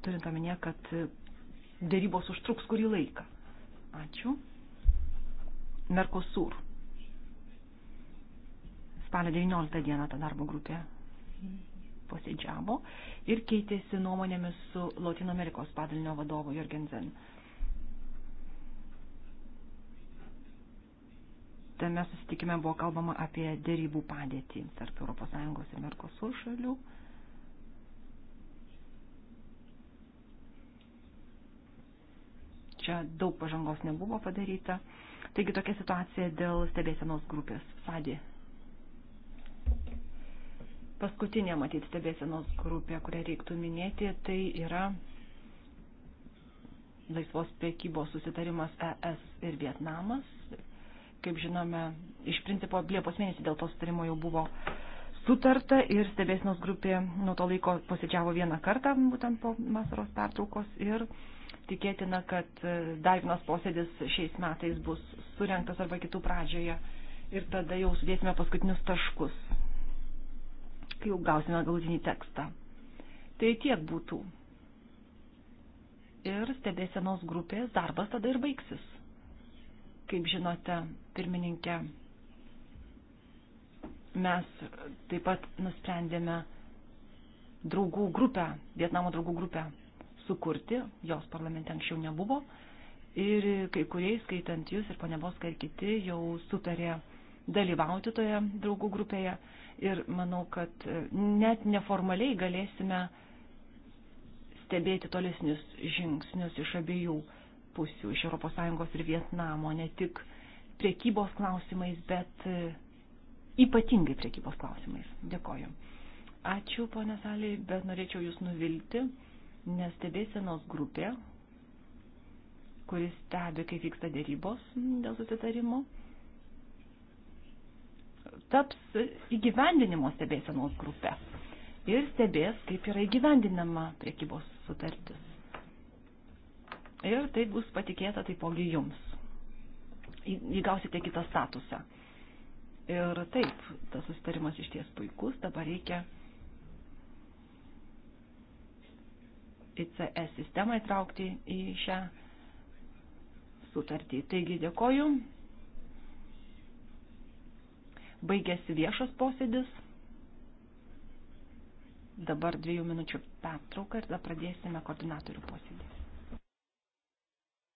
turint omenyje, kad dėrybos užtruks kurį laiką. Ačiū. Mercosur. Spalio 19 dieną ta darbo grupė posėdžiavo ir keitėsi nuomonėmis su Latino Amerikos padalinio vadovu Jorgensen. Zen tame susitikime buvo kalbama apie dėrybų padėtį tarp ES ir Merkosur šalių. Čia daug pažangos nebuvo padaryta. Taigi tokia situacija dėl stebėsenos grupės. Sadė. Paskutinė matyti stebėsenos grupė, kurią reiktų minėti, tai yra laisvos priekybos susitarimas ES ir Vietnamas, kaip žinome, iš principo Liepos mėnesį dėl to sutarimo jau buvo sutarta ir stebėsinos grupė nuo to laiko posėdžiavo vieną kartą, būtent po vasaros pertraukos ir tikėtina, kad e, dar vienas posėdis šiais metais bus surinktas arba kitų pradžioje ir tada jau sudėsime paskutinius taškus, kai jau gausime galutinį tekstą. Tai tiek būtų. Ir stebėsenos grupės darbas tada ir baigsis. Kaip žinote, pirmininkė, mes taip pat nusprendėme draugų grupę, Vietnamo draugų grupę sukurti, jos parlamente anksčiau nebuvo. Ir kai kurie, skaitant jūs ir poneboska ir kiti, jau sutarė dalyvauti toje draugų grupėje. Ir manau, kad net neformaliai galėsime stebėti tolesnius žingsnius iš abiejų pusių, iš ES ir Vietnamo, ne tik priekybos klausimais, bet e, ypatingai priekybos klausimais. Dėkoju. Ačiū, ponė Saliai, bet norėčiau Jūs nuvilti, nes stebėsenos grupė, kuris stebi, kaip vyksta dėrybos dėl susitarimo, taps įgyvendinimo stebėsenos grupė ir stebės, kaip yra įgyvendinama priekybos sutartis ir tai bus patikėta taipogi jums. Įgausite kitą statusą. Ir taip, tas susitarimas iš ties puikus, dabar reikia ICS sistemą įtraukti į šią sutartį. Taigi dėkoju. Baigėsi viešas posėdis. Dabar dviejų minučių pertrauka ir tada pradėsime koordinatorių posėdį.